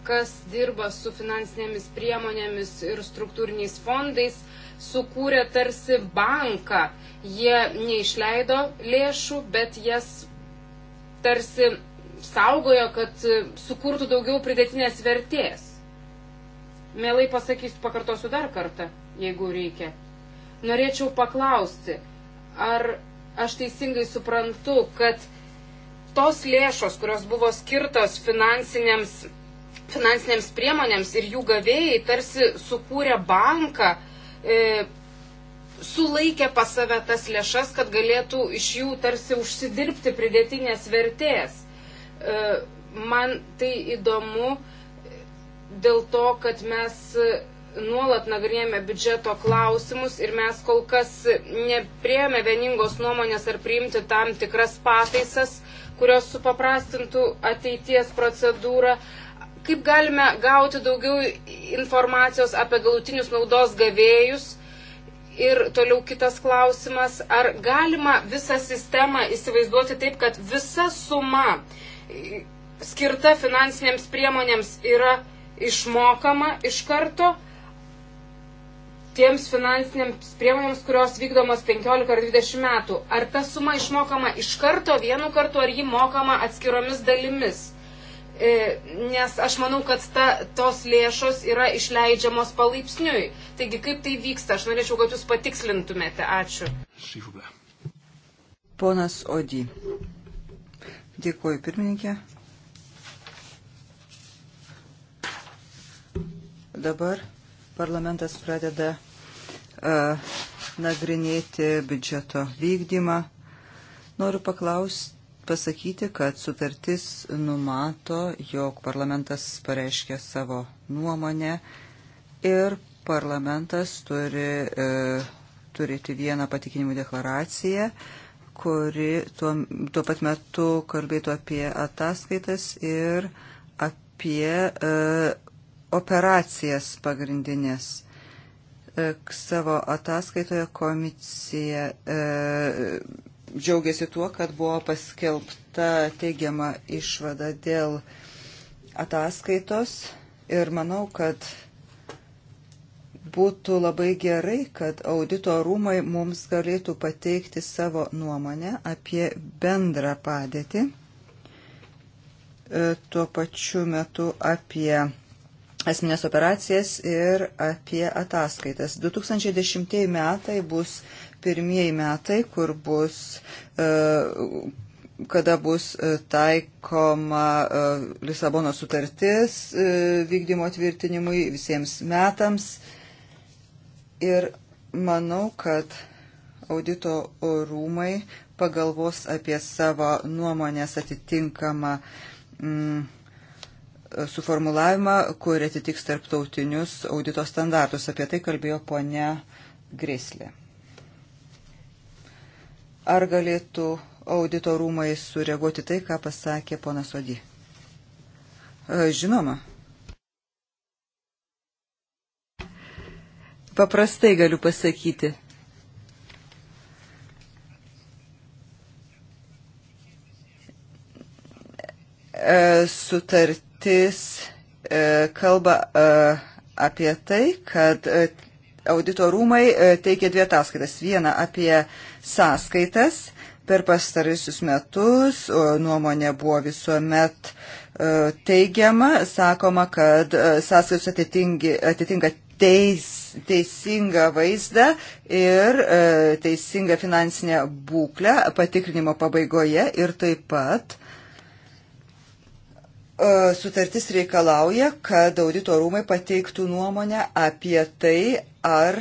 kas dirba su finansinėmis priemonėmis ir struktūriniais fondais, sukūrė tarsi banką. Jie neišleido lėšų, bet jas tarsi saugojo, kad sukurtų daugiau pridėtinės vertės. Mielai pasakysiu, pakartosiu dar kartą, jeigu reikia. Norėčiau paklausti, ar aš teisingai suprantu, kad tos lėšos, kurios buvo skirtos finansinėms, finansinėms priemonėms ir jų gavėjai tarsi sukūrė banką, e, sulaikė pas save tas lėšas, kad galėtų iš jų tarsi užsidirbti pridėtinės vertės. E, man tai įdomu dėl to, kad mes nuolat nagrinėjame biudžeto klausimus ir mes kol kas neprieme vieningos nuomonės ar priimti tam tikras pataisas, kurios supaprastintų ateities procedūrą. Kaip galime gauti daugiau informacijos apie galutinius naudos gavėjus? Ir toliau kitas klausimas, ar galima visą sistemą įsivaizduoti taip, kad visa suma skirta finansinėms priemonėms yra išmokama iš karto tiems finansinėms priemonėms, kurios vykdomos 15 ar 20 metų. Ar ta suma išmokama iš karto, vienu kartu, ar ji mokama atskiromis dalimis? E, nes aš manau, kad ta, tos lėšos yra išleidžiamos palaipsniui. Taigi, kaip tai vyksta, aš norėčiau, kad jūs patikslintumėte. Ačiū.
Ponas Odi. Dėkuoju, pirmininkė. Dabar parlamentas pradeda E, nagrinėti biudžeto vykdymą. Noriu paklausti, pasakyti, kad sutartis numato, jog parlamentas pareiškia savo nuomonę ir parlamentas turi e, turėti vieną patikinimų deklaraciją, kuri tuo, tuo pat metu kalbėtų apie ataskaitas ir apie e, operacijas pagrindinės. E, savo ataskaitoje komisija e, džiaugiasi tuo, kad buvo paskelbta teigiama išvada dėl ataskaitos ir manau, kad būtų labai gerai, kad audito rūmai mums galėtų pateikti savo nuomonę apie bendrą padėtį, e, tuo pačiu metu apie asmenės operacijas ir apie ataskaitas. 2010 metai bus pirmieji metai, kur bus, e, kada bus e, taikoma e, Lisabono sutartis vykdymo tvirtinimui visiems metams. Ir manau, kad audito rūmai pagalvos apie savo nuomonės atitinkamą mm, suformulavimą, kur atitiks tarptautinius audito standartus. Apie tai kalbėjo ponia Grislė. Ar galėtų audito rūmai sureaguoti tai, ką pasakė ponas Odį? E, žinoma. Paprastai galiu pasakyti. E, Sutart sutartis e, kalba e, apie tai, kad e, audito rūmai teikia dvi ataskaitas. Vieną apie sąskaitas per pastarysius metus, nuomonė buvo visuomet teigiama, sakoma, kad sąskaitos atitinka teis, teisingą vaizdą ir teisingą finansinę būklę patikrinimo pabaigoje ir taip pat E, sutartis reikalauja, kad audito rūmai pateiktų nuomonę apie tai, ar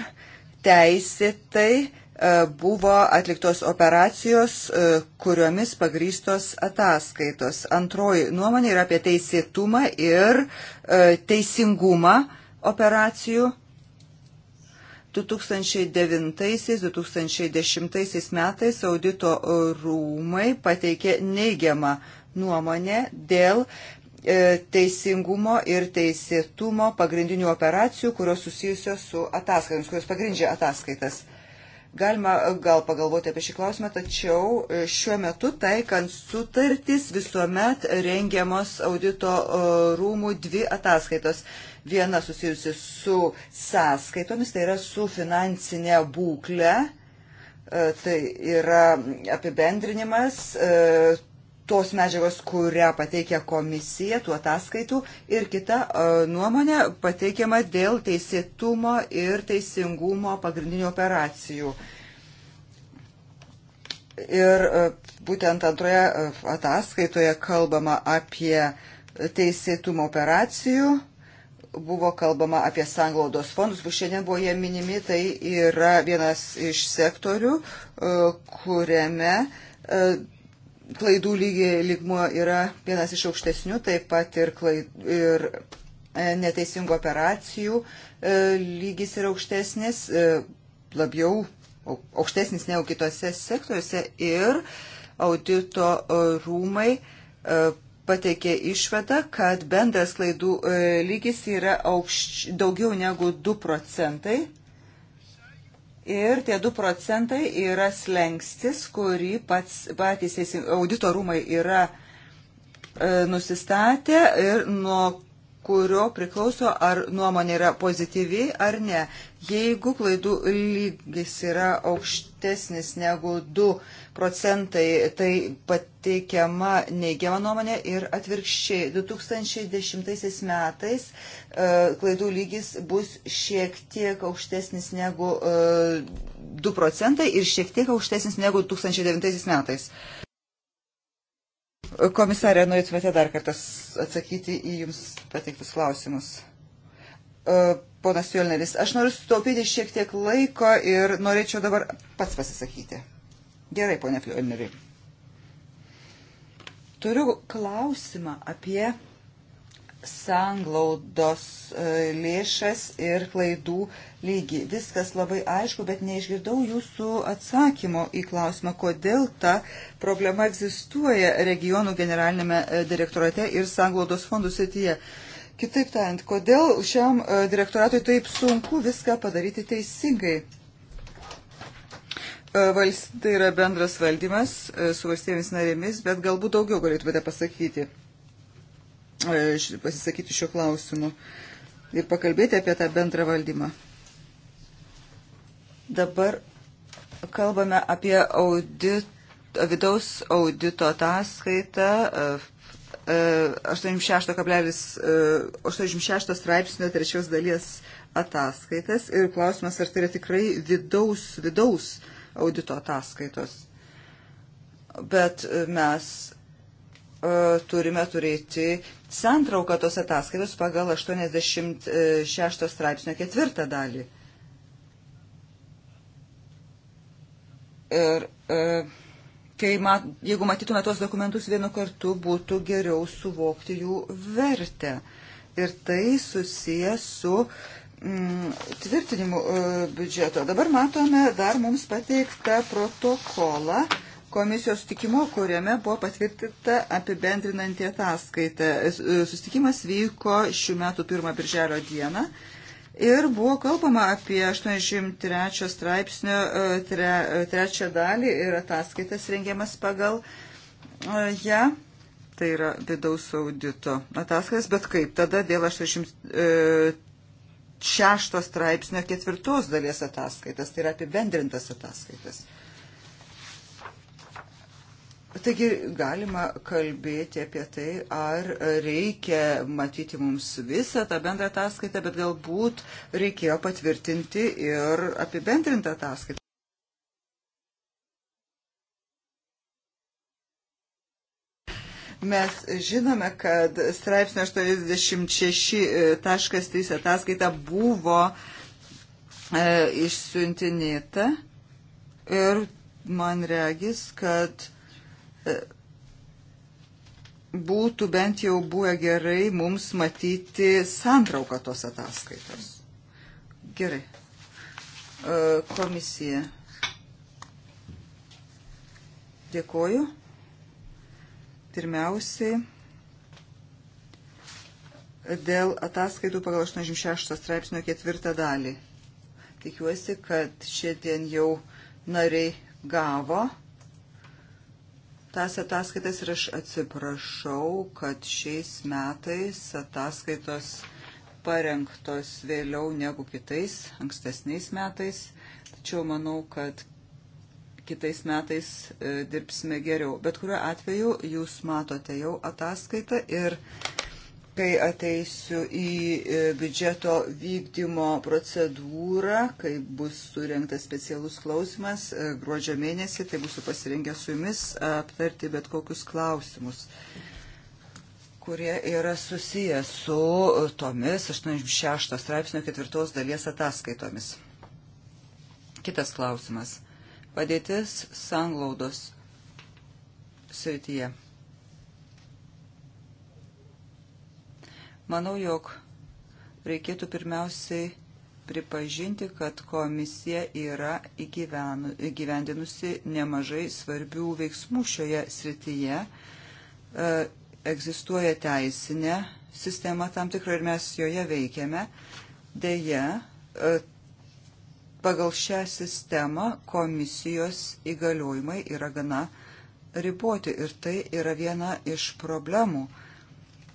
teisėtai e, buvo atliktos operacijos, e, kuriomis pagrystos ataskaitos. Antroji nuomonė yra apie teisėtumą ir teisingumą operacijų 2009-2010 metais audito rūmai pateikė neigiamą nuomonę dėl E, teisingumo ir teisėtumo pagrindinių operacijų, kurios susijusios su ataskaitomis, kurios pagrindžia ataskaitas. Galima e, gal pagalvoti apie šį klausimą, tačiau e, šiuo metu taikant sutartis visuomet rengiamos audito rūmų dvi ataskaitos. Viena susijusi su sąskaitomis, tai yra su finansinė būklė, tai yra apibendrinimas tos medžiagos, kurią pateikia komisija, tų ataskaitų ir kita e, nuomonė pateikiama dėl teisėtumo ir teisingumo pagrindinių operacijų. Ir e, būtent antroje e, ataskaitoje kalbama apie teisėtumo operacijų, buvo kalbama apie sanglaudos fondus, bus šiandien buvo jie minimi, tai yra vienas iš sektorių, kuriame klaidų lygiai lygmuo yra vienas iš aukštesnių, taip pat ir, klaid, ir e, neteisingų operacijų e, lygis yra aukštesnis, e, labiau aukštesnis negu kitose sektoriuose ir audito rūmai pateikė išvadą, kad bendras klaidų lygis yra aukšč, daugiau negu 2 procentai Ir tie 2 procentai yra slengstis, kurį pats, patys audito rūmai yra e, nusistatę ir nuo kurio priklauso, ar nuomonė yra pozityvi ar ne. Jeigu klaidų lygis yra aukštesnis negu 2 procentai, tai pateikiama neigiama nuomonė ir atvirkščiai. 2010 metais e, klaidų lygis bus šiek tiek aukštesnis negu 2 e, procentai ir šiek tiek aukštesnis negu 2009 metais. Komisarė, norėtumėte dar kartą atsakyti į Jums pateiktus klausimus. E, ponas Jolneris, aš noriu sutaupyti šiek tiek laiko ir norėčiau dabar pats pasisakyti. Gerai, ponė Fjolneri. Turiu klausimą apie sanglaudos e, lėšas ir klaidų lygį. Viskas labai aišku, bet neišgirdau jūsų atsakymo į klausimą, kodėl ta problema egzistuoja regionų generalinėme e, direktorate ir sanglaudos fondų srityje. Kitaip tariant, kodėl šiam e, direktoratui taip sunku viską padaryti teisingai? E, tai yra bendras valdymas e, su valstybėmis narėmis, bet galbūt daugiau galėtumėte pasakyti, e, pasisakyti šiuo klausimu ir pakalbėti apie tą bendrą valdymą. Dabar kalbame apie audit, vidaus audito ataskaitą 86,86 straipsnio trečios dalies ataskaitas ir klausimas, ar tai yra tikrai vidaus, vidaus uh, audito ataskaitos. Bet e, mes e, turime turėti santrauką tos ataskaitos pagal 86 straipsnio ketvirtą dalį. Ir e, kai mat, jeigu matytume tos dokumentus vienu kartu, būtų geriau suvokti jų vertę. Ir tai susijęs su uh, Mm, tvirtinimu e, biudžeto. Dabar matome dar mums pateiktą protokolą komisijos sutikimo, kuriame buvo patvirtinta apibendrinanti ataskaita. E, e, Sustikimas vyko šių metų 1 birželio dieną. Ir buvo kalbama apie 83 straipsnio tre, trečią dalį ir ataskaitas rengiamas pagal ją. Ja, tai yra vidaus audito ataskaitas, bet kaip tada dėl 83 šešto straipsnio ketvirtos dalies ataskaitas, tai yra apibendrintas ataskaitas. Taigi galima kalbėti apie tai, ar reikia matyti mums visą tą bendrą ataskaitą, bet galbūt reikėjo patvirtinti ir apibendrintą ataskaitą. Mes žinome, kad straipsnio 86.3 e, ataskaita buvo e, išsiuntinėta ir man regis, kad e, būtų bent jau buvę gerai mums matyti santrauką tos ataskaitos. Gerai. E, komisija. Dėkoju. Pirmiausiai, dėl ataskaitų pagal 86 straipsnio ketvirtą dalį. Tikiuosi, kad šiandien jau nariai gavo tas ataskaitas ir aš atsiprašau, kad šiais metais ataskaitos parengtos vėliau negu kitais, ankstesniais metais. Tačiau manau, kad kitais metais e, dirbsime geriau. Bet kuriuo atveju jūs matote jau ataskaitą ir kai ateisiu į e, biudžeto vykdymo procedūrą, kai bus surinktas specialus klausimas e, gruodžio mėnesį, tai būsiu pasirengęs su jumis aptarti bet kokius klausimus kurie yra susiję su tomis 86 straipsnio ketvirtos dalies ataskaitomis. Kitas klausimas padėtis sanglaudos srityje. Manau, jog reikėtų pirmiausiai pripažinti, kad komisija yra įgyvenu, įgyvendinusi nemažai svarbių veiksmų šioje srityje. E, egzistuoja teisinė sistema tam tikra ir mes joje veikiame. Deja, e, pagal šią sistemą komisijos įgaliojimai yra gana riboti ir tai yra viena iš problemų,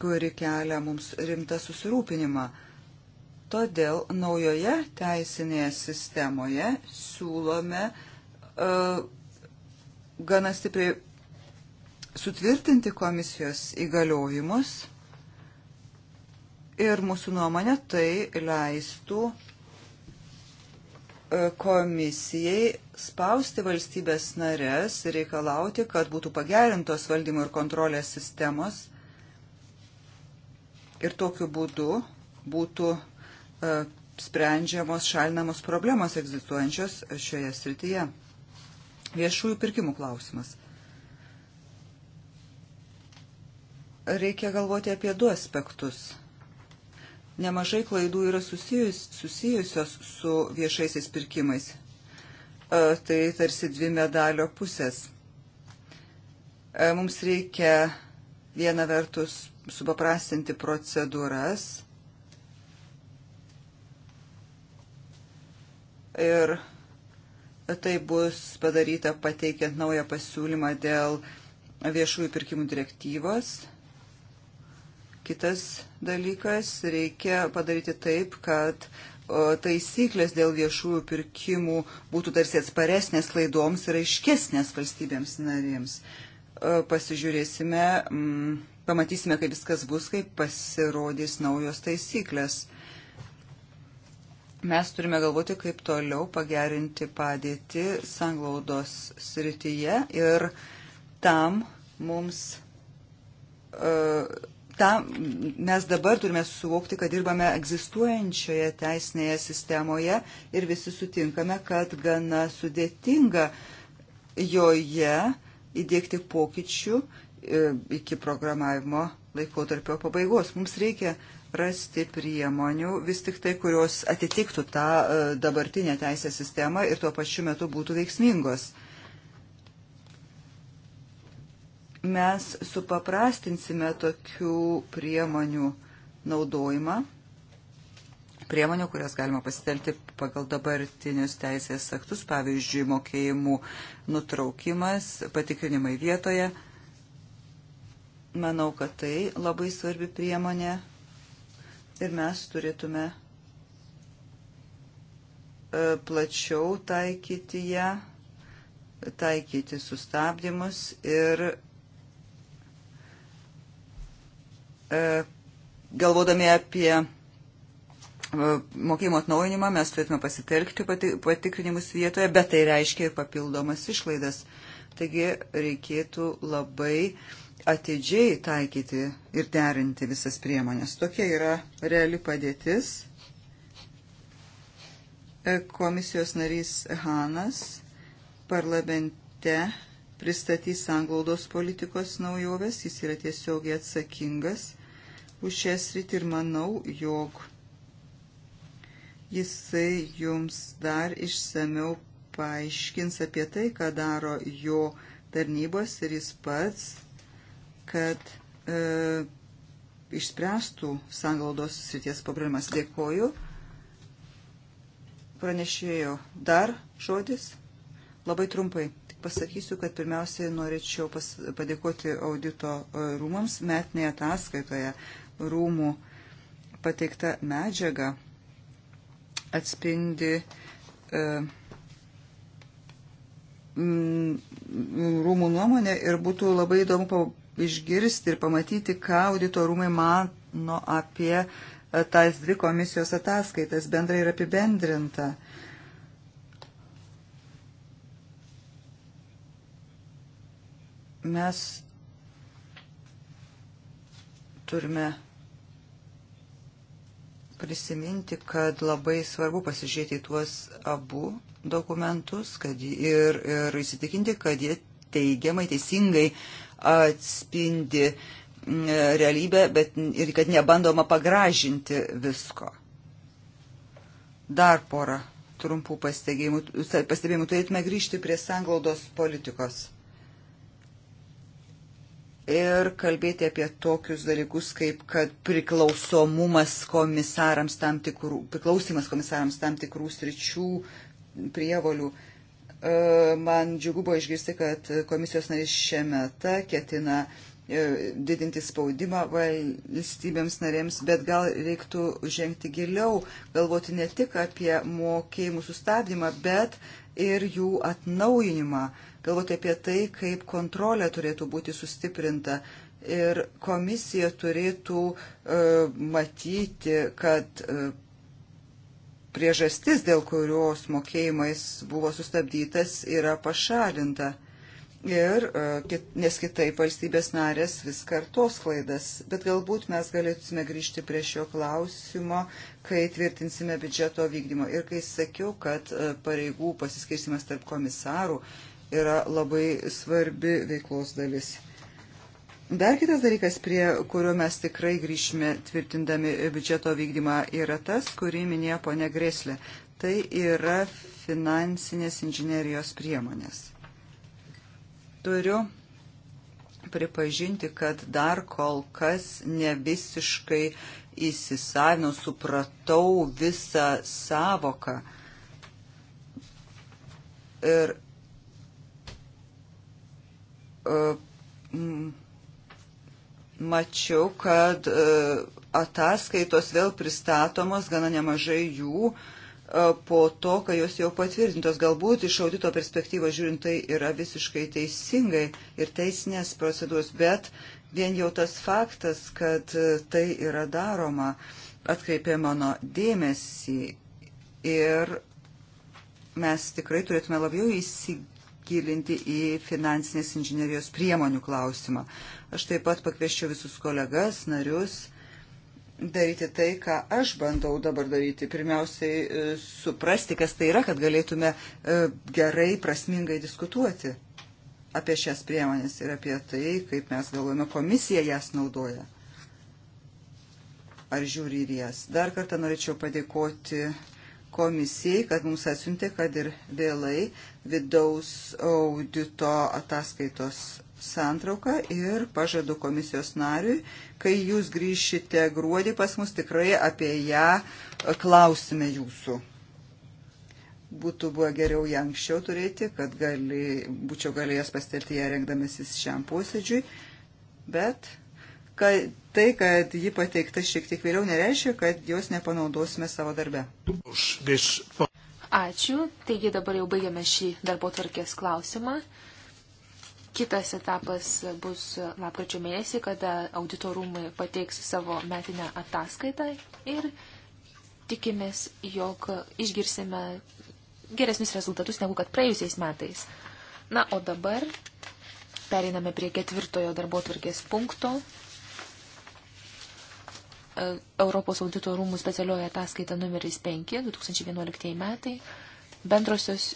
kuri kelia mums rimtą susirūpinimą. Todėl naujoje teisinėje sistemoje siūlome uh, gana stipriai sutvirtinti komisijos įgaliojimus ir mūsų nuomonė tai leistų uh, komisijai spausti valstybės narės ir reikalauti, kad būtų pagerintos valdymo ir kontrolės sistemos ir tokiu būdu būtų uh, sprendžiamos šalinamos problemos egzistuojančios šioje srityje. Viešųjų pirkimų klausimas. Reikia galvoti apie du aspektus. Nemažai klaidų yra susijus, susijusios su viešaisiais pirkimais. E, tai tarsi dvi medalio pusės. E, mums reikia viena vertus supaprastinti procedūras ir tai bus padaryta pateikiant naują pasiūlymą dėl viešųjų pirkimų direktyvos Kitas dalykas, reikia padaryti taip, kad taisyklės dėl viešųjų pirkimų būtų tarsi atsparesnės klaidoms ir aiškesnės valstybėms narėms. Pasižiūrėsime, mm, pamatysime, kaip viskas bus, kai pasirodys naujos taisyklės. Mes turime galvoti, kaip toliau pagerinti padėtį sanglaudos srityje ir tam mums uh, tam mes dabar turime suvokti, kad dirbame egzistuojančioje teisinėje sistemoje ir visi sutinkame, kad gana sudėtinga joje įdėkti pokyčių e, iki programavimo laikotarpio pabaigos. Mums reikia rasti priemonių vis tik tai, kurios atitiktų tą e, dabartinę teisę sistemą ir tuo pačiu metu būtų veiksmingos. mes supaprastinsime tokių priemonių naudojimą, priemonių, kurias galima pasitelti pagal dabartinius teisės aktus, pavyzdžiui, mokėjimų nutraukimas, patikrinimai vietoje. Manau, kad tai labai svarbi priemonė ir mes turėtume e, plačiau taikyti ją, taikyti sustabdymus ir E, galvodami apie e, mokėjimo atnaujinimą, mes turėtume pasitelkti patikrinimus vietoje, bet tai reiškia ir papildomas išlaidas. Taigi reikėtų labai atidžiai taikyti ir derinti visas priemonės. Tokia yra reali padėtis. E, komisijos narys Hanas parlamente pristatys anglaudos politikos naujoves, jis yra tiesiogiai atsakingas už šią sritį ir manau, jog jisai jums dar išsameu paaiškins apie tai, ką daro jo tarnybos ir jis pats, kad e, išspręstų sanglaudos srities problemas. Dėkoju. Pranešėjo dar žodis. Labai trumpai. Tik pasakysiu, kad pirmiausiai norėčiau pas, padėkoti audito e, rūmams metinėje ataskaitoje. E, rūmų pateikta medžiaga atspindi e, rūmų nuomonę ir būtų labai įdomu išgirsti ir pamatyti, ką audito rūmai mano apie e, tas dvi komisijos ataskaitas bendrai ir apibendrinta. Mes turime prisiminti, kad labai svarbu pasižiūrėti į tuos abu dokumentus kad, ir, ir įsitikinti, kad jie teigiamai, teisingai atspindi mm, realybę, bet ir kad nebandoma pagražinti visko. Dar porą trumpų pastebėjimų. Pastebėjimų turėtume grįžti prie sanglaudos politikos ir kalbėti apie tokius dalykus, kaip kad priklausomumas komisarams tam tikrų, priklausimas komisarams tam tikrų sričių prievolių. E, man džiugu buvo išgirsti, kad komisijos narys šiame ta ketina e, didinti spaudimą valstybėms narėms, bet gal reiktų žengti giliau, galvoti ne tik apie mokėjimų sustabdymą, bet ir jų atnaujinimą galvoti apie tai, kaip kontrolė turėtų būti sustiprinta. Ir komisija turėtų e, matyti, kad e, priežastis, dėl kurios mokėjimais buvo sustabdytas, yra pašalinta. Ir, e, nes kitaip valstybės narės vis kartos klaidas. Bet galbūt mes galėtume grįžti prie šio klausimo, kai tvirtinsime biudžeto vykdymo. Ir kai sakiau, kad e, pareigų pasiskirstimas tarp komisarų yra labai svarbi veiklos dalis. Dar kitas dalykas, prie kurio mes tikrai grįšime tvirtindami biudžeto vykdymą, yra tas, kurį minėjo ponė Greslė. Tai yra finansinės inžinerijos priemonės. Turiu pripažinti, kad dar kol kas ne visiškai įsisavinau, supratau visą savoką. Ir E, mačiau, kad e, ataskaitos vėl pristatomos gana nemažai jų e, po to, kai jos jau patvirtintos. Galbūt iš audito perspektyvos žiūrint tai yra visiškai teisingai ir teisinės procedūros, bet vien jau tas faktas, kad tai yra daroma, atkreipė mano dėmesį ir mes tikrai turėtume labiau įsigyti įsigilinti į finansinės inžinerijos priemonių klausimą. Aš taip pat pakvieščiau visus kolegas, narius daryti tai, ką aš bandau dabar daryti. Pirmiausiai e, suprasti, kas tai yra, kad galėtume e, gerai, prasmingai diskutuoti apie šias priemonės ir apie tai, kaip mes galvojame, komisija jas naudoja. Ar žiūri ir jas. Dar kartą norėčiau padėkoti komisijai, kad mums atsiuntė, kad ir vėlai vidaus audito ataskaitos santrauką ir pažadu komisijos nariui, kai jūs grįšite gruodį pas mus, tikrai apie ją klausime jūsų. Būtų buvo geriau ją anksčiau turėti, kad gali, būčiau galėjęs pastelti ją rengdamasis šiam posėdžiui, bet kad tai, kad ji pateikta šiek tiek vėliau, nereiškia, kad jos nepanaudosime savo darbe.
Ačiū. Taigi dabar jau baigiame šį darbo tvarkės klausimą. Kitas etapas bus lapkričio mėnesį, kada auditorumai pateiks savo metinę ataskaitą ir tikimės, jog išgirsime geresnius rezultatus negu kad praėjusiais metais. Na, o dabar pereiname prie ketvirtojo darbo tvarkės punkto. Europos audito rūmų specialioje ataskaita numeris 5, 2011 metai, bendrosios,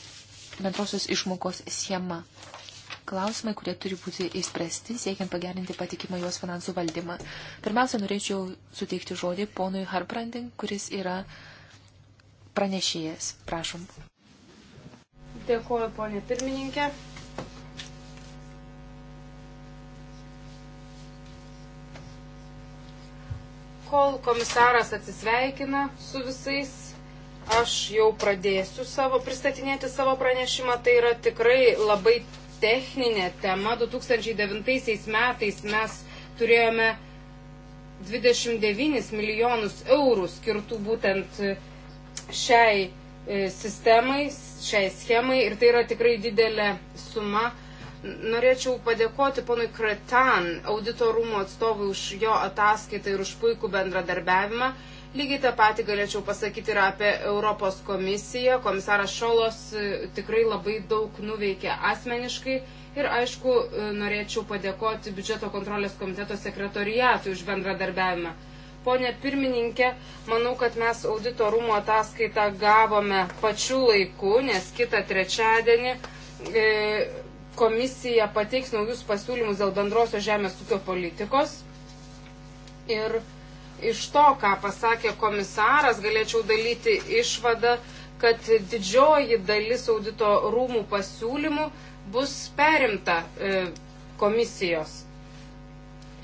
bendrosios išmokos schema. Klausimai, kurie turi būti įspręsti, siekiant pagerinti patikimą jos finansų valdymą. Pirmiausia, norėčiau suteikti žodį ponui Harbranding, kuris yra pranešėjas. Prašom.
Dėkuoju, ponė pirmininkė. Kol komisaras atsisveikina su visais, aš jau pradėsiu savo, pristatinėti savo pranešimą. Tai yra tikrai labai techninė tema. 2009 metais mes turėjome 29 milijonus eurų skirtų būtent šiai e, sistemai, šiai schemai ir tai yra tikrai didelė suma Norėčiau padėkoti ponui Kratan, auditorumo atstovui, už jo ataskaitą ir už puikų bendradarbiavimą. Lygiai tą patį galėčiau pasakyti ir apie Europos komisiją. Komisaras Šolos e, tikrai labai daug nuveikė asmeniškai. Ir aišku, e, norėčiau padėkoti biudžeto kontrolės komiteto sekretoriatui už bendradarbiavimą. Pone pirmininkė, manau, kad mes auditorumo ataskaitą gavome pačiu laiku, nes kitą trečiadienį. E, komisija pateiks naujus pasiūlymus dėl bendrosios žemės ūkio politikos. Ir iš to, ką pasakė komisaras, galėčiau dalyti išvadą, kad didžioji dalis audito rūmų pasiūlymų bus perimta e, komisijos.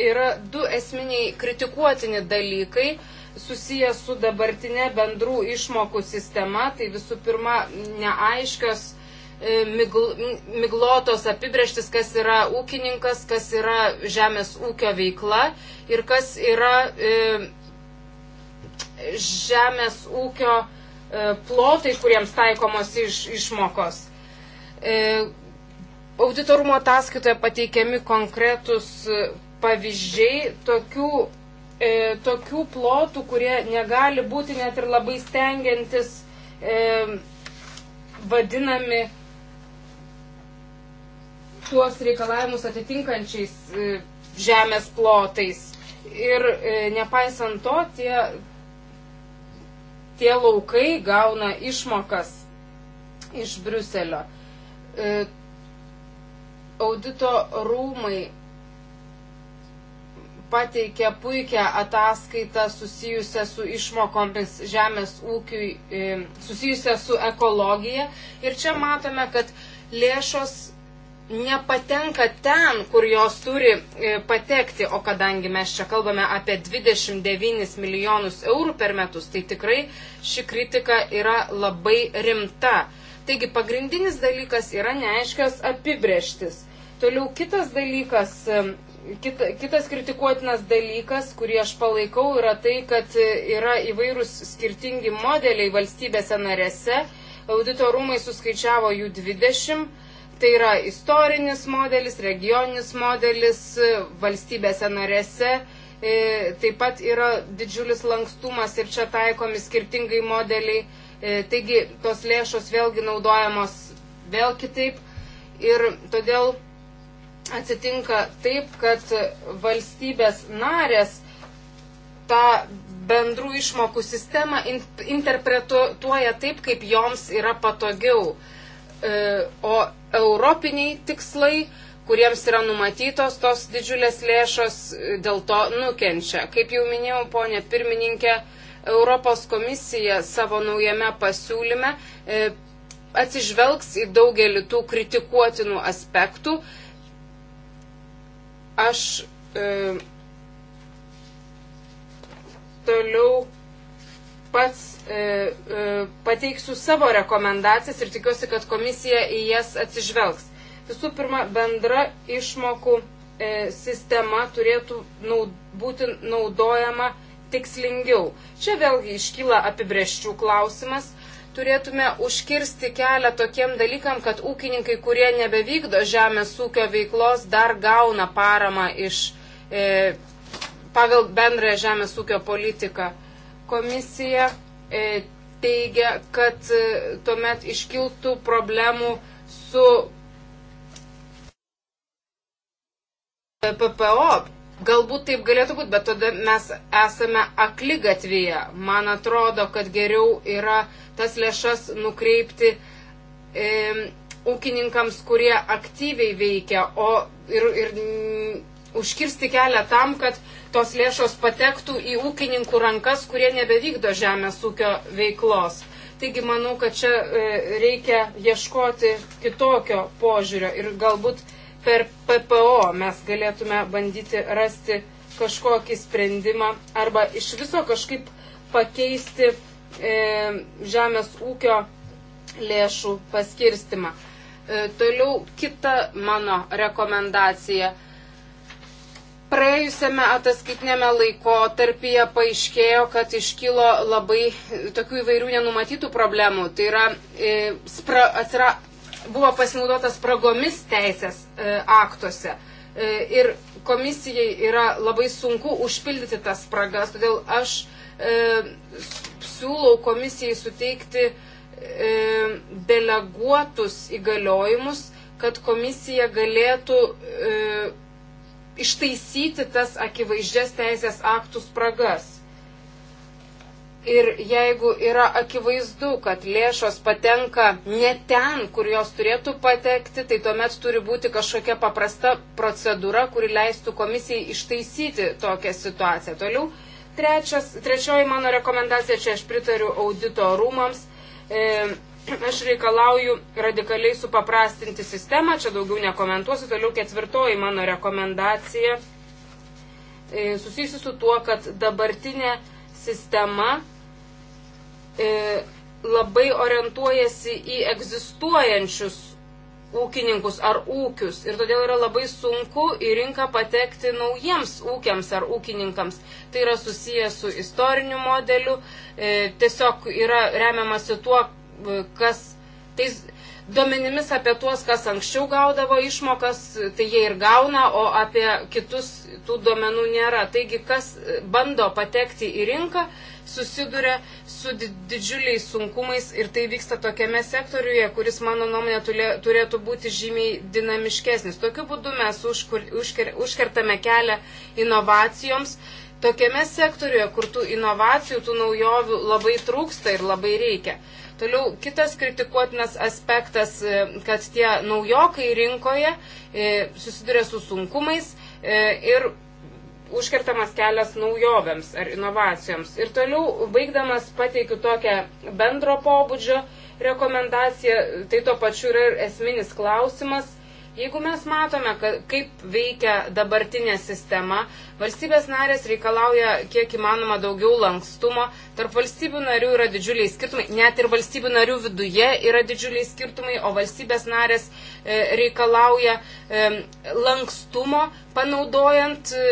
Yra du esminiai kritikuotini dalykai susijęs su dabartinė bendrų išmokų sistema. Tai visų pirma, neaiškios E, miglotos apibrieštis, kas yra ūkininkas, kas yra žemės ūkio veikla ir kas yra e, žemės ūkio e, plotai, kuriems taikomos iš, išmokos. Auditorumo ataskaitoje pateikiami konkretus pavyzdžiai tokių, tokių plotų, kurie negali būti net ir labai stengiantis vadinami tuos reikalavimus atitinkančiais e, žemės plotais. Ir e, nepaisant to, tie, tie laukai gauna išmokas iš Briuselio. E, audito rūmai pateikė puikią ataskaitą susijusią su išmokomis žemės ūkiui, susijusią su ekologija. Ir čia matome, kad lėšos nepatenka ten, kur jos turi e, patekti, o kadangi mes čia kalbame apie 29 milijonus eurų per metus, tai tikrai ši kritika yra labai rimta. Taigi pagrindinis dalykas yra neaiškios apibrieštis. Toliau kitas dalykas, e, kita, kitas kritikuotinas dalykas, kurį aš palaikau, yra tai, kad e, yra įvairūs skirtingi modeliai valstybėse narėse. Audito rūmai suskaičiavo jų 20 Tai yra istorinis modelis, regioninis modelis e, valstybėse narėse. E, taip pat yra didžiulis lankstumas ir čia taikomi skirtingai modeliai. E, taigi tos lėšos vėlgi naudojamos vėl kitaip. Ir todėl atsitinka taip, kad valstybės narės tą bendrų išmokų sistemą interpretuoja taip, kaip joms yra patogiau. E, E, o europiniai tikslai, kuriems yra numatytos tos didžiulės lėšos, e, dėl to nukenčia. Kaip jau minėjau, ponė pirmininkė, Europos komisija savo naujame pasiūlyme e, atsižvelgs į daugelį tų kritikuotinų aspektų. Aš e, toliau pats e, e, pateiksiu savo rekomendacijas ir tikiuosi, kad komisija į jas atsižvelgs. Visų pirma, bendra išmokų e, sistema turėtų naud, būti naudojama tikslingiau. Čia vėlgi iškyla apibrėžčių klausimas. Turėtume užkirsti kelią tokiem dalykam, kad ūkininkai, kurie nebevykdo žemės ūkio veiklos, dar gauna paramą iš e, pagal bendrąją žemės ūkio politiką komisija e, teigia, kad e, tuomet iškiltų problemų su e, PPO. Galbūt taip galėtų būti, bet tada mes esame akligatvėje. Man atrodo, kad geriau yra tas lėšas nukreipti e, ūkininkams, kurie aktyviai veikia, o ir, ir užkirsti kelią tam, kad tos lėšos patektų į ūkininkų rankas, kurie nebevykdo žemės ūkio veiklos. Taigi manau, kad čia e, reikia ieškoti kitokio požiūrio ir galbūt per PPO mes galėtume bandyti rasti kažkokį sprendimą arba iš viso kažkaip pakeisti e, žemės ūkio lėšų paskirstimą. E, toliau kita mano rekomendacija. E, Praėjusiame ataskaitinėme laiko tarpyje paaiškėjo, kad iškilo labai tokių įvairių nenumatytų problemų. Tai yra, e, spra, atsira, buvo pasinaudotas spragomis teisės e, aktuose. E, ir komisijai yra labai sunku užpildyti tas spragas, todėl aš e, siūlau komisijai suteikti e, deleguotus įgaliojimus, kad komisija galėtų. E, ištaisyti tas akivaizdžias teisės aktų spragas. Ir jeigu yra akivaizdu, kad lėšos patenka ne ten, kur jos turėtų patekti, tai tuomet turi būti kažkokia paprasta procedūra, kuri leistų komisijai ištaisyti tokią situaciją. Toliau, trečias, trečioji mano rekomendacija, čia aš pritariu audito rūmams. E, aš reikalauju radikaliai supaprastinti sistemą, čia daugiau nekomentuosiu, toliau ketvirtoji mano rekomendacija e, susijusi su tuo, kad dabartinė sistema e, labai orientuojasi į egzistuojančius ūkininkus ar ūkius ir todėl yra labai sunku į rinką patekti naujiems ūkiams ar ūkininkams. Tai yra susijęs su istoriniu modeliu, e, tiesiog yra remiamasi tuo, kas tais duomenimis apie tuos, kas anksčiau gaudavo išmokas, tai jie ir gauna, o apie kitus tų duomenų nėra. Taigi, kas e, bando patekti į rinką, susiduria su didžiuliais sunkumais ir tai vyksta tokiame sektoriuje, kuris, mano nuomonė, turėtų būti žymiai dinamiškesnis. Tokiu būdu mes užkur, užker, užkertame kelią inovacijoms. Tokiame sektoriuje, kur tų inovacijų, tų naujovių labai trūksta ir labai reikia. Toliau kitas kritikuotinas aspektas, e, kad tie naujokai rinkoje e, susiduria su sunkumais e, ir užkertamas kelias naujovėms ar inovacijoms. Ir toliau, baigdamas, pateikiu tokią bendro pobūdžio rekomendaciją, tai tuo pačiu yra ir esminis klausimas Jeigu mes matome, kad, kaip veikia dabartinė sistema, valstybės narės reikalauja kiek įmanoma daugiau lankstumo, tarp valstybių narių yra didžiuliai skirtumai, net ir valstybių narių viduje yra didžiuliai skirtumai, o valstybės narės e, reikalauja e, lankstumo panaudojant. E,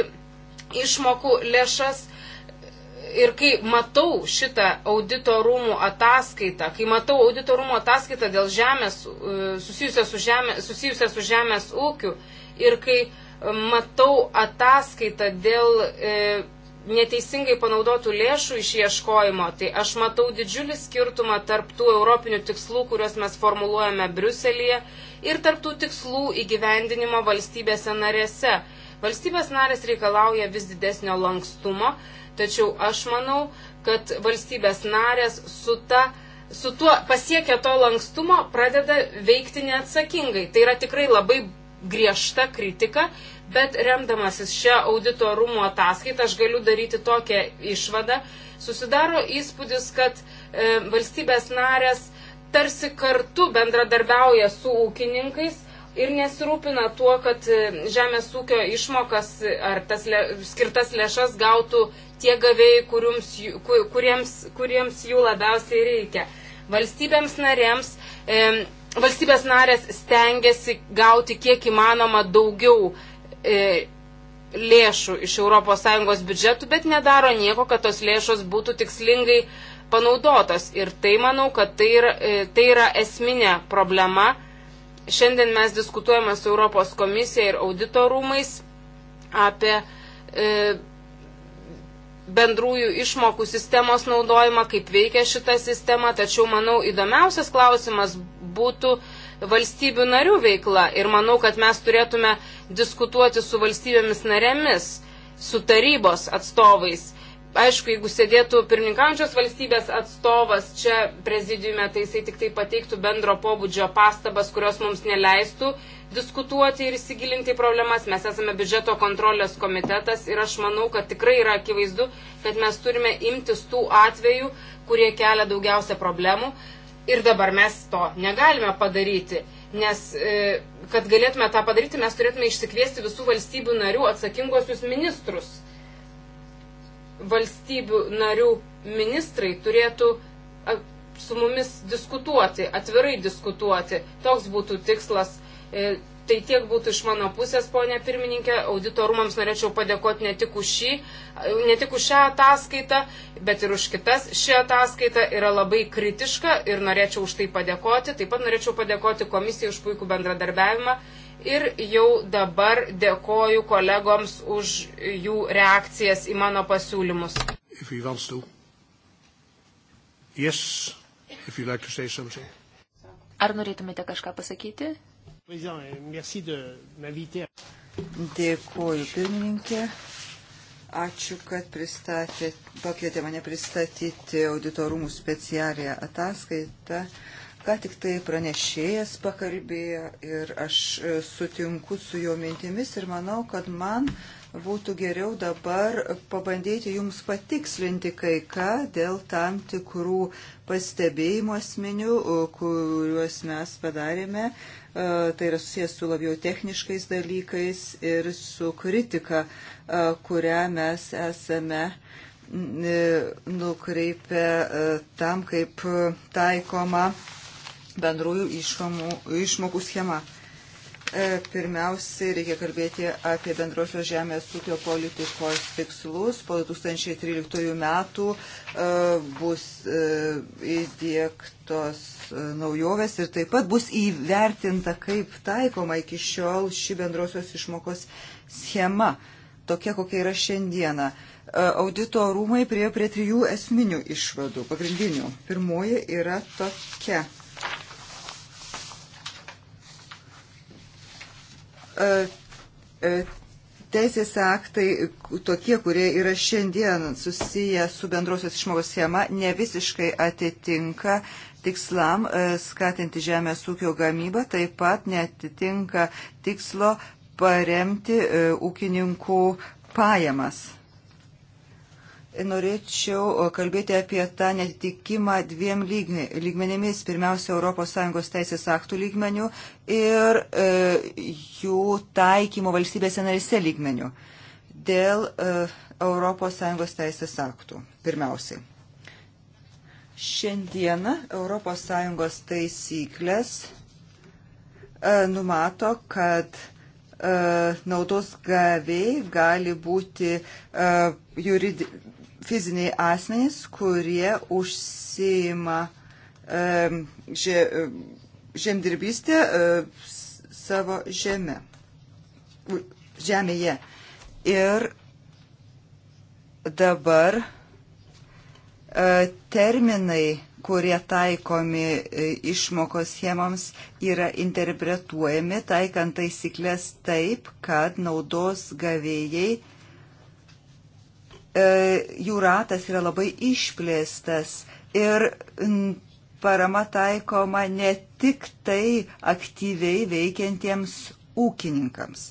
išmokų lėšas, ir kai matau šitą auditorumų ataskaitą, kai matau auditorumų ataskaitą dėl žemės, e, susijusią su, žemė, susijusią su žemės ūkiu, ir kai e, matau ataskaitą dėl e, neteisingai panaudotų lėšų išieškojimo, tai aš matau didžiulį skirtumą tarp tų europinių tikslų, kuriuos mes formuluojame Briuselėje, ir tarp tų tikslų įgyvendinimo valstybėse narėse. Valstybės narės reikalauja vis didesnio lankstumo, Tačiau aš manau, kad valstybės narės su, ta, su tuo pasiekia to lankstumo pradeda veikti neatsakingai. Tai yra tikrai labai griežta kritika, bet remdamasis šią audito rūmų ataskaitą aš galiu daryti tokią išvadą. Susidaro įspūdis, kad e, valstybės narės tarsi kartu bendradarbiauja su ūkininkais ir nesirūpina tuo, kad e, žemės ūkio išmokas e, ar tas le, skirtas lėšas gautų tie gavėjai, kuriems, kuriems, kuriems jų labiausiai reikia. Valstybėms narėms, e, valstybės narės stengiasi gauti kiek įmanoma daugiau e, lėšų iš ES biudžetų, bet nedaro nieko, kad tos lėšos būtų tikslingai panaudotos. Ir tai manau, kad tai yra, e, tai yra esminė problema Šiandien mes diskutuojame su Europos komisija ir auditorumais apie e, bendrųjų išmokų sistemos naudojimą, kaip veikia šita sistema, tačiau manau įdomiausias klausimas būtų valstybių narių veikla ir manau, kad mes turėtume diskutuoti su valstybėmis narėmis, su tarybos atstovais aišku, jeigu sėdėtų pirmininkaujančios valstybės atstovas čia prezidiume, tai jisai tik tai pateiktų bendro pobūdžio pastabas, kurios mums neleistų diskutuoti ir įsigilinti į problemas. Mes esame biudžeto kontrolės komitetas ir aš manau, kad tikrai yra akivaizdu, kad mes turime imtis tų atvejų, kurie kelia daugiausia problemų. Ir dabar mes to negalime padaryti, nes e, kad galėtume tą padaryti, mes turėtume išsikviesti visų valstybių narių atsakinguosius ministrus valstybių narių ministrai turėtų su mumis diskutuoti, atvirai diskutuoti. Toks būtų tikslas. E, tai tiek būtų iš mano pusės, ponė pirmininkė. Auditorumams norėčiau padėkoti ne tik, už šį, ne tik už šią ataskaitą, bet ir už kitas. Ši ataskaita yra labai kritiška ir norėčiau už tai padėkoti. Taip pat norėčiau padėkoti komisijai už puikų bendradarbiavimą ir jau dabar dėkoju kolegoms už jų reakcijas į mano pasiūlymus.
Yes, like
Ar norėtumėte kažką pasakyti?
Dėkuoju, pirmininkė. Ačiū, kad pristatė, pakvietė mane pristatyti auditorumų specialią ataskaitą. Ką tik tai pranešėjas pakalbėjo ir aš e, sutinku su jo mintimis ir manau, kad man būtų geriau dabar pabandyti jums patikslinti kai ką dėl tam tikrų pastebėjimų asmenių, e, kuriuos mes padarėme. E, tai yra susijęs su labiau techniškais dalykais ir su kritika, kurią mes esame nukreipę tam, kaip taikoma bendrųjų išmokų, išmokų schema. E, pirmiausiai reikia kalbėti apie bendrosios žemės ūkio politikos tikslus. Po 2013 metų e, bus e, įdėktos naujovės ir taip pat bus įvertinta, kaip taikoma iki šiol ši bendrosios išmokos schema, tokia kokia yra šiandiena. Audito rūmai priejo prie trijų esminių išvadų, pagrindinių. Pirmoji yra tokia teisės aktai, tokie, kurie yra šiandien susiję su bendrosios išmokos schema, ne visiškai atitinka tikslam skatinti žemės ūkio gamybą, taip pat netitinka tikslo paremti ūkininkų pajamas norėčiau kalbėti apie tą netitikimą dviem lygmenėmis. Pirmiausia, ES teisės aktų lygmenių ir e, jų taikymo valstybėse narise lygmenių. Dėl e, ES teisės aktų. Pirmiausiai. Šiandieną ES taisyklės e, numato, kad e, naudos gaviai gali būti e, juridi, fiziniai asmenys, kurie užsima žemdirbystė savo žemę, žemėje. Ir dabar e, terminai, kurie taikomi e, išmokos schemams, yra interpretuojami taikant taisyklės taip, kad naudos gavėjai E, jų ratas yra labai išplėstas ir parama taikoma ne tik tai aktyviai veikiantiems ūkininkams.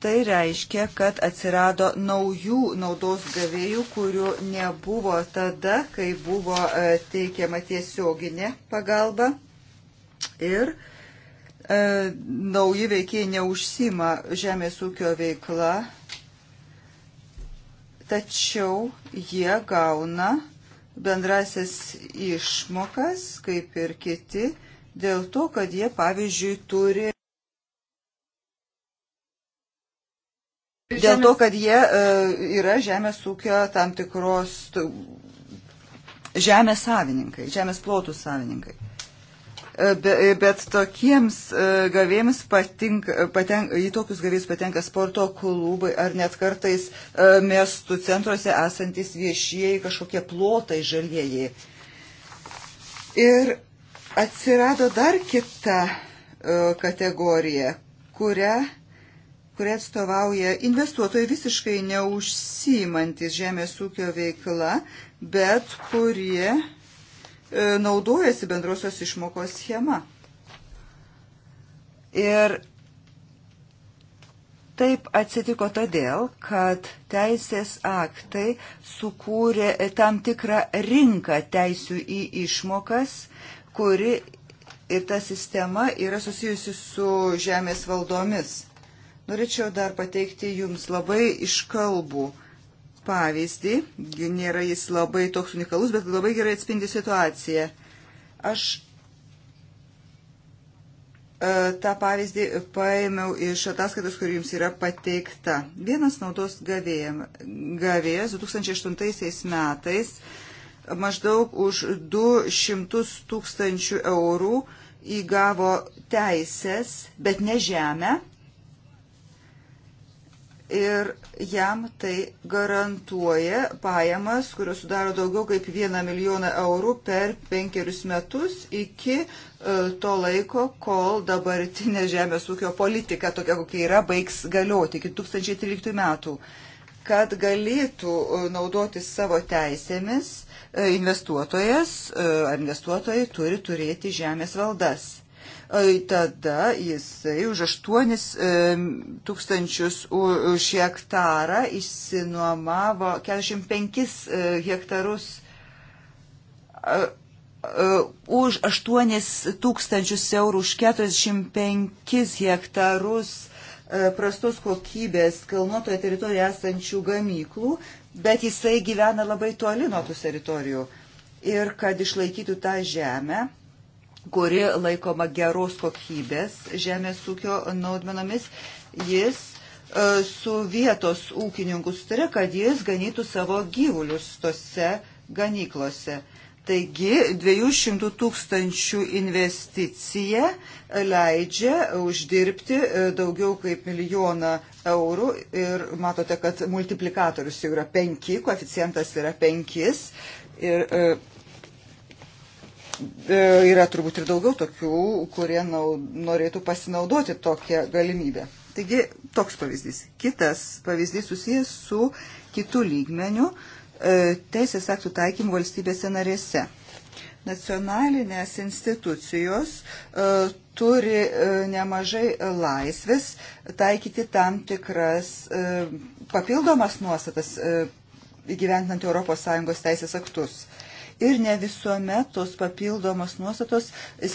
Tai reiškia, kad atsirado naujų naudos gavėjų, kurių nebuvo tada, kai buvo e, teikiama tiesioginė pagalba. Ir e, nauji veikiai neužsima žemės ūkio veikla, tačiau jie gauna bendrasis išmokas, kaip ir kiti, dėl to, kad jie, pavyzdžiui, turi. Dėl to, kad jie e, yra žemės ūkio tam tikros žemės savininkai, žemės plotų savininkai. E, e, bet tokiems e, gavėjams patinka, paten, į tokius gavėjus patenka sporto klubai ar net kartais miestų centruose esantis viešieji kažkokie plotai žalieji. Ir atsirado dar kita kategorija, kurią kurie atstovauja investuotojai visiškai neužsimantis žemės ūkio veikla, bet kurie E, naudojasi bendrosios išmokos schema. Ir Taip atsitiko todėl, kad teisės aktai sukūrė tam tikrą rinką teisių į išmokas, kuri ir ta sistema yra susijusi su žemės valdomis. Norėčiau dar pateikti Jums labai iškalbų pavyzdį, nėra jis labai toks unikalus, bet labai gerai atspindi situaciją. Aš e, tą pavyzdį paėmiau iš ataskaitos, kur jums yra pateikta. Vienas naudos gavėjas 2008 metais maždaug už 200 tūkstančių eurų įgavo teisės, bet ne žemę, ir jam tai garantuoja pajamas, kurios sudaro daugiau kaip 1 milijoną eurų per penkerius metus iki e, to laiko, kol dabartinė žemės ūkio politika, tokia kokia yra, baigs galioti iki 2013 metų. Kad galėtų e, naudotis savo teisėmis, e, investuotojas ar investuotojai turi turėti žemės valdas E, tada jisai už 8 e, tūkstančius už hektarą išsinuomavo 45 e, hektarus už 8 tūkstančius eurų už 45 hektarus prastos kokybės kalnuotoje teritorijoje esančių gamyklų, bet jisai gyvena labai toli nuo tų teritorijų. Ir kad išlaikytų tą žemę, kuri laikoma geros kokybės žemės ūkio naudmenomis, jis e, su vietos ūkininkų sutarė, kad jis ganytų savo gyvulius tose ganyklose. Taigi 200 tūkstančių investicija leidžia uždirbti e, daugiau kaip milijoną eurų ir matote, kad multiplikatorius jau yra 5, koeficientas yra 5 ir e, E, yra turbūt ir daugiau tokių, kurie norėtų pasinaudoti tokią galimybę. Taigi toks pavyzdys. Kitas pavyzdys susijęs su kitų lygmenių e, teisės aktų taikymų valstybėse narėse. Nacionalinės institucijos e, turi nemažai laisvės taikyti tam tikras papildomas nuostatas įgyventinant ES teisės aktus ir ne visuomet tos papildomos nuostatos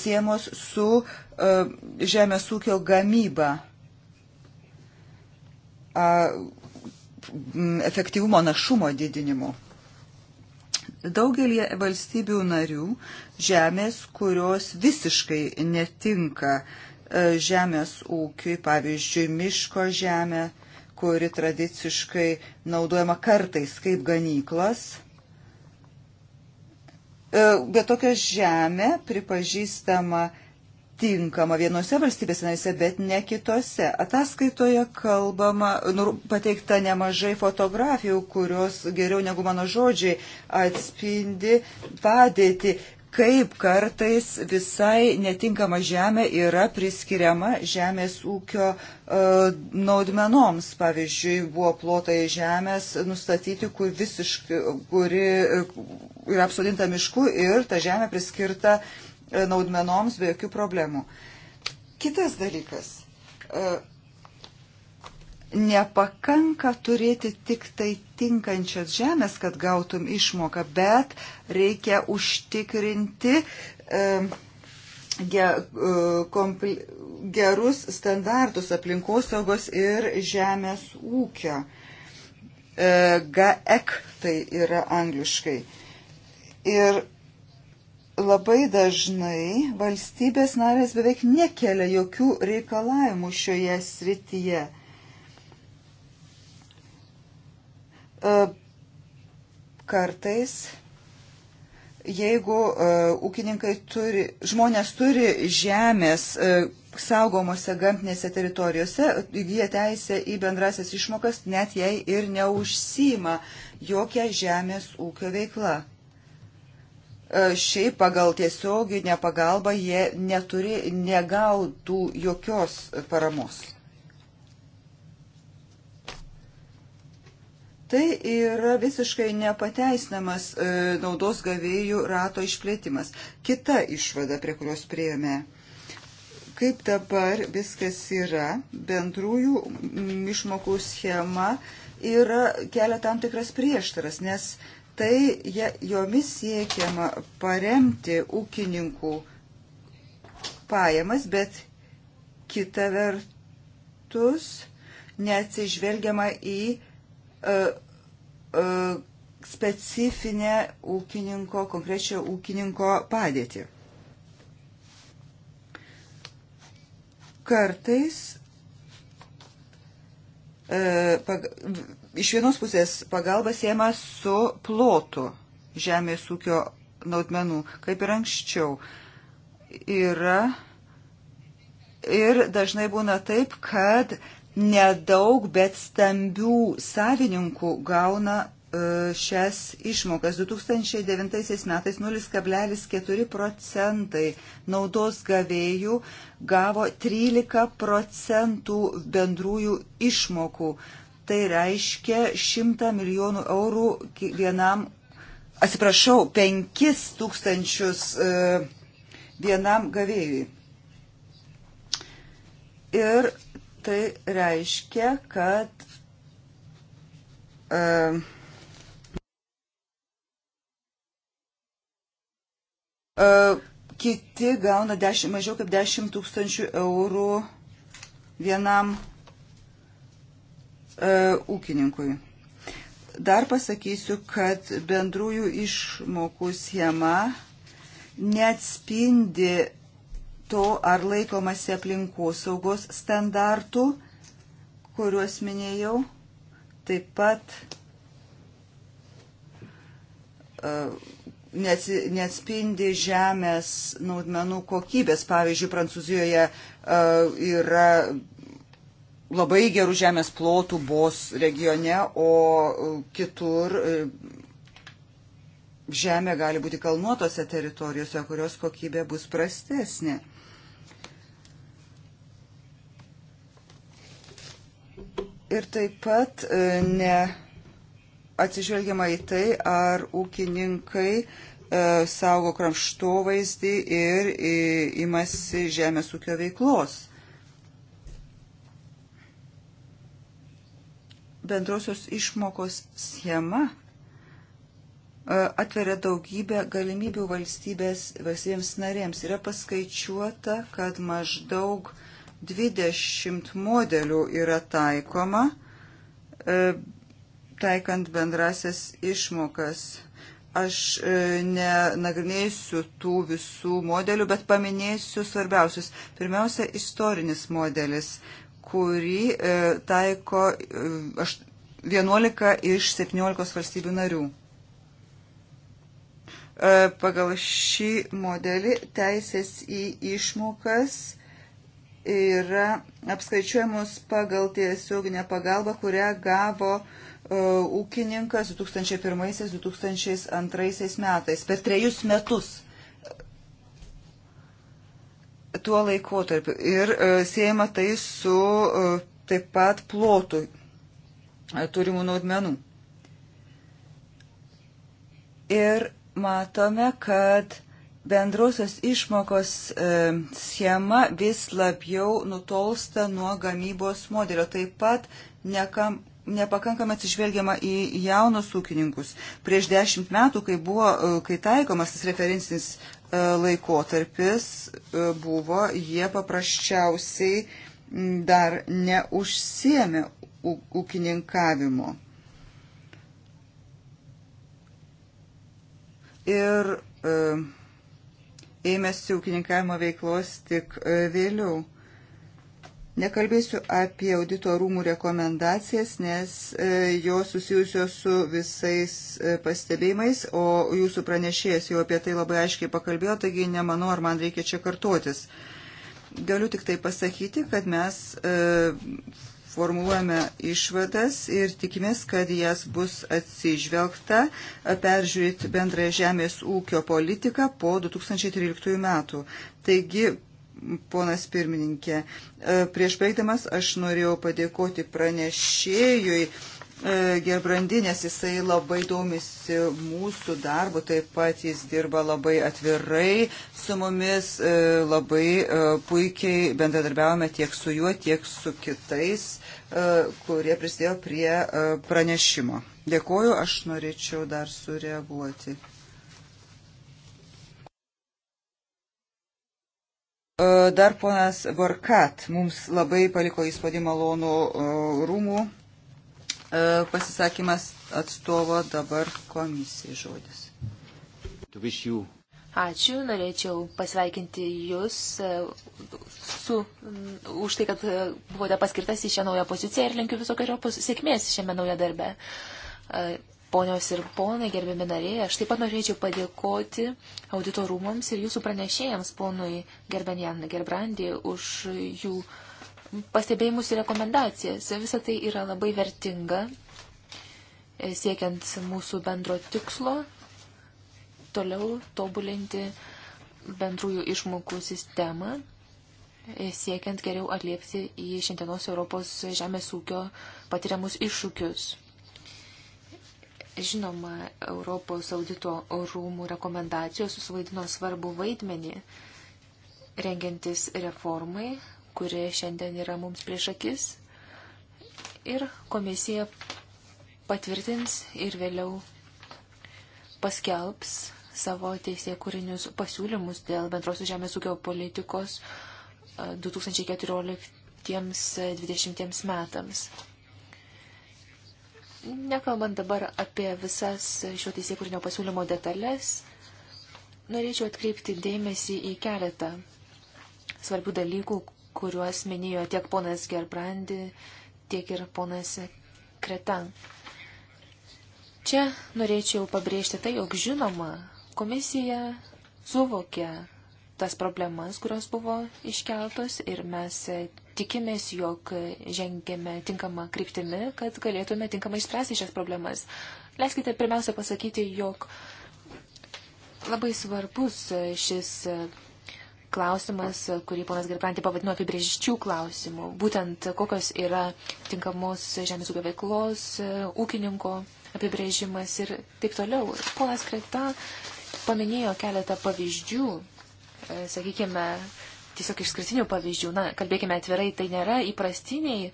siemos su e, žemės ūkio gamyba. efektyvumo našumo didinimu. Daugelį valstybių narių žemės, kurios visiškai netinka e, žemės ūkiui, pavyzdžiui, miško žemė, kuri tradiciškai naudojama kartais kaip ganyklas, E, bet tokia žemė pripažįstama tinkama vienose valstybėse narėse, bet ne kitose. Ataskaitoje kalbama, nu, pateikta nemažai fotografijų, kurios geriau negu mano žodžiai atspindi padėtį kaip kartais visai netinkama žemė yra priskiriama žemės ūkio uh, naudmenoms. Pavyzdžiui, buvo plotai žemės nustatyti, kur visiškai, kuri e, yra apsodinta mišku ir ta žemė priskirta e, naudmenoms be jokių problemų. Kitas dalykas. Uh, nepakanka turėti tik tai tinkančias žemės, kad gautum išmoką, bet reikia užtikrinti e, ge, e, kompli, gerus standartus aplinkosaugos ir žemės ūkio. E, GAEK tai yra angliškai. Ir labai dažnai valstybės narės beveik nekelia jokių reikalavimų šioje srityje. E, kartais, jeigu e, ūkininkai turi, žmonės turi žemės e, saugomose gamtinėse teritorijose, jie teisė į bendrasias išmokas, net jei ir neužsima jokia žemės ūkio veikla. Šiaip pagal tiesioginę pagalbą jie neturi, negautų jokios paramos. Tai yra visiškai nepateisinamas e, naudos gavėjų rato išplėtimas. Kita išvada, prie kurios priejome kaip dabar viskas yra, bendrųjų išmokų schema yra, kelia tam tikras prieštaras, nes tai ja, jomis siekiama paremti ūkininkų pajamas, bet kita vertus neatsižvelgiama į E, e, specifinę ūkininko, konkrečio ūkininko padėtį. Kartais e, pag, iš vienos pusės pagalba siema su plotu žemės ūkio naudmenų, kaip ir anksčiau. Yra ir dažnai būna taip, kad nedaug, bet stambių savininkų gauna e, šias išmokas. 2009 metais 0,4 procentai naudos gavėjų gavo 13 procentų bendrųjų išmokų. Tai reiškia 100 milijonų eurų vienam, atsiprašau, 5 tūkstančius e, vienam gavėjui. Ir Tai reiškia, kad uh, uh, kiti gauna dešimt, mažiau kaip 10 tūkstančių eurų vienam e, ūkininkui. Dar pasakysiu, kad bendrųjų išmokų schema neatspindi to, ar laikomasi aplinkos saugos standartų, kuriuos minėjau, taip pat e, neatspindi žemės naudmenų kokybės. Pavyzdžiui, Prancūzijoje e, yra labai gerų žemės plotų bos regione, o e, kitur žemė gali būti kalnuotose teritorijose, kurios kokybė bus prastesnė. Ir taip pat e, ne atsižvelgiama į tai, ar ūkininkai e, saugo kramštovaizdį ir e, imasi žemės ūkio veiklos. Bendrosios išmokos schema e, atveria daugybę galimybių valstybės, valstybėms narėms. Yra paskaičiuota, kad maždaug 20 modelių yra taikoma, e, taikant bendrasias išmokas. Aš e, nenagrinėsiu tų visų modelių, bet paminėsiu svarbiausius. Pirmiausia, istorinis modelis, kurį e, taiko 11 iš 17 valstybių narių pagal šį modelį teisės į išmokas yra apskaičiuojamos pagal tiesioginę pagalbą, kurią gavo e, ūkininkas 2001-2002 metais, per trejus metus tuo laikotarpiu. Ir e, siejama tai su e, taip pat plotų turimų naudmenų. Ir matome, kad bendrosios išmokos e, schema vis labiau nutolsta nuo gamybos modelio. Taip pat nekam, nepakankamai atsižvelgiama į jaunus ūkininkus. Prieš dešimt metų, kai, buvo, e, kai taikomas tas referencinis e, laikotarpis, e, buvo jie paprasčiausiai dar neužsiemė ūkininkavimo. Ir e, ėmėsi ūkininkavimo veiklos tik e, vėliau. Nekalbėsiu apie audito rūmų rekomendacijas, nes e, jos susijusios su visais e, pastebėjimais, o jūsų pranešėjas jau apie tai labai aiškiai pakalbėjo, taigi nemanau, ar man reikia čia kartotis. Galiu tik tai pasakyti, kad mes formuluojame išvadas ir tikimės, kad jas bus atsižvelgta peržiūrėti bendrąją žemės ūkio politiką po 2013 metų. Taigi, ponas pirmininkė, e, prieš baigdamas aš norėjau padėkoti pranešėjui E, Gerbrandinės, jisai labai domisi mūsų darbu, taip pat jis dirba labai atvirai su mumis, e, labai e, puikiai bendradarbiavome tiek su juo, tiek su kitais, kurie prisidėjo prie pranešimo. Dėkoju, aš norėčiau dar sureaguoti. Dar ponas Borkat mums labai paliko įspūdį malonų rūmų E, pasisakymas atstovo dabar komisijai žodis.
Ačiū, norėčiau pasveikinti Jūs e, su, mm, už tai, kad e, buvote paskirtas į šią naują poziciją ir linkiu visokio sėkmės šiame naujo darbe. Ponios ir ponai, gerbiami nariai, aš taip pat norėčiau padėkoti auditorumams ir jūsų pranešėjams, ponui Gerbenjan Gerbrandi, už jų uh, pastebėjimus ir rekomendacijas. Visa tai yra labai vertinga, e, siekiant mūsų bendro tikslo toliau tobulinti bendrųjų išmokų sistemą, e, siekiant geriau atliepti į šiandienos Europos žemės ūkio patiriamus iššūkius. Žinoma, Europos audito rūmų rekomendacijos susivaidino svarbu vaidmenį rengiantis reformai, kuri šiandien yra mums prieš akis. Ir komisija patvirtins ir vėliau paskelbs savo teisė kūrinius pasiūlymus dėl bendrosios žemės ūkio politikos 2014-2020 e, metams. Nekalbant dabar apie visas šio teisė kūrinio pasiūlymo detalės, norėčiau atkreipti dėmesį į keletą svarbių dalykų, kuriuos minėjo tiek ponas Gerbrandi, tiek ir ponas Kretan. Čia norėčiau pabrėžti tai, jog žinoma, komisija suvokia tas problemas, kurios buvo iškeltos ir mes tikimės, jog žengėme tinkamą kryptimį, kad galėtume tinkamai išspręsti šias problemas. Leiskite pirmiausia pasakyti, jog labai svarbus šis klausimas, kurį ponas Gerbrantė pavadino apibrėžčių klausimų. Būtent kokios yra tinkamos žemės ūkio veiklos, ūkininko apibrėžimas ir taip toliau. Ponas Kreta paminėjo keletą pavyzdžių, e, sakykime, tiesiog išskirtinių pavyzdžių. Na, kalbėkime atvirai, tai nėra įprastiniai e,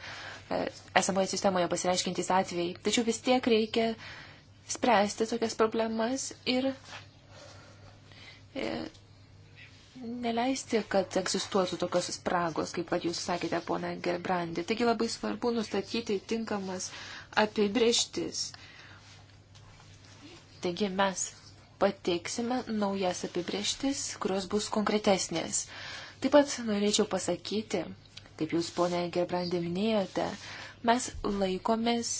esamoje sistemoje pasireiškintys atvejai. Tačiau vis tiek reikia spręsti tokias problemas ir e, neleisti, kad egzistuotų tokios spragos, kaip pat jūs sakėte, pona Gerbrandi. Taigi labai svarbu nustatyti tinkamas apibrieštis. Taigi mes pateiksime naujas apibrieštis, kurios bus konkretesnės. Taip pat norėčiau pasakyti, kaip jūs, ponė Gerbrandi, minėjote, mes laikomės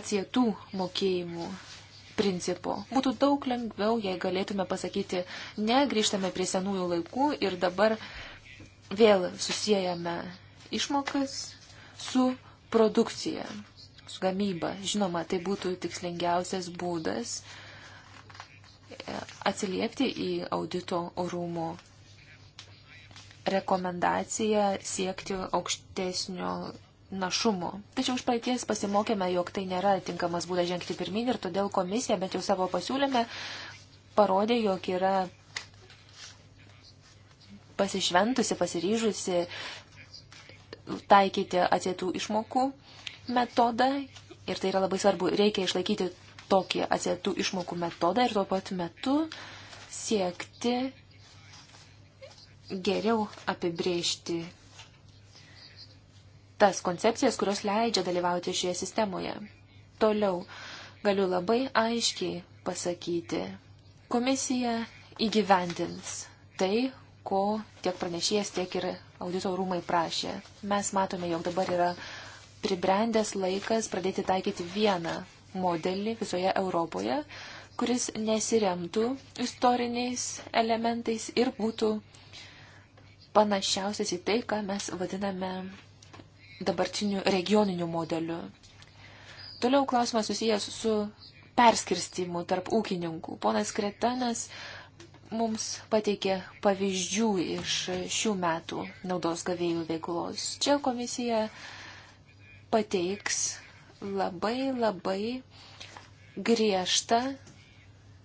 atsietų mokėjimų principų. Būtų daug lengviau, jei galėtume pasakyti, ne, grįžtame prie senųjų laikų ir dabar vėl susijęjame išmokas su produkcija, su gamyba. Žinoma, tai būtų tikslingiausias būdas e, atsiliepti į audito rūmų rekomendaciją siekti aukštesnio našumu. Tačiau iš praeities pasimokėme, jog tai nėra tinkamas būdas žengti pirmin ir todėl komisija, bent jau savo pasiūlyme, parodė, jog yra pasišventusi, pasiryžusi taikyti atsėtų išmokų metodą ir tai yra labai svarbu. Reikia išlaikyti tokį atsėtų išmokų metodą ir tuo pat metu siekti geriau apibrėžti tas koncepcijas, kurios leidžia dalyvauti šioje sistemoje. Toliau galiu labai aiškiai pasakyti, komisija įgyvendins tai, ko tiek pranešėjas, tiek ir audito rūmai prašė. Mes matome, jog dabar yra pribrendęs laikas pradėti taikyti vieną modelį visoje Europoje, kuris nesiremtų istoriniais elementais ir būtų panašiausias į tai, ką mes vadiname dabartiniu regioniniu modeliu. Toliau klausimas susijęs su perskirstimu tarp ūkininkų. Ponas Kretanas mums pateikė pavyzdžių iš šių metų naudos gavėjų veiklos. Čia komisija pateiks labai labai griežtą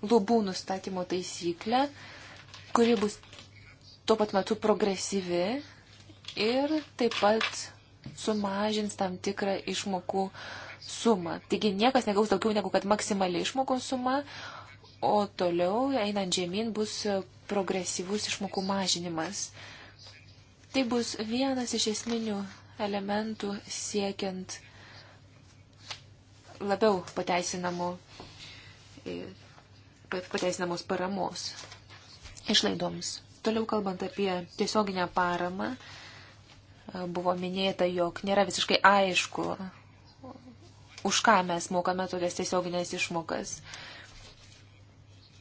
lubų nustatymo taisyklę, kuri bus tuo pat metu progresyvi ir taip pat sumažins tam tikrą išmokų sumą. Taigi niekas negaus daugiau negu kad maksimali išmokų suma, o toliau einant žemyn bus progresyvus išmokų mažinimas. Tai bus vienas iš esminių elementų siekiant labiau pateisinamų, e, pateisinamos paramos išlaidoms. Toliau kalbant apie tiesioginę paramą, Buvo minėta, jog nėra visiškai aišku, už ką mes mokame tokias tiesioginės išmokas.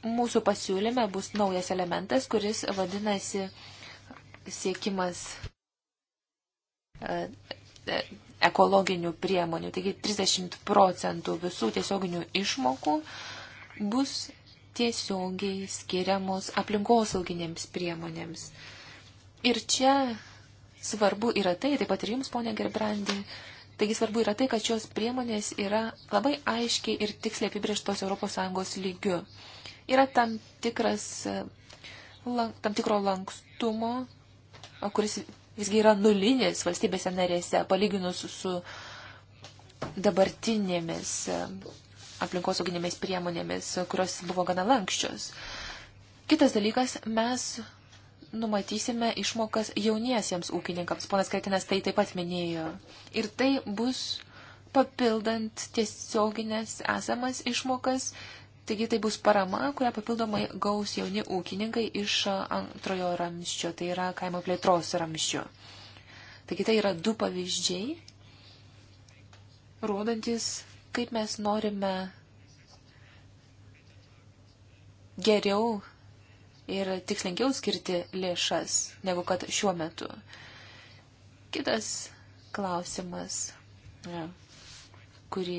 Mūsų pasiūlyme bus naujas elementas, kuris vadinasi siekimas e, e, ekologinių priemonių. Taigi 30 procentų visų tiesioginių išmokų bus tiesiogiai skiriamos aplinkosauginėms priemonėms. Ir čia svarbu yra tai, taip pat ir jums, ponė Gerbrandi, taigi svarbu yra tai, kad šios priemonės yra labai aiškiai ir tiksliai apibrieštos ES lygiu. Yra tam, tikras, e, tam tikro lankstumo, kuris visgi yra nulinis valstybėse narėse, palyginus su dabartinėmis e, aplinkosauginėmis priemonėmis, kurios buvo gana lankščios. Kitas dalykas, mes numatysime išmokas jauniesiems ūkininkams. Ponas Kaitinas tai taip pat minėjo. Ir tai bus papildant tiesioginės esamas išmokas. Taigi tai bus parama, kurią papildomai gaus jauni ūkininkai iš antrojo ramščio, tai yra kaimo plėtros ramščio. Taigi tai yra du pavyzdžiai, rodantis, kaip mes norime geriau ir tikslingiau skirti lėšas, negu kad šiuo metu. Kitas klausimas, e, kurį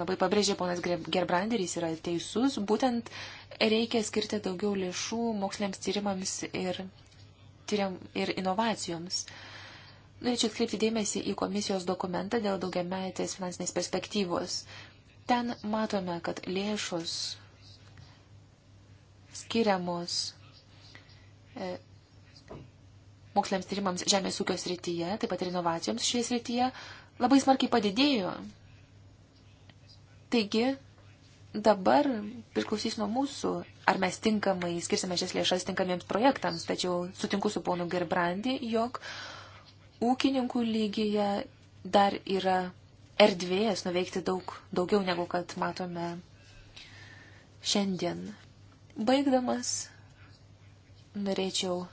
labai pabrėžė ponas Gerbranderis, yra teisus, būtent reikia skirti daugiau lėšų moksliniams tyrimams ir, tyriam, ir inovacijoms. Norėčiau atkreipti dėmesį į komisijos dokumentą dėl daugiametės finansinės perspektyvos. Ten matome, kad lėšos skiriamos E, moksliams tyrimams žemės ūkio srityje, taip pat ir inovacijoms šioje srityje, labai smarkiai padidėjo. Taigi, dabar priklausys nuo mūsų, ar mes tinkamai skirsime šias lėšas tinkamiems projektams, tačiau sutinku su ponu Gerbrandi, jog ūkininkų lygyje dar yra erdvės nuveikti daug daugiau negu kad matome šiandien. Baigdamas, norėčiau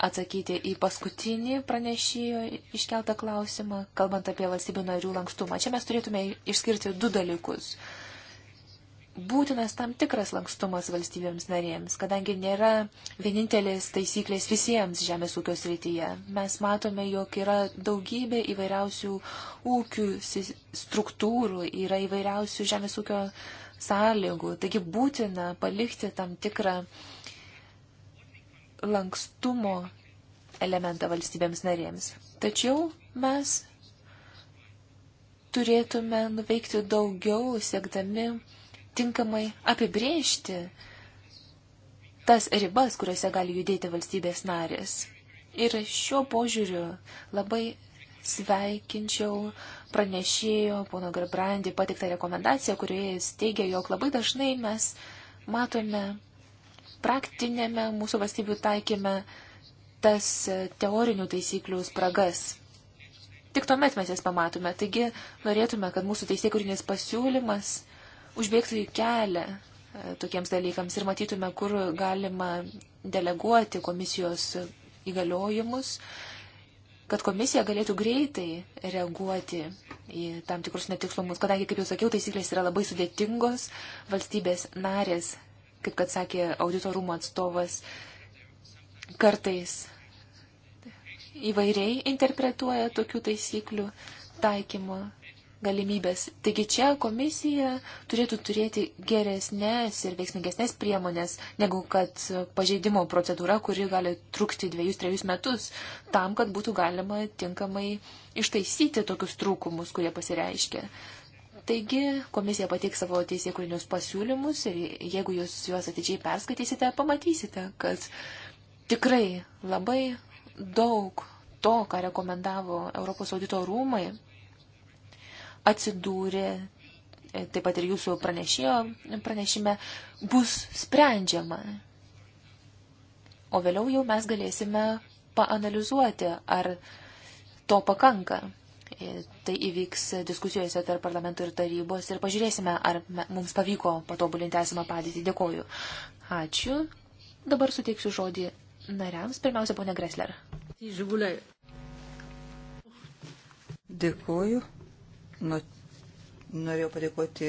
atsakyti į paskutinį pranešėjo iškeltą klausimą, kalbant apie valstybių narių lankstumą. Čia mes turėtume išskirti du dalykus. Būtinas tam tikras lankstumas valstybėms narėms, kadangi nėra vienintelės taisyklės visiems žemės ūkio srityje. Mes matome, jog yra daugybė įvairiausių ūkių struktūrų, yra įvairiausių žemės ūkio sąlygų. Taigi būtina palikti tam tikrą lankstumo elementą valstybėms narėms. Tačiau mes turėtume nuveikti daugiau, siekdami tinkamai apibrėžti tas ribas, kuriuose gali judėti valstybės narės. Ir šiuo požiūriu labai sveikinčiau pranešėjo pono Garbrandi patiktą rekomendaciją, kurioje jis teigia, jog labai dažnai mes matome praktinėme mūsų valstybių taikime tas teorinių taisyklių spragas. Tik tuomet mes jas pamatome. Taigi norėtume, kad mūsų teisėkūrinis pasiūlymas užbėgtų į kelią e, tokiems dalykams ir matytume, kur galima deleguoti komisijos įgaliojimus kad komisija galėtų greitai reaguoti į tam tikrus netikslumus, kadangi, kaip jau sakiau, taisyklės yra labai sudėtingos, valstybės narės, kaip kad sakė auditorumo atstovas, kartais įvairiai interpretuoja tokių taisyklių taikymą galimybės. Taigi čia komisija turėtų turėti geresnės ir veiksmingesnės priemonės, negu kad pažeidimo procedūra, kuri gali trukti dviejus, trejus metus, tam, kad būtų galima tinkamai ištaisyti tokius trūkumus, kurie pasireiškia. Taigi komisija pateiks savo teisėkurinius pasiūlymus ir jeigu jūs juos atidžiai perskaitysite, pamatysite, kad tikrai labai daug to, ką rekomendavo Europos audito rūmai, atsidūrė, e, taip pat ir jūsų pranešėjo pranešime, bus sprendžiama. O vėliau jau mes galėsime paanalizuoti, ar to pakanka. E, tai įvyks diskusijose tarp parlamento ir tarybos ir pažiūrėsime, ar mums pavyko patobulinti esamą padėtį. Dėkoju. Ačiū. Dabar suteiksiu žodį nariams. Pirmiausia, ponė Gresler.
Dėkoju. Nu, norėjau padėkoti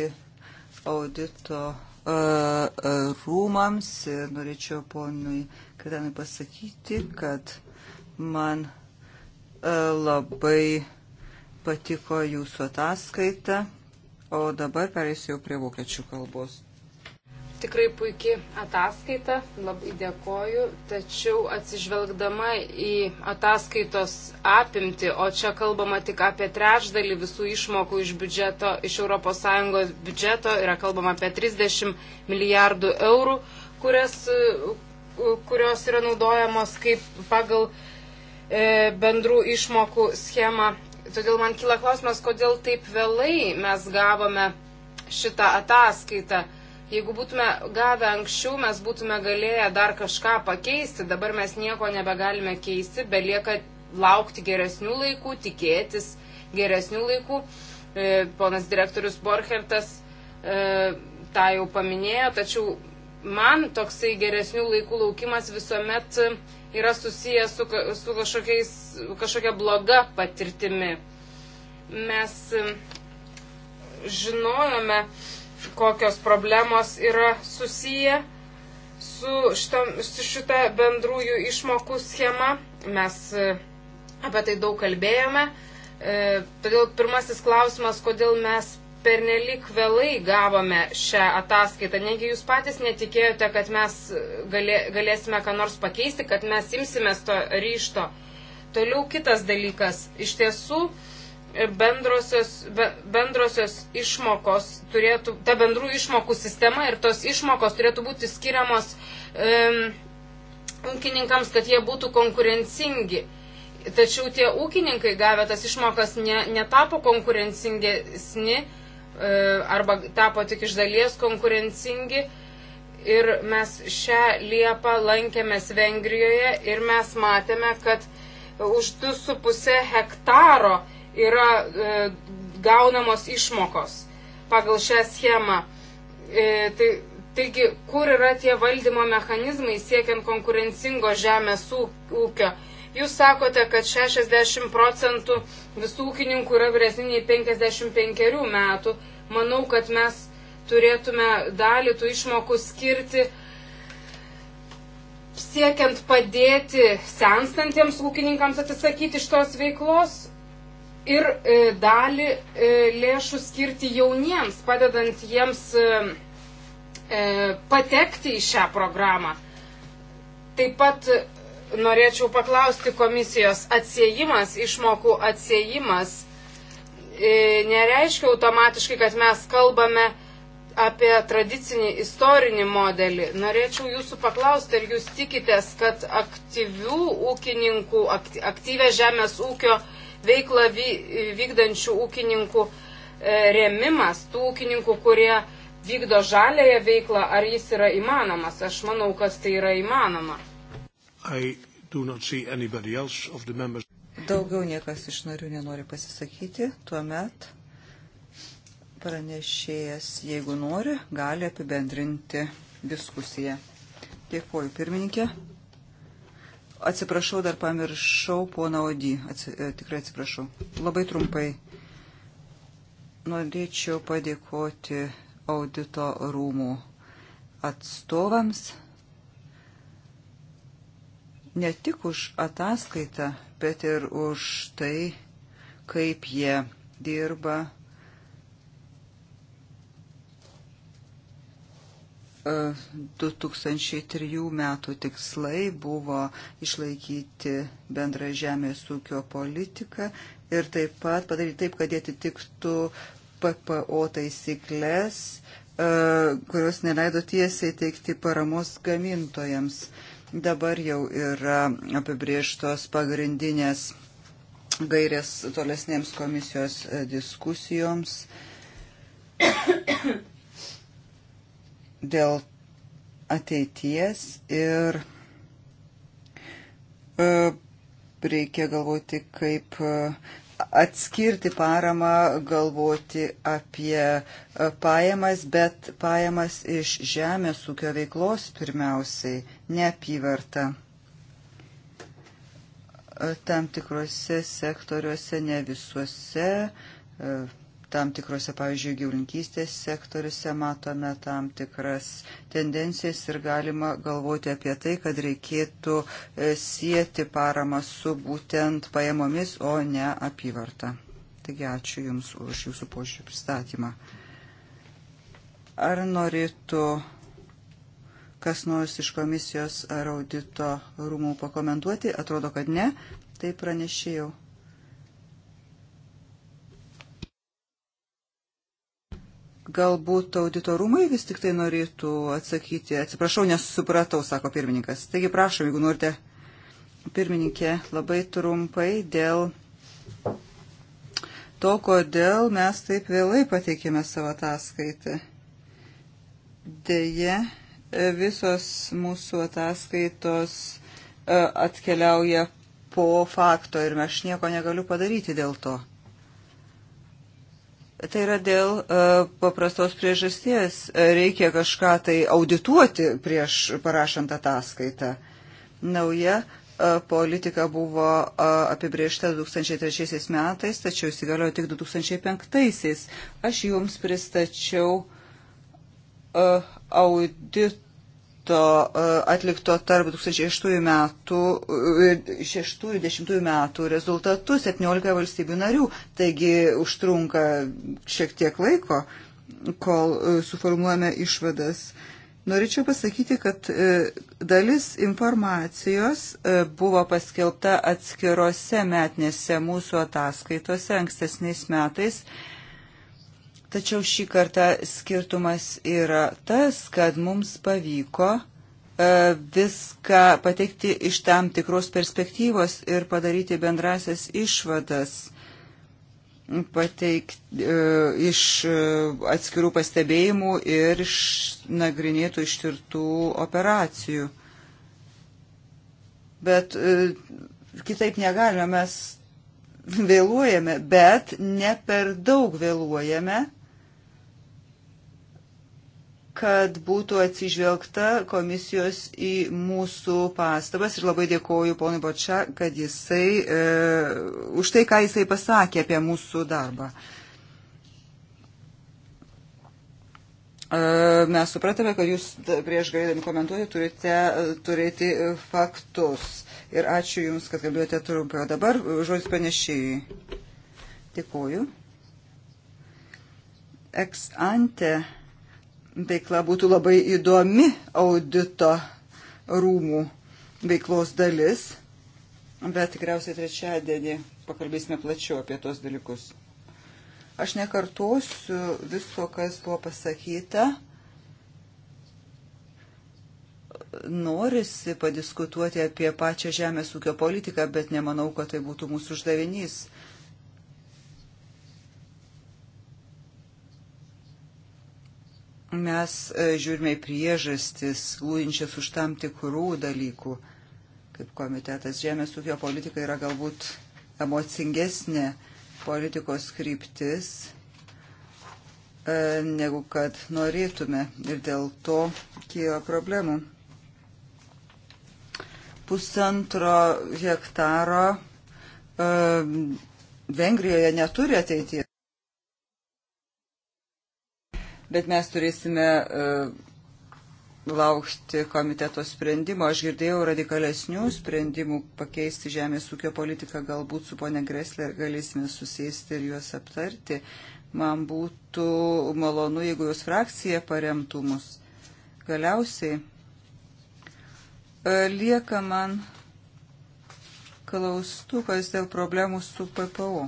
audito e, e, rūmams ir norėčiau ponui Kretanui pasakyti, kad man e, labai patiko jūsų ataskaita, o dabar perėsiu prie vokiečių kalbos
tikrai puikiai ataskaita, labai dėkoju, tačiau atsižvelgdama į ataskaitos apimti, o čia kalbama tik apie trečdalį visų išmokų iš biudžeto, iš ES biudžeto, yra kalbama apie 30 milijardų eurų, kurias, kurios yra naudojamos kaip pagal e, bendrų išmokų schemą. Todėl man kyla klausimas, kodėl taip vėlai mes gavome šitą ataskaitą. Jeigu būtume gavę anksčiau, mes būtume galėję dar kažką pakeisti, dabar mes nieko nebegalime keisti, belieka laukti geresnių laikų, tikėtis geresnių laikų. E, ponas direktorius Borchertas e, tą jau paminėjo, tačiau man toksai geresnių laikų laukimas visuomet yra susijęs su, su kažkokia bloga patirtimi. Mes e, žinojome, kokios problemos yra susiję su, šita, su šita bendrųjų išmokų schema. Mes e, apie tai daug kalbėjome. E, todėl pirmasis klausimas, kodėl mes pernelik vėlai gavome šią ataskaitą. Negi jūs patys netikėjote, kad mes e, galė, galėsime ką nors pakeisti, kad mes imsimės to ryšto. Toliau kitas dalykas. Iš tiesų, uh, bendrosios, be, bendrosios išmokos turėtų, ta bendrų išmokų sistema ir tos išmokos turėtų būti skiriamos um, ūkininkams, kad jie būtų konkurencingi. Tačiau tie ūkininkai gavę tas išmokas ne, netapo konkurencingesni uh, arba tapo tik iš dalies konkurencingi. Ir mes šią liepą lankėmės Vengrijoje ir mes matėme, kad už 2,5 hektaro uh, yra e, gaunamos išmokos pagal šią schemą. E, tai, taigi, kur yra tie valdymo mechanizmai siekiant konkurencingo žemės ūkio? Jūs sakote, kad 60 procentų visų ūkininkų yra vyresniniai 55 metų. Manau, kad mes turėtume dalį tų išmokų skirti siekiant padėti senstantiems ūkininkams atsisakyti šitos veiklos, ir e, dalį e, lėšų skirti jauniems, padedant jiems e, patekti į šią programą. Taip pat norėčiau paklausti komisijos atsiejimas, išmokų atsiejimas nereiškia automatiškai, kad mes kalbame apie tradicinį istorinį modelį. Norėčiau jūsų paklausti, ar jūs tikitės, kad aktyvių ūkininkų, aktyvę žemės ūkio uh, veiklą vykdančių ūkininkų e, remimas, tų ūkininkų, kurie vykdo žalėje veiklą, ar jis yra įmanomas. Aš manau, kad tai yra įmanoma.
Daugiau niekas iš narių nenori pasisakyti. Tuomet pranešėjas, jeigu nori, gali apibendrinti diskusiją. Dėkuoju, pirmininkė. Atsiprašau, dar pamiršau poną Odį. Atsi, e, tikrai atsiprašau. Labai trumpai. Norėčiau padėkoti audito rūmų atstovams ne tik už ataskaitą, bet ir už tai, kaip jie dirba 2003 e, metų tikslai buvo išlaikyti bendrą žemės ūkio politiką ir taip pat padaryti taip, kad jie atitiktų PPO taisyklės, e, kurios neleido tiesiai teikti paramos gamintojams. Dabar jau yra apibrieštos pagrindinės gairės tolesnėms komisijos e, diskusijoms dėl ateities ir e, reikia galvoti, kaip e, atskirti paramą, galvoti apie e, pajamas, bet pajamas iš žemės ūkio veiklos pirmiausiai, neapyvarta. Tam tikrose sektoriuose, ne visuose, tam tikrose, pavyzdžiui, gyvulinkystės sektoriuose matome tam tikras tendencijas ir galima galvoti apie tai, kad reikėtų e, sieti paramą su būtent pajamomis, o ne apyvarta. Taigi ačiū Jums už Jūsų požiūrį pristatymą. Ar norėtų kas nors iš komisijos ar audito rūmų pakomentuoti? Atrodo, kad ne. Tai pranešėjau. Galbūt auditorumai vis tik tai norėtų atsakyti. Atsiprašau, nesupratau, sako pirmininkas. Taigi prašom, jeigu norite, pirmininkė, labai trumpai dėl to, kodėl mes taip vėlai pateikėme savo ataskaitą. Deja, visos mūsų ataskaitos e, atkeliauja po fakto ir aš nieko negaliu padaryti dėl to. Tai yra dėl e, paprastos priežasties. E, reikia kažką tai audituoti prieš parašant ataskaitą. Nauja e, politika buvo apibriešta 2003 metais, tačiau įsigaliojo tik 2005. Aš jums pristačiau audit audito e, atlikto tarp 2006 metų e, ir 10 metų rezultatus 17 valstybių narių. Taigi užtrunka šiek tiek laiko, kol e, suformuojame išvadas. Norėčiau pasakyti, kad dalis informacijos buvo paskelbta atskirose metnėse mūsų ataskaitose ankstesniais metais Tačiau šį kartą skirtumas yra tas, kad mums pavyko e, viską pateikti iš tam tikros perspektyvos ir padaryti bendrasias išvadas pateikti e, iš e, atskirų pastebėjimų ir iš nagrinėtų ištirtų operacijų. Bet kitaip negalime, mes vėluojame, bet ne per daug vėluojame kad būtų atsižvelgta komisijos į mūsų pastabas ir labai dėkoju ponui Bočia, kad jisai, e, už tai, ką jisai pasakė apie mūsų darbą. E, mes supratome, kad jūs prieš galėdami komentuoti turite turėti faktus. Ir ačiū Jums, kad kalbėjote trumpiau. Dabar žodis pranešėjai. Dėkoju. Ex ante veikla būtų labai įdomi audito rūmų veiklos dalis, bet tikriausiai trečiadienį pakalbėsime plačiau apie tos dalykus. Aš nekartosiu visko, kas buvo pasakyta. Norisi padiskutuoti apie pačią žemės ūkio politiką, bet nemanau, kad tai būtų mūsų uždavinys. mes e, žiūrime į priežastis, lūinčias už tam tikrų dalykų, kaip komitetas. Žemės ūkio politika yra galbūt emocingesnė politikos kryptis e, negu kad norėtume ir dėl to kyla problemų. Pusantro hektaro e, Vengrijoje neturi ateityje bet mes turėsime e, laukti komiteto sprendimo. Aš girdėjau radikalesnių sprendimų pakeisti žemės ūkio politiką, galbūt su ponė Gresler galėsime susėsti ir juos aptarti. Man būtų malonu, jeigu jos frakcija paremtų mus. Galiausiai e, lieka man klaustukas dėl problemų su PPO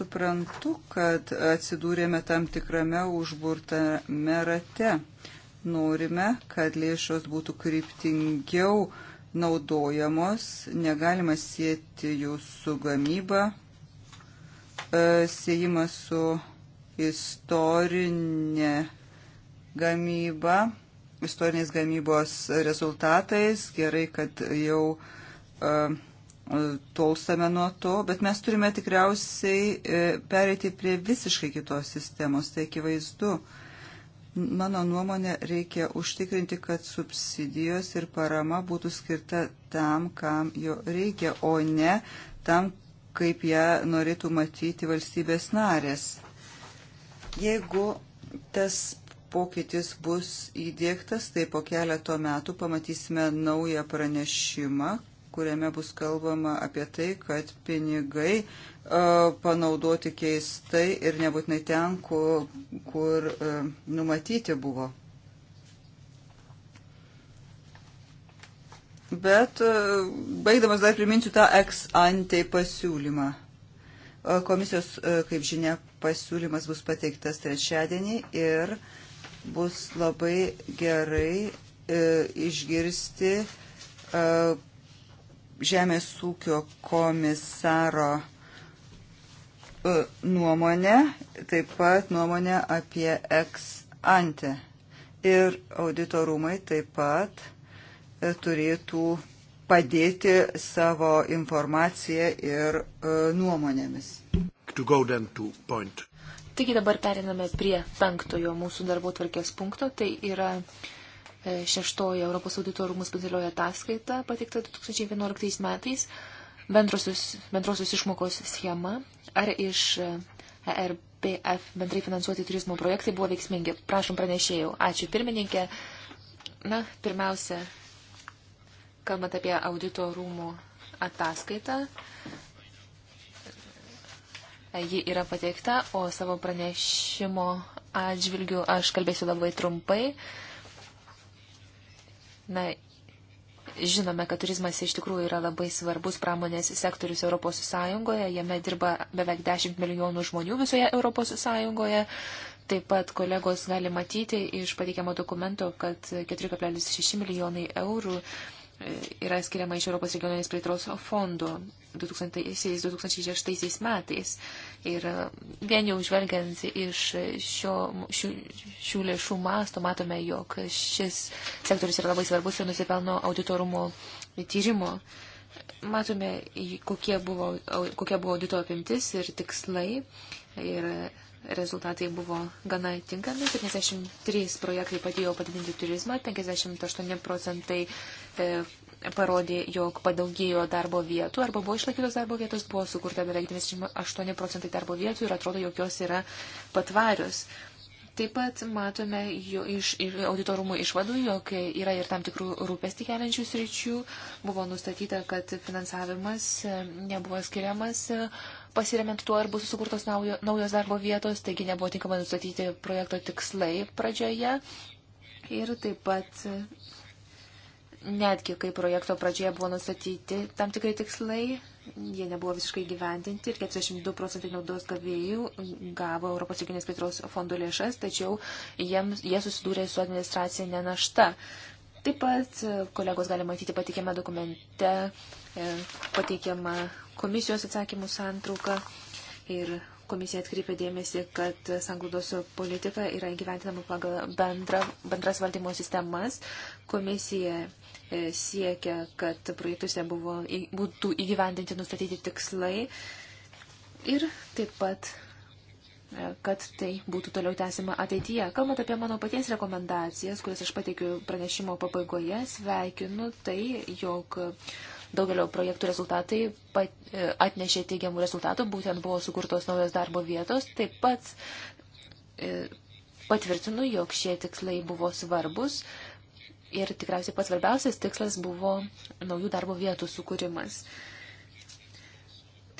suprantu, kad atsidūrėme tam tikrame užburtame rate. Norime, kad lėšos būtų kryptingiau naudojamos, negalima sėti jų su gamyba, e, siejimą su istorinė gamyba, istoriniais gamybos rezultatais. Gerai, kad jau uh, tolstame nuo to, bet mes turime tikriausiai e, pereiti prie visiškai kitos sistemos, tai akivaizdu. Mano nuomonė, reikia užtikrinti, kad subsidijos ir parama būtų skirta tam, kam jo reikia, o ne tam, kaip ją norėtų matyti valstybės narės. Jeigu tas pokytis bus įdėktas, tai po keleto metų pamatysime naują pranešimą, kuriame bus kalbama apie tai, kad pinigai e, panaudoti keistai ir nebūtinai ten, kur, kur e, numatyti buvo. Bet e, baigdamas dar priminsiu tą ex ante pasiūlymą. Komisijos, kaip žinia, pasiūlymas bus pateiktas trečiadienį ir bus labai gerai išgirsti Žemės ūkio komisaro e, nuomonę, taip pat nuomonę apie ex ante. Ir auditorumai taip pat e, turėtų padėti savo informaciją ir e, nuomonėmis. Taigi
dabar periname prie penktojo mūsų darbo tvarkės punkto, tai yra uh, šeštoji Europos audito rūmų specialioje ataskaita pateikta 2011 metais, bendrosios, bendrosios išmokos schema, ar iš ERPF e bendrai finansuoti turizmo projektai buvo veiksmingi. Prašom pranešėjau. Ačiū pirmininkė. Na, pirmiausia, kalbant apie audito rūmų ataskaitą, ji yra pateikta, o savo pranešimo atžvilgiu aš kalbėsiu labai trumpai. Uh, Na, žinome, kad turizmas iš tikrųjų yra labai svarbus pramonės sektorius Europos Sąjungoje, jame dirba beveik 10 milijonų žmonių visoje Europos Sąjungoje. Taip pat kolegos gali matyti iš pateikiamo dokumento, kad 4,6 milijonai eurų yra skiriama iš Europos regioninės plėtros fondo 2006 metais. Ir e, vien jau žvelgiant iš šio, šių, šių lėšų masto matome, jog šis sektorius yra labai svarbus ir nusipelno auditorumo tyrimo. Matome, kokie buvo, kokia buvo audito apimtis ir tikslai. Ir rezultatai buvo gana tinkami. 73 projektai padėjo padidinti turizmą, 58 procentai e, parodė, jog padaugėjo darbo vietų arba buvo išlaikytos darbo vietos, buvo sukurta beveik 98 procentai darbo vietų ir atrodo, jog jos yra patvarius. Taip pat matome jo, iš auditorumų išvadų, jog yra ir tam tikrų rūpestį keliančių sričių. Buvo nustatyta, kad finansavimas e, nebuvo skiriamas e, pasiremiant tuo ir bus sukurtos naujo, naujos darbo vietos, taigi nebuvo tinkamai nustatyti projekto tikslai pradžioje. Ir taip pat netgi, kai projekto pradžioje buvo nustatyti tam tikrai tikslai, jie nebuvo visiškai gyventinti ir 42 procentai naudos gavėjų gavo Europos regionės plėtros fondo lėšas, tačiau jiems, jie susidūrė su administracinė našta. Taip pat kolegos gali matyti e, pateikiamą dokumente pateikiamą komisijos atsakymų santrauką ir komisija atkreipė dėmesį, kad sanglaudos politika yra įgyventinama pagal bendra, bendras valdymo sistemas. Komisija e, siekia, kad projektuose buvo, būtų įgyvendinti nustatyti tikslai ir taip pat e, kad tai būtų toliau tęsima ateityje. Kalbant apie mano paties rekomendacijas, kurias aš pateikiu pranešimo pabaigoje, sveikinu tai, jog Daugelio projektų rezultatai e, atnešė teigiamų rezultatų, būtent buvo sukurtos naujos darbo vietos. Taip pat e, patvirtinu, jog šie tikslai buvo svarbus ir tikriausiai pats svarbiausias tikslas buvo naujų darbo vietų sukūrimas.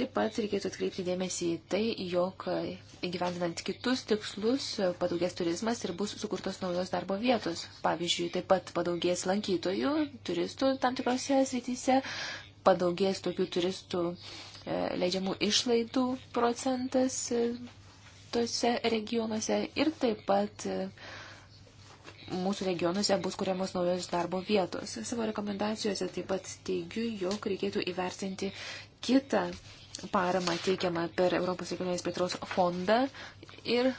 Taip pat reikėtų atkreipti dėmesį į tai, jog įgyvendinant kitus tikslus padaugės turizmas ir bus sukurtos naujos darbo vietos. Pavyzdžiui, taip pat padaugės lankytojų, turistų tam tikrose srityse, padaugės tokių turistų e, leidžiamų išlaidų procentas e, tose regionuose ir taip pat e, mūsų regionuose bus kuriamos naujos darbo vietos. Savo rekomendacijose taip pat teigiu, jog reikėtų įvertinti kitą parama teikiama per Europos ekonominės plėtros fondą ir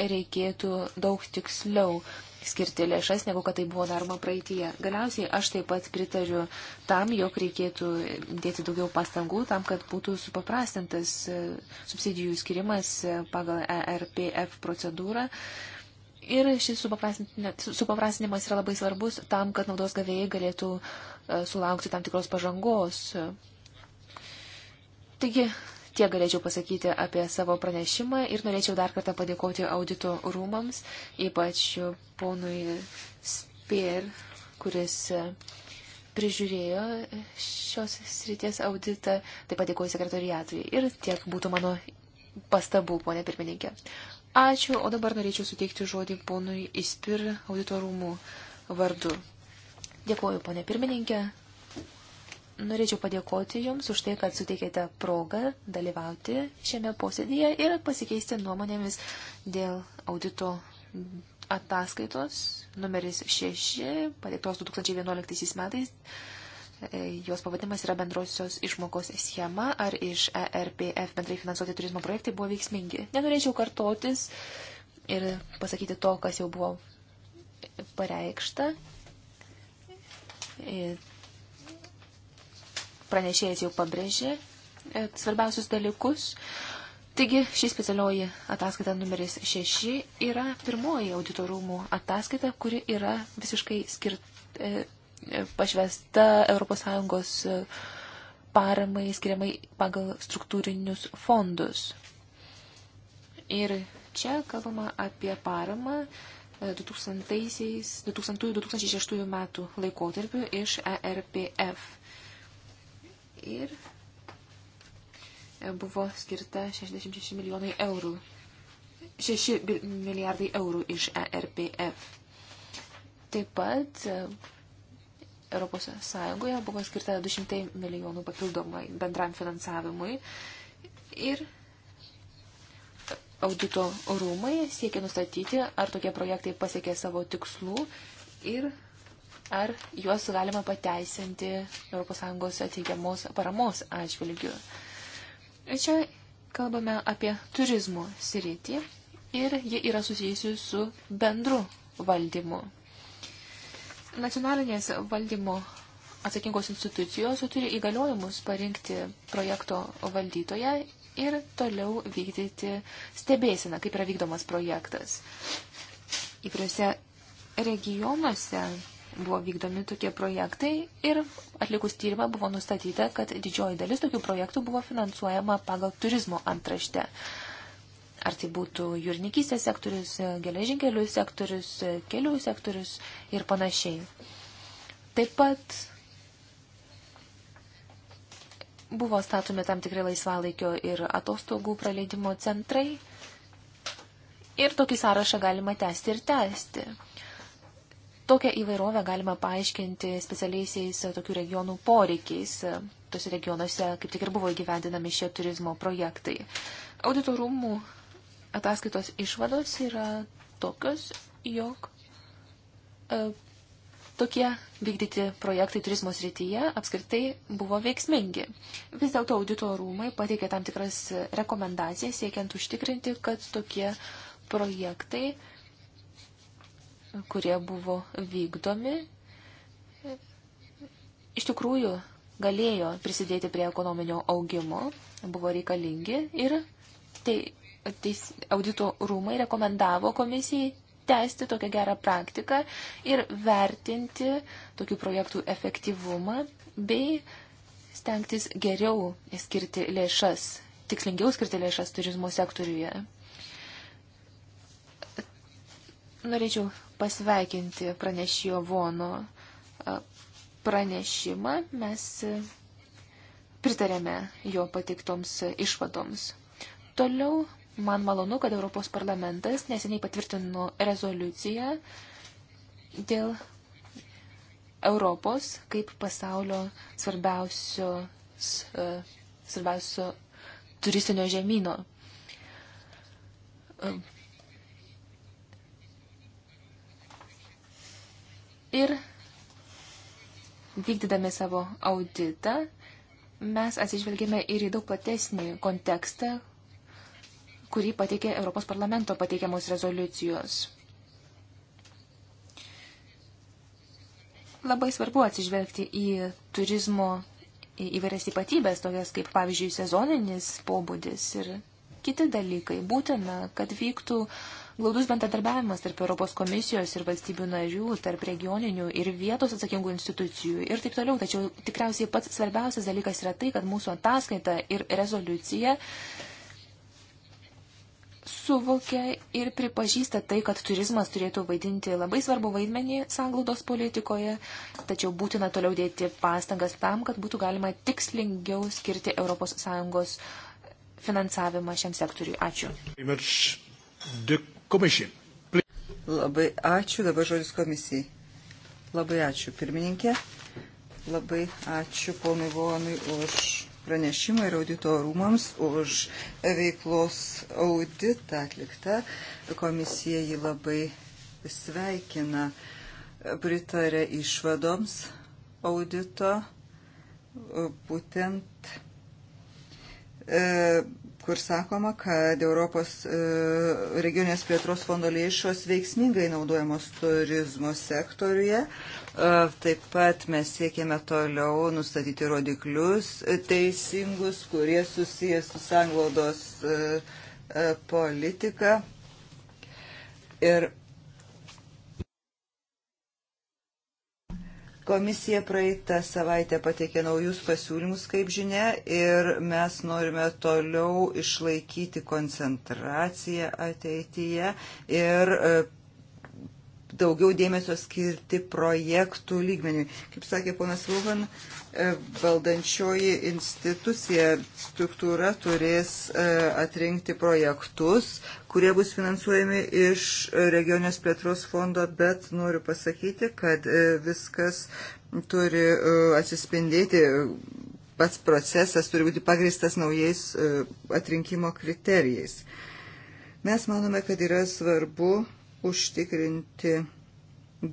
reikėtų daug tiksliau skirti lėšas, negu kad tai buvo daroma praeitie. Galiausiai aš taip pat pritariu tam, jog reikėtų dėti daugiau pastangų tam, kad būtų supaprastintas e, subsidijų skirimas e, pagal ERPF procedūrą. Ir šis supaprastinimas yra labai svarbus tam, kad naudos gavėjai galėtų e, sulaukti tam tikros pažangos Taigi, tiek galėčiau pasakyti apie savo pranešimą ir norėčiau dar kartą padėkoti audito rūmams, ypač ponui Spear, kuris prižiūrėjo šios srities auditą, taip pat dėkoju sekretoriatui. Ir tiek būtų mano pastabų, ponė pirmininkė. Ačiū, o dabar norėčiau suteikti žodį ponui Ispir auditorumų vardu. Dėkoju, ponė pirmininkė. Norėčiau padėkoti Jums už tai, kad suteikėte progą dalyvauti šiame posėdėje ir pasikeisti nuomonėmis dėl audito ataskaitos numeris 6, pateiktos 2011 metais. E, jos pavadimas yra bendrosios išmokos schema, ar iš ERPF bendrai finansuoti turizmo projektai buvo veiksmingi. Nenorėčiau kartotis ir pasakyti to, kas jau buvo pareikšta. Ir e, pranešėjas jau pabrėžė e, svarbiausius dalykus. Taigi, ši specialioji ataskaita numeris 6 yra pirmoji auditorumų ataskaita, kuri yra visiškai skirt, e, e pašvesta ES e, paramai skiriamai pagal struktūrinius fondus. Ir čia kalbama apie paramą 2000-2006 metų laikotarpiu iš ERPF ir e, buvo skirta 66 milijonai eurų. 6 milijardai eurų iš ERPF. Taip pat e, Europos Sąjungoje buvo skirta 200 milijonų papildomai bendram finansavimui ir audito rūmai siekia nustatyti, ar tokie projektai pasiekė savo tikslų ir ar juos galima pateisinti ES ateigiamos paramos atžvilgių. Čia kalbame apie turizmo sritį ir ji yra susijusi su bendru valdymu. Nacionalinės valdymo atsakingos institucijos turi įgaliojimus parinkti projekto valdytoje ir toliau vykdyti stebėsiną, kaip yra vykdomas projektas. Įvairiose regionuose buvo vykdomi tokie projektai ir atlikus tyrimą buvo nustatyta, kad didžioji dalis tokių projektų buvo finansuojama pagal turizmo antraštę. Ar tai būtų jūrininkystės sektorius, geležinkelių sektorius, kelių sektorius ir panašiai. Taip pat buvo statomi tam tikrai laisvalaikio ir atostogų praleidimo centrai. Ir tokį sąrašą galima tęsti ir tęsti. Tokią įvairovę galima paaiškinti specialiaisiais e, tokių regionų poreikiais. E, Tuose regionuose kaip tik ir buvo įgyvendinami šie turizmo projektai. Auditorumų ataskaitos išvados yra tokios, jog e, tokie vykdyti projektai turizmo srityje apskritai buvo veiksmingi. Vis dėlto audito rūmai pateikė tam tikras rekomendacijas, siekiant užtikrinti, kad tokie projektai kurie buvo vykdomi, iš tikrųjų galėjo prisidėti prie ekonominio augimo, buvo reikalingi ir tai, teis, audito rūmai rekomendavo komisijai tęsti tokią gerą praktiką ir vertinti tokių projektų efektyvumą bei stengtis geriau skirti lėšas, tikslingiau skirti lėšas turizmo sektoriuje. Norėčiau pasveikinti pranešėjo Vono pranešimą. Mes pritarėme jo patiktoms išvadoms. Toliau man malonu, kad Europos parlamentas neseniai patvirtino rezoliuciją dėl Europos kaip pasaulio svarbiausio, svarbiausio turistinio žemyno Ir vykdydami savo auditą, mes atsižvelgėme ir į daug platesnį kontekstą, kurį pateikė Europos parlamento pateikiamos rezoliucijos. Labai svarbu atsižvelgti į turizmo į įvairias ypatybės, tokias kaip, pavyzdžiui, sezoninis pobūdis ir kiti dalykai. Būtina, kad vyktų uh, Glaudus bendradarbiavimas tarp Europos komisijos ir valstybių narių, tarp regioninių ir vietos atsakingų institucijų ir taip toliau. Tačiau tikriausiai pats svarbiausias dalykas yra tai, kad mūsų ataskaita ir rezoliucija suvokia ir pripažįsta tai, kad turizmas turėtų vaidinti labai svarbu vaidmenį sanglaudos politikoje, tačiau būtina toliau dėti pastangas tam, kad būtų galima tikslingiau skirti ES finansavimą šiam sektoriui.
Ačiū. Commission. Labai ačiū, dabar žodis komisijai. Labai ačiū, pirmininkė. Labai ačiū ponui Vonui už pranešimą ir audito rūmams už veiklos auditą atliktą. Komisija jį labai sveikina, pritarė išvadoms audito, būtent e, kur sakoma, kad Europos e, regionės plėtros fondo lėšos veiksmingai naudojamos turizmo sektoriuje. E, taip pat mes siekėme toliau nustatyti rodiklius e, teisingus, kurie susijęs su sanglaudos politika. Ir Komisija praeitą savaitę pateikė naujus pasiūlymus, kaip žinia, ir mes norime toliau išlaikyti koncentraciją ateityje ir e, daugiau dėmesio skirti projektų lygmeniui. Kaip sakė ponas Vilhan, uh, E, valdančioji institucija struktūra turės e, atrinkti projektus, kurie bus finansuojami iš regionės plėtros fondo, bet noriu pasakyti, kad e, viskas turi atsispindėti, pats procesas turi būti pagristas naujais atrinkimo kriterijais. Mes manome, kad yra svarbu užtikrinti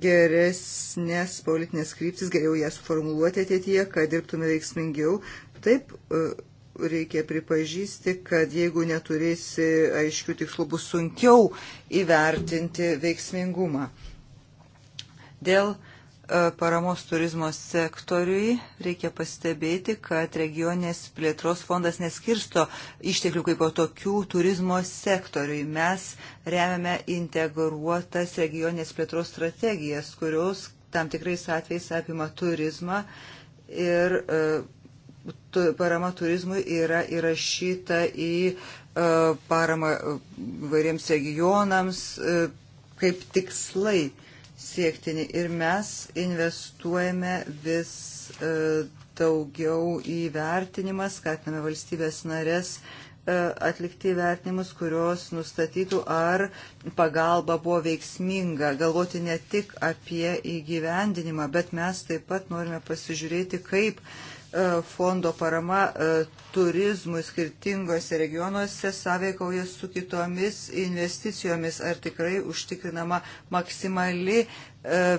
geresnės politinės kryptis, geriau jas formuluoti ateityje, kad dirbtume veiksmingiau. Taip e, reikia pripažįsti, kad jeigu neturėsi aiškių tikslų, bus sunkiau įvertinti veiksmingumą. Dėl uh, E, paramos turizmo sektoriui reikia pastebėti, kad regionės plėtros fondas neskirsto išteklių kaip po tokių turizmo sektoriui. Mes remiame integruotas regionės plėtros strategijas, kurios tam tikrais atvejais apima turizmą ir e, parama turizmui yra įrašyta į e, paramą vairiems regionams kaip tikslai siektini ir mes investuojame vis e, daugiau į vertinimą, skatiname valstybės narės e, atlikti vertinimus, kurios nustatytų, ar pagalba buvo veiksminga, galvoti ne tik apie įgyvendinimą, bet mes taip pat norime pasižiūrėti, kaip uh, E, fondo parama e, turizmui skirtingose regionuose sąveikauja su kitomis investicijomis, ar tikrai užtikrinama maksimali e,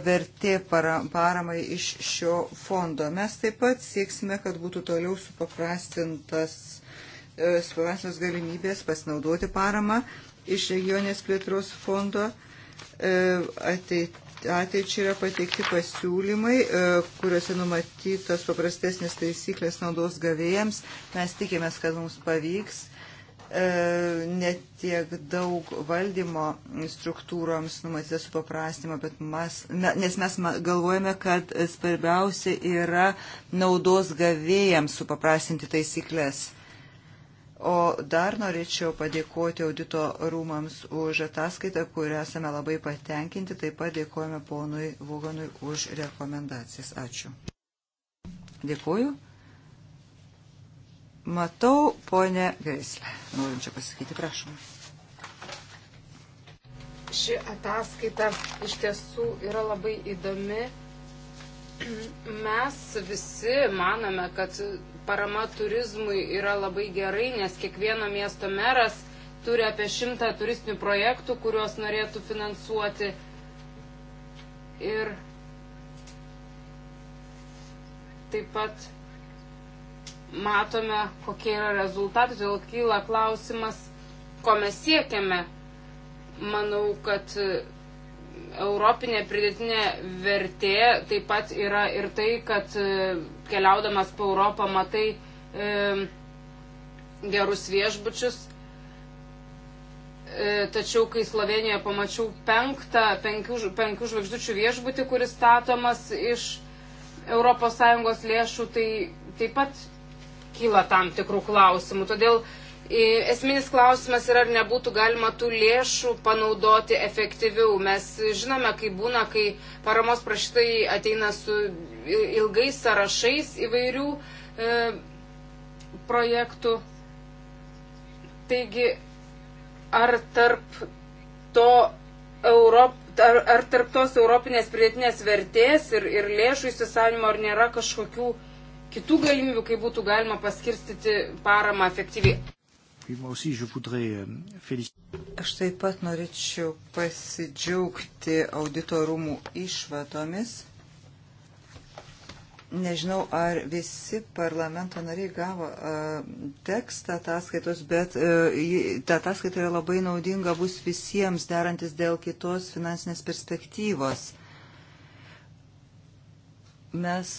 vertė paramai iš šio fondo. Mes taip pat sieksime, kad būtų toliau supaprastintas supaprastintos galimybės pasinaudoti paramą iš regionės plėtros fondo ateit ateičiai yra pateikti pasiūlymai, e, kuriuose numatytos paprastesnės taisyklės naudos gavėjams. Mes tikimės, kad mums pavyks e, net tiek daug valdymo struktūroms numatyta supaprastymą, bet mes, nes mes galvojame, kad svarbiausia yra naudos gavėjams supaprastinti taisyklės. O dar norėčiau padėkoti audito rūmams už ataskaitą, kurią esame labai patenkinti. Taip pat dėkojame ponui Voganui už rekomendacijas. Ačiū. Dėkuoju. Matau, ponė Gaislė. Norim čia pasakyti, prašom.
Ši ataskaita iš tiesų yra labai įdomi. Mes visi manome, kad parama turizmui yra labai gerai, nes kiekvieno miesto meras turi apie šimtą turistinių projektų, kuriuos norėtų finansuoti. Ir taip pat matome, kokie yra rezultatai, todėl kyla klausimas, ko mes siekiame. Manau, kad europinė pridėtinė vertė taip pat yra ir tai, kad e, keliaudamas po Europą matai e, gerus viešbučius. E, tačiau, kai Slovenijoje pamačiau penktą penkių, penkių žvaigždučių viešbutį, kuris statomas iš ES lėšų, tai taip pat kyla tam tikrų klausimų. Todėl Esminis klausimas yra, ar nebūtų galima tų lėšų panaudoti efektyviau. Mes žinome, kai būna, kai paramos prašytai ateina su ilgais sąrašais įvairių e, projektų. Taigi, ar tarp, to Europ, ar, ar tarp tos europinės pridėtinės vertės ir, ir lėšų įsisavinimo, ar nėra kažkokių kitų galimybių, kaip būtų galima paskirstyti paramą efektyviai?
Euh, Aš taip pat norėčiau pasidžiaugti auditorumų išvadomis. Nežinau, ar visi parlamento nariai gavo uh, tekstą ataskaitos, bet uh, ta ataskaita yra labai naudinga bus visiems derantis dėl kitos finansinės perspektyvos. Mes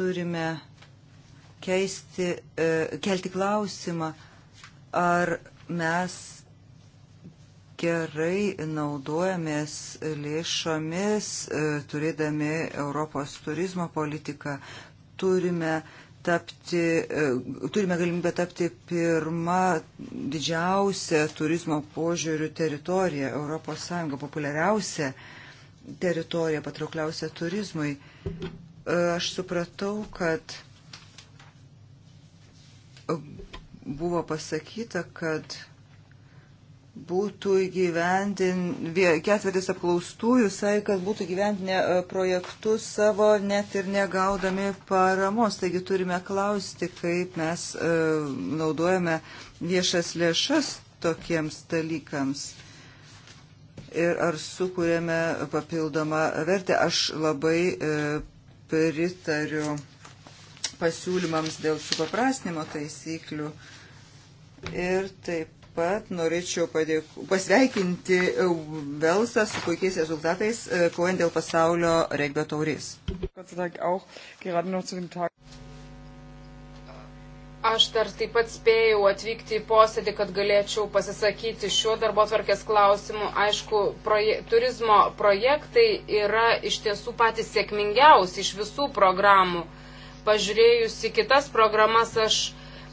turime keisti, uh, kelti klausimą, uh, ar mes gerai naudojamės lėšomis, e, turėdami Europos turizmo politiką, turime, tapti, e, turime galimybę tapti pirmą didžiausią turizmo požiūrių teritoriją Europos Sąjungą, populiariausią teritoriją, patraukliausią turizmui. E, aš supratau, kad buvo pasakyta, kad būtų įgyvendin, ketvirtis apklaustųjų sakė, kad būtų įgyvendinę e, projektus savo net ir negaudami paramos. Taigi turime klausti, kaip mes e, naudojame viešas lėšas tokiems dalykams. Ir ar sukūrėme papildomą vertę. Aš labai e, pritariu pasiūlymams dėl supaprastinimo taisyklių. E, Ir taip pat norėčiau padėku, pasveikinti e, Velsą su puikiais rezultatais, e, kovant dėl pasaulio regbio taurės.
Aš dar taip pat spėjau atvykti į posėdį, kad galėčiau pasisakyti šiuo darbo tvarkės klausimu. Aišku, proje, turizmo projektai yra iš tiesų patys sėkmingiausi iš visų programų. Pažiūrėjus į kitas programas, aš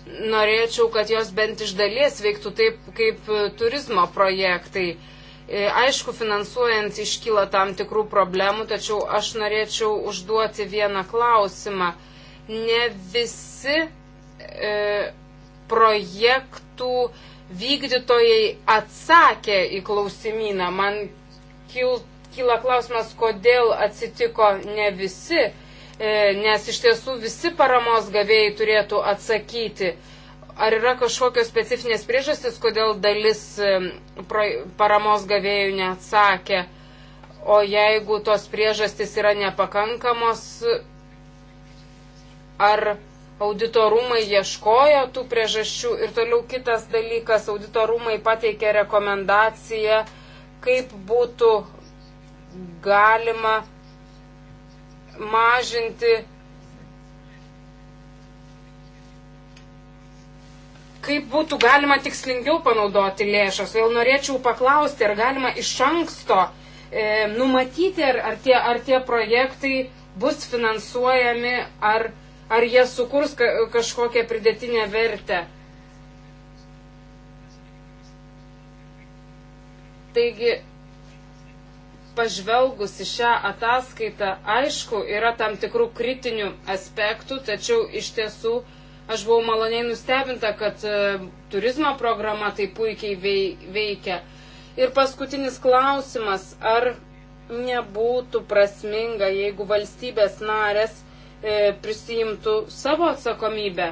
norėčiau, kad jos bent iš dalies veiktų taip, kaip e, turizmo projektai. E, aišku, finansuojant iškyla tam tikrų problemų, tačiau aš norėčiau užduoti vieną klausimą. Ne visi e, projektų vykdytojai atsakė į klausimyną. Man kil, kyla klausimas, kodėl atsitiko ne visi. E, E, nes iš tiesų visi paramos gavėjai turėtų atsakyti. Ar yra kažkokios specifinės priežastys, kodėl dalis e, paramos gavėjų neatsakė? O jeigu tos priežastys yra nepakankamos, ar auditorumai ieškojo tų priežasčių? Ir toliau kitas dalykas, auditorumai pateikė rekomendaciją, kaip būtų galima mažinti. Kaip būtų galima tikslingiau panaudoti lėšas? Vėl norėčiau paklausti, ar galima iš anksto e, numatyti, ar, ar, tie, ar tie projektai bus finansuojami, ar, ar jie sukurs ka, kažkokią pridėtinę vertę. Taigi, pažvelgus į šią ataskaitą, aišku, yra tam tikrų kritinių aspektų, tačiau iš tiesų aš buvau maloniai nustebinta, kad e, turizmo programa tai puikiai veikia. Ir paskutinis klausimas, ar nebūtų prasminga, jeigu valstybės narės e, prisijimtų savo atsakomybę?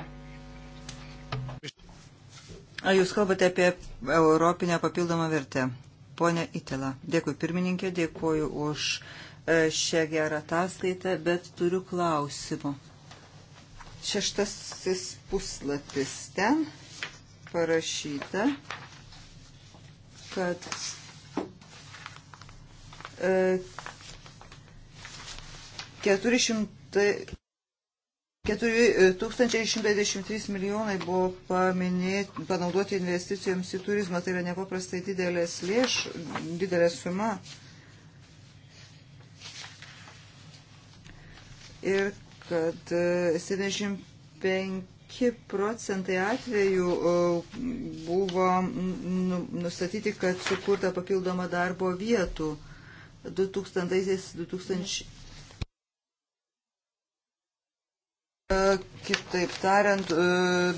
Ar jūs kalbate apie europinę papildomą vertę? Pone Itela, dėkui pirmininkė, dėkuoju už e, šią gerą ataskaitą, bet turiu klausimų. Šeštasis puslapis ten parašyta, kad e, 400 4153 e, milijonai buvo paminėti, panaudoti investicijoms į turizmą, tai yra nepaprastai didelės lėš, didelė suma. Ir kad 75 e, procentai atvejų e, buvo nu, nustatyti, kad sukurta papildoma darbo vietų. 2000, 2000, E, kitaip tariant,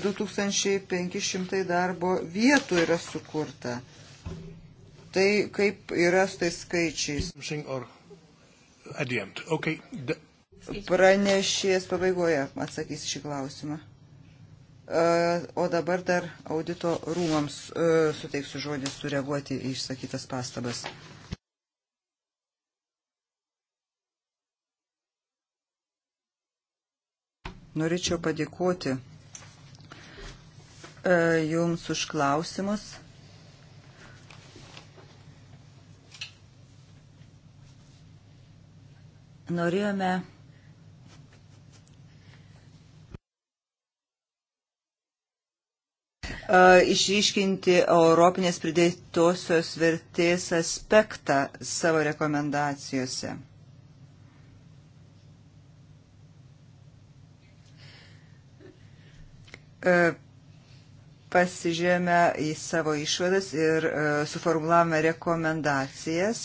2500 e, darbo vietų yra sukurta. Tai kaip yra su tais skaičiais? Pranešėjas pabaigoje atsakys šį klausimą. E, o dabar dar audito rūmams suteiksiu žodį sureaguoti į išsakytas pastabas. Norėčiau padėkoti e, Jums už klausimus. Norėjome e, išryškinti Europinės pridėtosios vertės aspektą savo rekomendacijose. E, pasižiūrėjome į savo išvadas ir e, suformulavome rekomendacijas,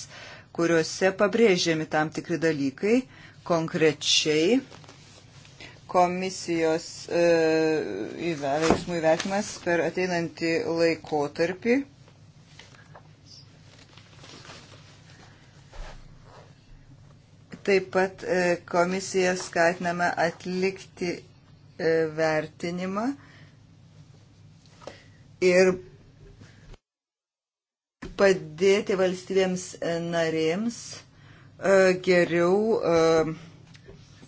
kuriuose pabrėžiami tam tikri dalykai konkrečiai komisijos e, veiksmų įvertimas per ateinantį laikotarpį. Taip pat komisija skatinama atlikti vertinimą ir padėti valstybėms e, narėms e, geriau e,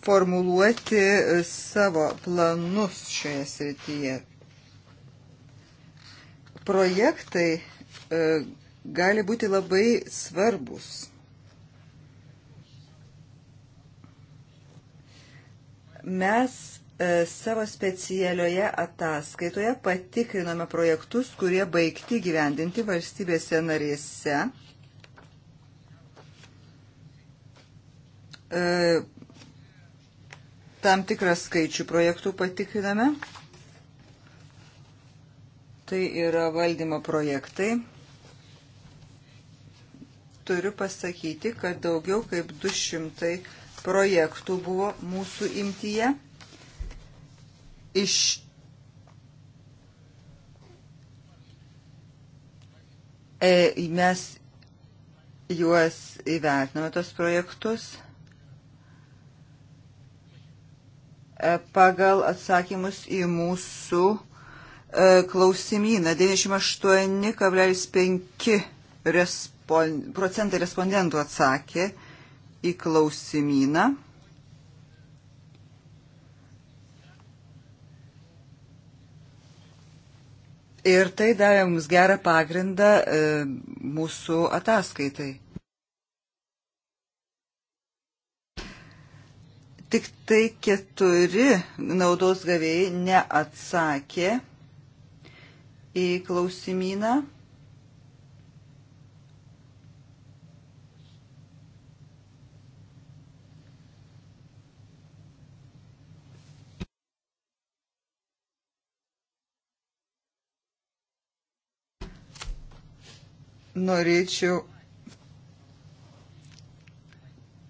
formuluoti savo planus šioje srityje. Projektai gali būti labai svarbus. Mes E, savo specialioje ataskaitoje patikrinome projektus, kurie baigti gyvendinti valstybėse narėse. E, tam tikrą skaičių projektų patikriname. Tai yra valdymo projektai. Turiu pasakyti, kad daugiau kaip 200 projektų buvo mūsų imtyje iš e, mes juos įvertiname tos projektus e, pagal atsakymus į mūsų e, klausimyną. 98,5 respon, procentai respondentų atsakė į klausimyną. Ir tai davė mums gerą pagrindą e, mūsų ataskaitai. Tik tai keturi naudos gavėjai neatsakė į klausimyną. norėčiau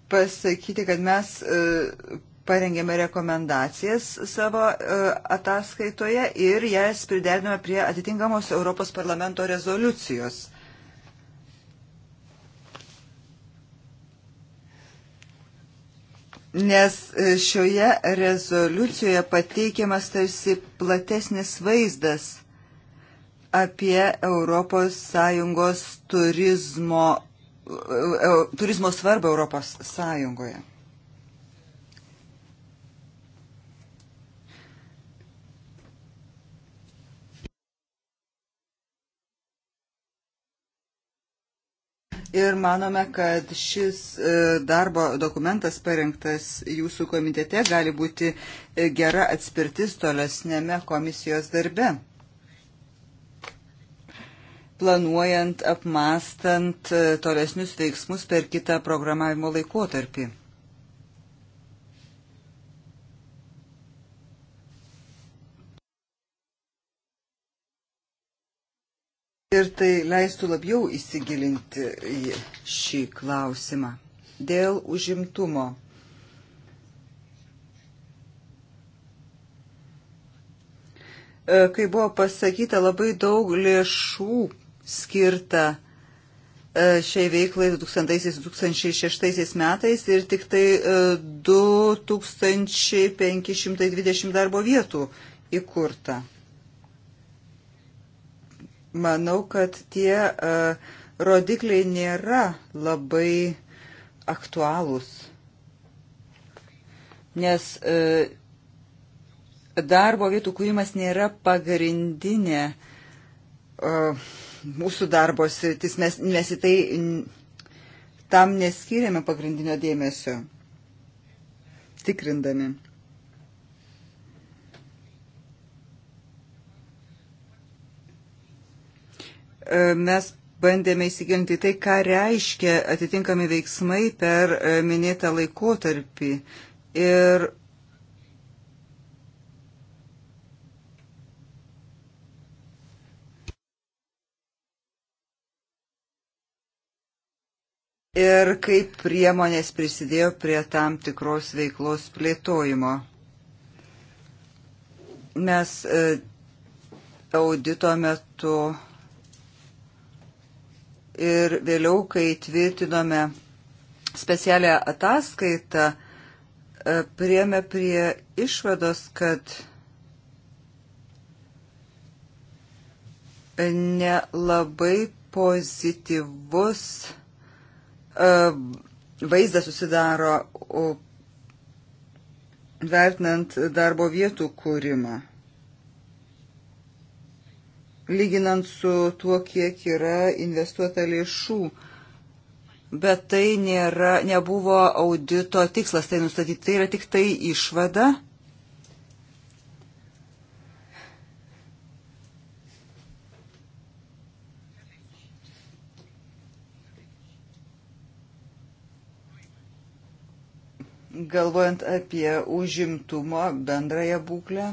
pasakyti, kad mes e, parengėme rekomendacijas savo e, ataskaitoje ir jas priderinome prie atitinkamos Europos parlamento rezoliucijos. Nes e, šioje rezoliucijoje pateikiamas tarsi platesnis vaizdas apie ES turizmo, e, e, turizmo svarbą ES. ir manome, kad šis e, darbo dokumentas parengtas jūsų komitete gali būti gera atspirtis tolesnėme komisijos darbe planuojant, apmastant e, tolesnius veiksmus per kitą programavimo laikotarpį. Ir tai leistų labiau įsigilinti į šį klausimą. Dėl užimtumo. E, kai buvo pasakyta, labai daug lėšų skirta e, šiai veiklai 2000-2006 metais ir tik tai 2520 e, darbo vietų įkurta. Manau, kad tie e, rodikliai nėra labai aktualūs, nes darbo vietų kūrimas nėra pagrindinė mūsų darbo sritis, mes, mes į tai tam neskiriame pagrindinio dėmesio, tikrindami. E, mes bandėme įsigilinti tai, ką reiškia atitinkami veiksmai per e, minėtą laikotarpį. Ir ir kaip priemonės prisidėjo prie tam tikros veiklos plėtojimo. Mes e, audito metu ir vėliau, kai tvirtinome specialią ataskaitą, e, prieme prie išvados, kad nelabai pozityvus E, vaizdas susidaro vertinant darbo vietų kūrimą. Lyginant su tuo, kiek yra investuota lėšų. Bet tai nėra, nebuvo audito tikslas tai nustatyti. Tai yra tik tai išvada galvojant apie užimtumo bendrąją būklę.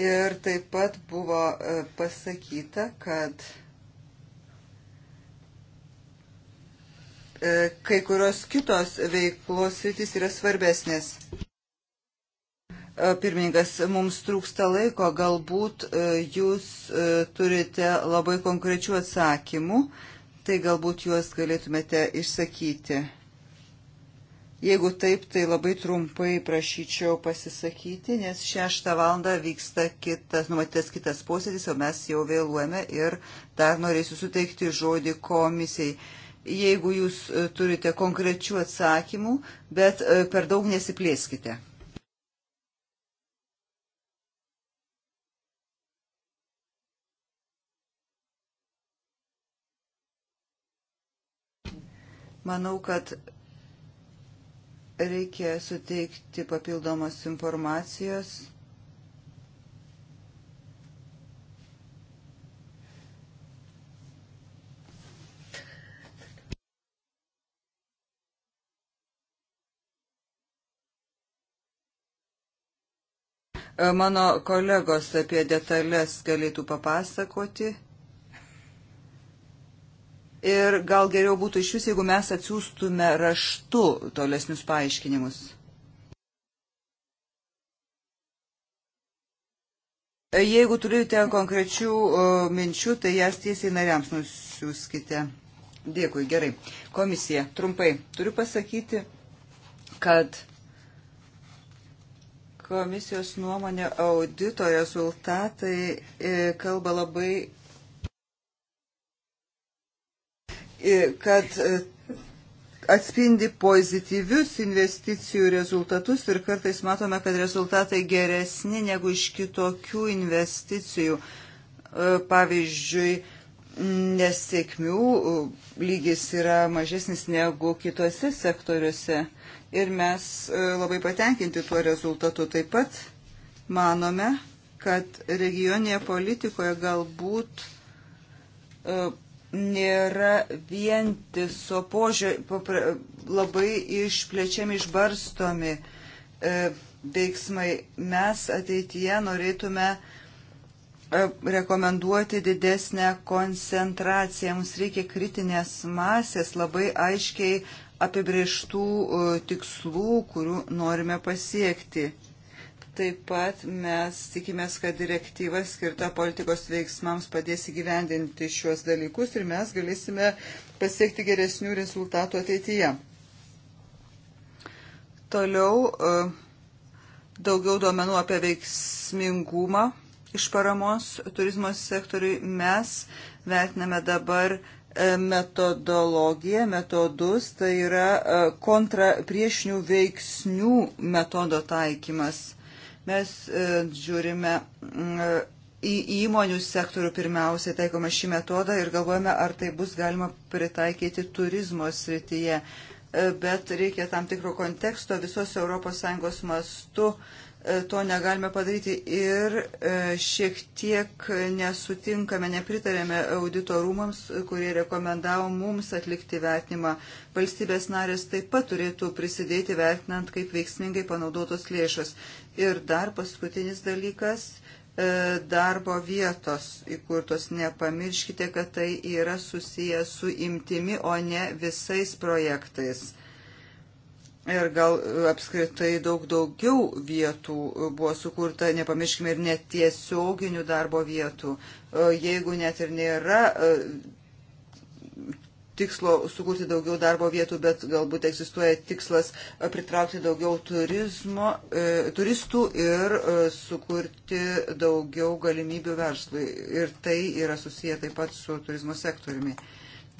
Ir taip pat buvo e, pasakyta, kad e, kai kurios kitos veiklos rytis yra svarbesnės. E, pirmininkas, mums trūksta laiko, galbūt jūs turite labai konkrečių atsakymų tai galbūt juos galėtumėte išsakyti. Jeigu taip, tai labai trumpai prašyčiau pasisakyti, nes 6 val. vyksta kitas, numatytas kitas posėdis, o mes jau vėluojame ir dar norėsiu suteikti žodį komisijai. Jeigu jūs e, turite konkrečių atsakymų, bet e, per daug nesiplėskite. Manau, kad reikia suteikti papildomos informacijos. Mano kolegos apie detalės galėtų papasakoti ir gal geriau būtų iš vis, jeigu mes atsiųstume raštu tolesnius paaiškinimus. Jeigu turite konkrečių minčių, tai jas tiesiai nariams nusiųskite. Dėkui, gerai. Komisija, trumpai, turiu pasakyti, kad komisijos nuomonė audito rezultatai e, kalba labai kad e, atspindi pozityvius investicijų rezultatus ir kartais matome, kad rezultatai geresni negu iš kitokių investicijų. E, pavyzdžiui, nesėkmių e, lygis yra mažesnis negu kitose sektoriuose ir mes labai patenkinti tuo rezultatu. Taip pat manome, kad regioninėje politikoje galbūt nėra vientiso požiūrio, labai išplečiami, išbarstomi e, veiksmai. Mes ateityje norėtume e, rekomenduoti didesnę koncentraciją. Mums reikia kritinės masės, labai aiškiai apibrieštų e, tikslų, kurių norime pasiekti. Taip pat mes tikimės, kad direktyva skirta politikos veiksmams padės įgyvendinti šiuos dalykus ir mes galėsime pasiekti geresnių rezultatų ateityje. Toliau e, daugiau duomenų apie veiksmingumą iš paramos turizmo sektoriui. Mes vertiname dabar e, metodologiją, metodus, tai yra e, kontra priešinių veiksnių metodo taikymas. Mes e, žiūrime į įmonių sektorių pirmiausiai taikoma šį metodą ir galvojame, ar tai bus galima pritaikyti turizmo srityje. E, bet reikia tam tikro konteksto visos ES mastu e, to negalime padaryti ir šiek tiek nesutinkame, nepritarėme auditorumams, kurie rekomendavo mums atlikti vertinimą. Valstybės narės taip pat turėtų prisidėti vertinant, kaip veiksmingai panaudotos lėšos. Ir dar paskutinis dalykas e, - darbo vietos įkurtos. Nepamirškite, kad tai yra susiję su imtimi, o ne visais projektais. Ir gal e, apskritai daug daugiau vietų e, buvo sukurta, nepamirškime ir netiesioginių darbo vietų. Jeigu net ir nėra tikslo sukurti daugiau darbo vietų, bet galbūt egzistuoja tikslas e, pritraukti daugiau turizmo, e, turistų ir e, sukurti daugiau galimybių verslui. Ir tai yra susiję taip pat su turizmo sektoriumi.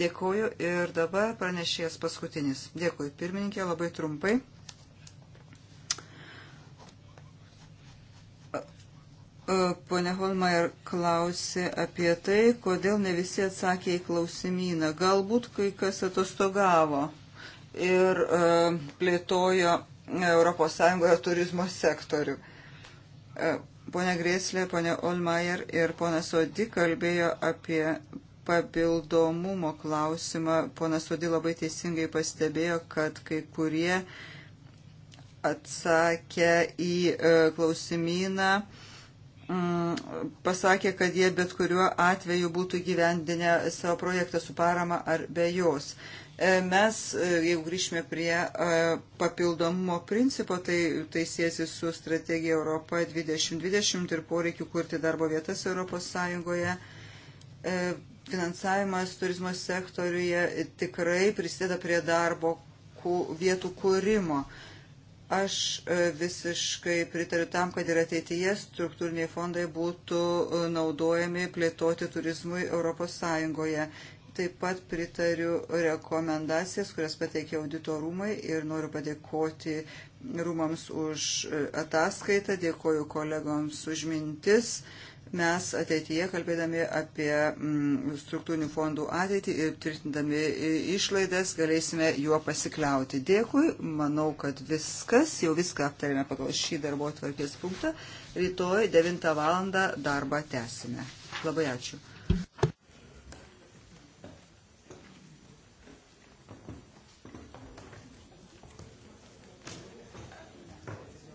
Dėkuoju ir dabar pranešėjas paskutinis. Dėkuoju pirmininkė labai trumpai. E, pone Holmaier klausė apie tai, kodėl ne visi atsakė į klausimyną. Galbūt kai kas atostogavo ir e, plėtojo ES turizmo sektorių. E, pone Grėslė, pone Olmaier ir ponas Odi kalbėjo apie papildomumo klausimą. Ponas Odi labai teisingai pastebėjo, kad kai kurie atsakė į klausimyną Mm, pasakė, kad jie bet kuriuo atveju būtų gyvendinę savo projektą su parama ar be jos. E, mes, e, jeigu grįžtume prie e, papildomumo principo, tai, tai siesi su strategija Europa 2020 ir poreikiu kurti darbo vietas Europos Sąjungoje. Finansavimas turizmo sektoriuje tikrai prisideda prie darbo vietų kūrimo. Aš e, visiškai pritariu tam, kad ir ateityje struktūriniai fondai būtų e, naudojami plėtoti turizmui Europos Sąjungoje. Taip pat pritariu rekomendacijas, kurias pateikė auditorumai ir noriu padėkoti rūmams už e, ataskaitą, dėkoju kolegoms už mintis mes ateityje, kalbėdami apie mm, struktūrinių fondų ateitį ir tvirtindami e, išlaidas, galėsime juo pasikliauti. Dėkui, manau, kad viskas, jau viską aptarėme pagal šį darbo atvarkės punktą. Rytoj 9 val. darbą tęsime. Labai ačiū.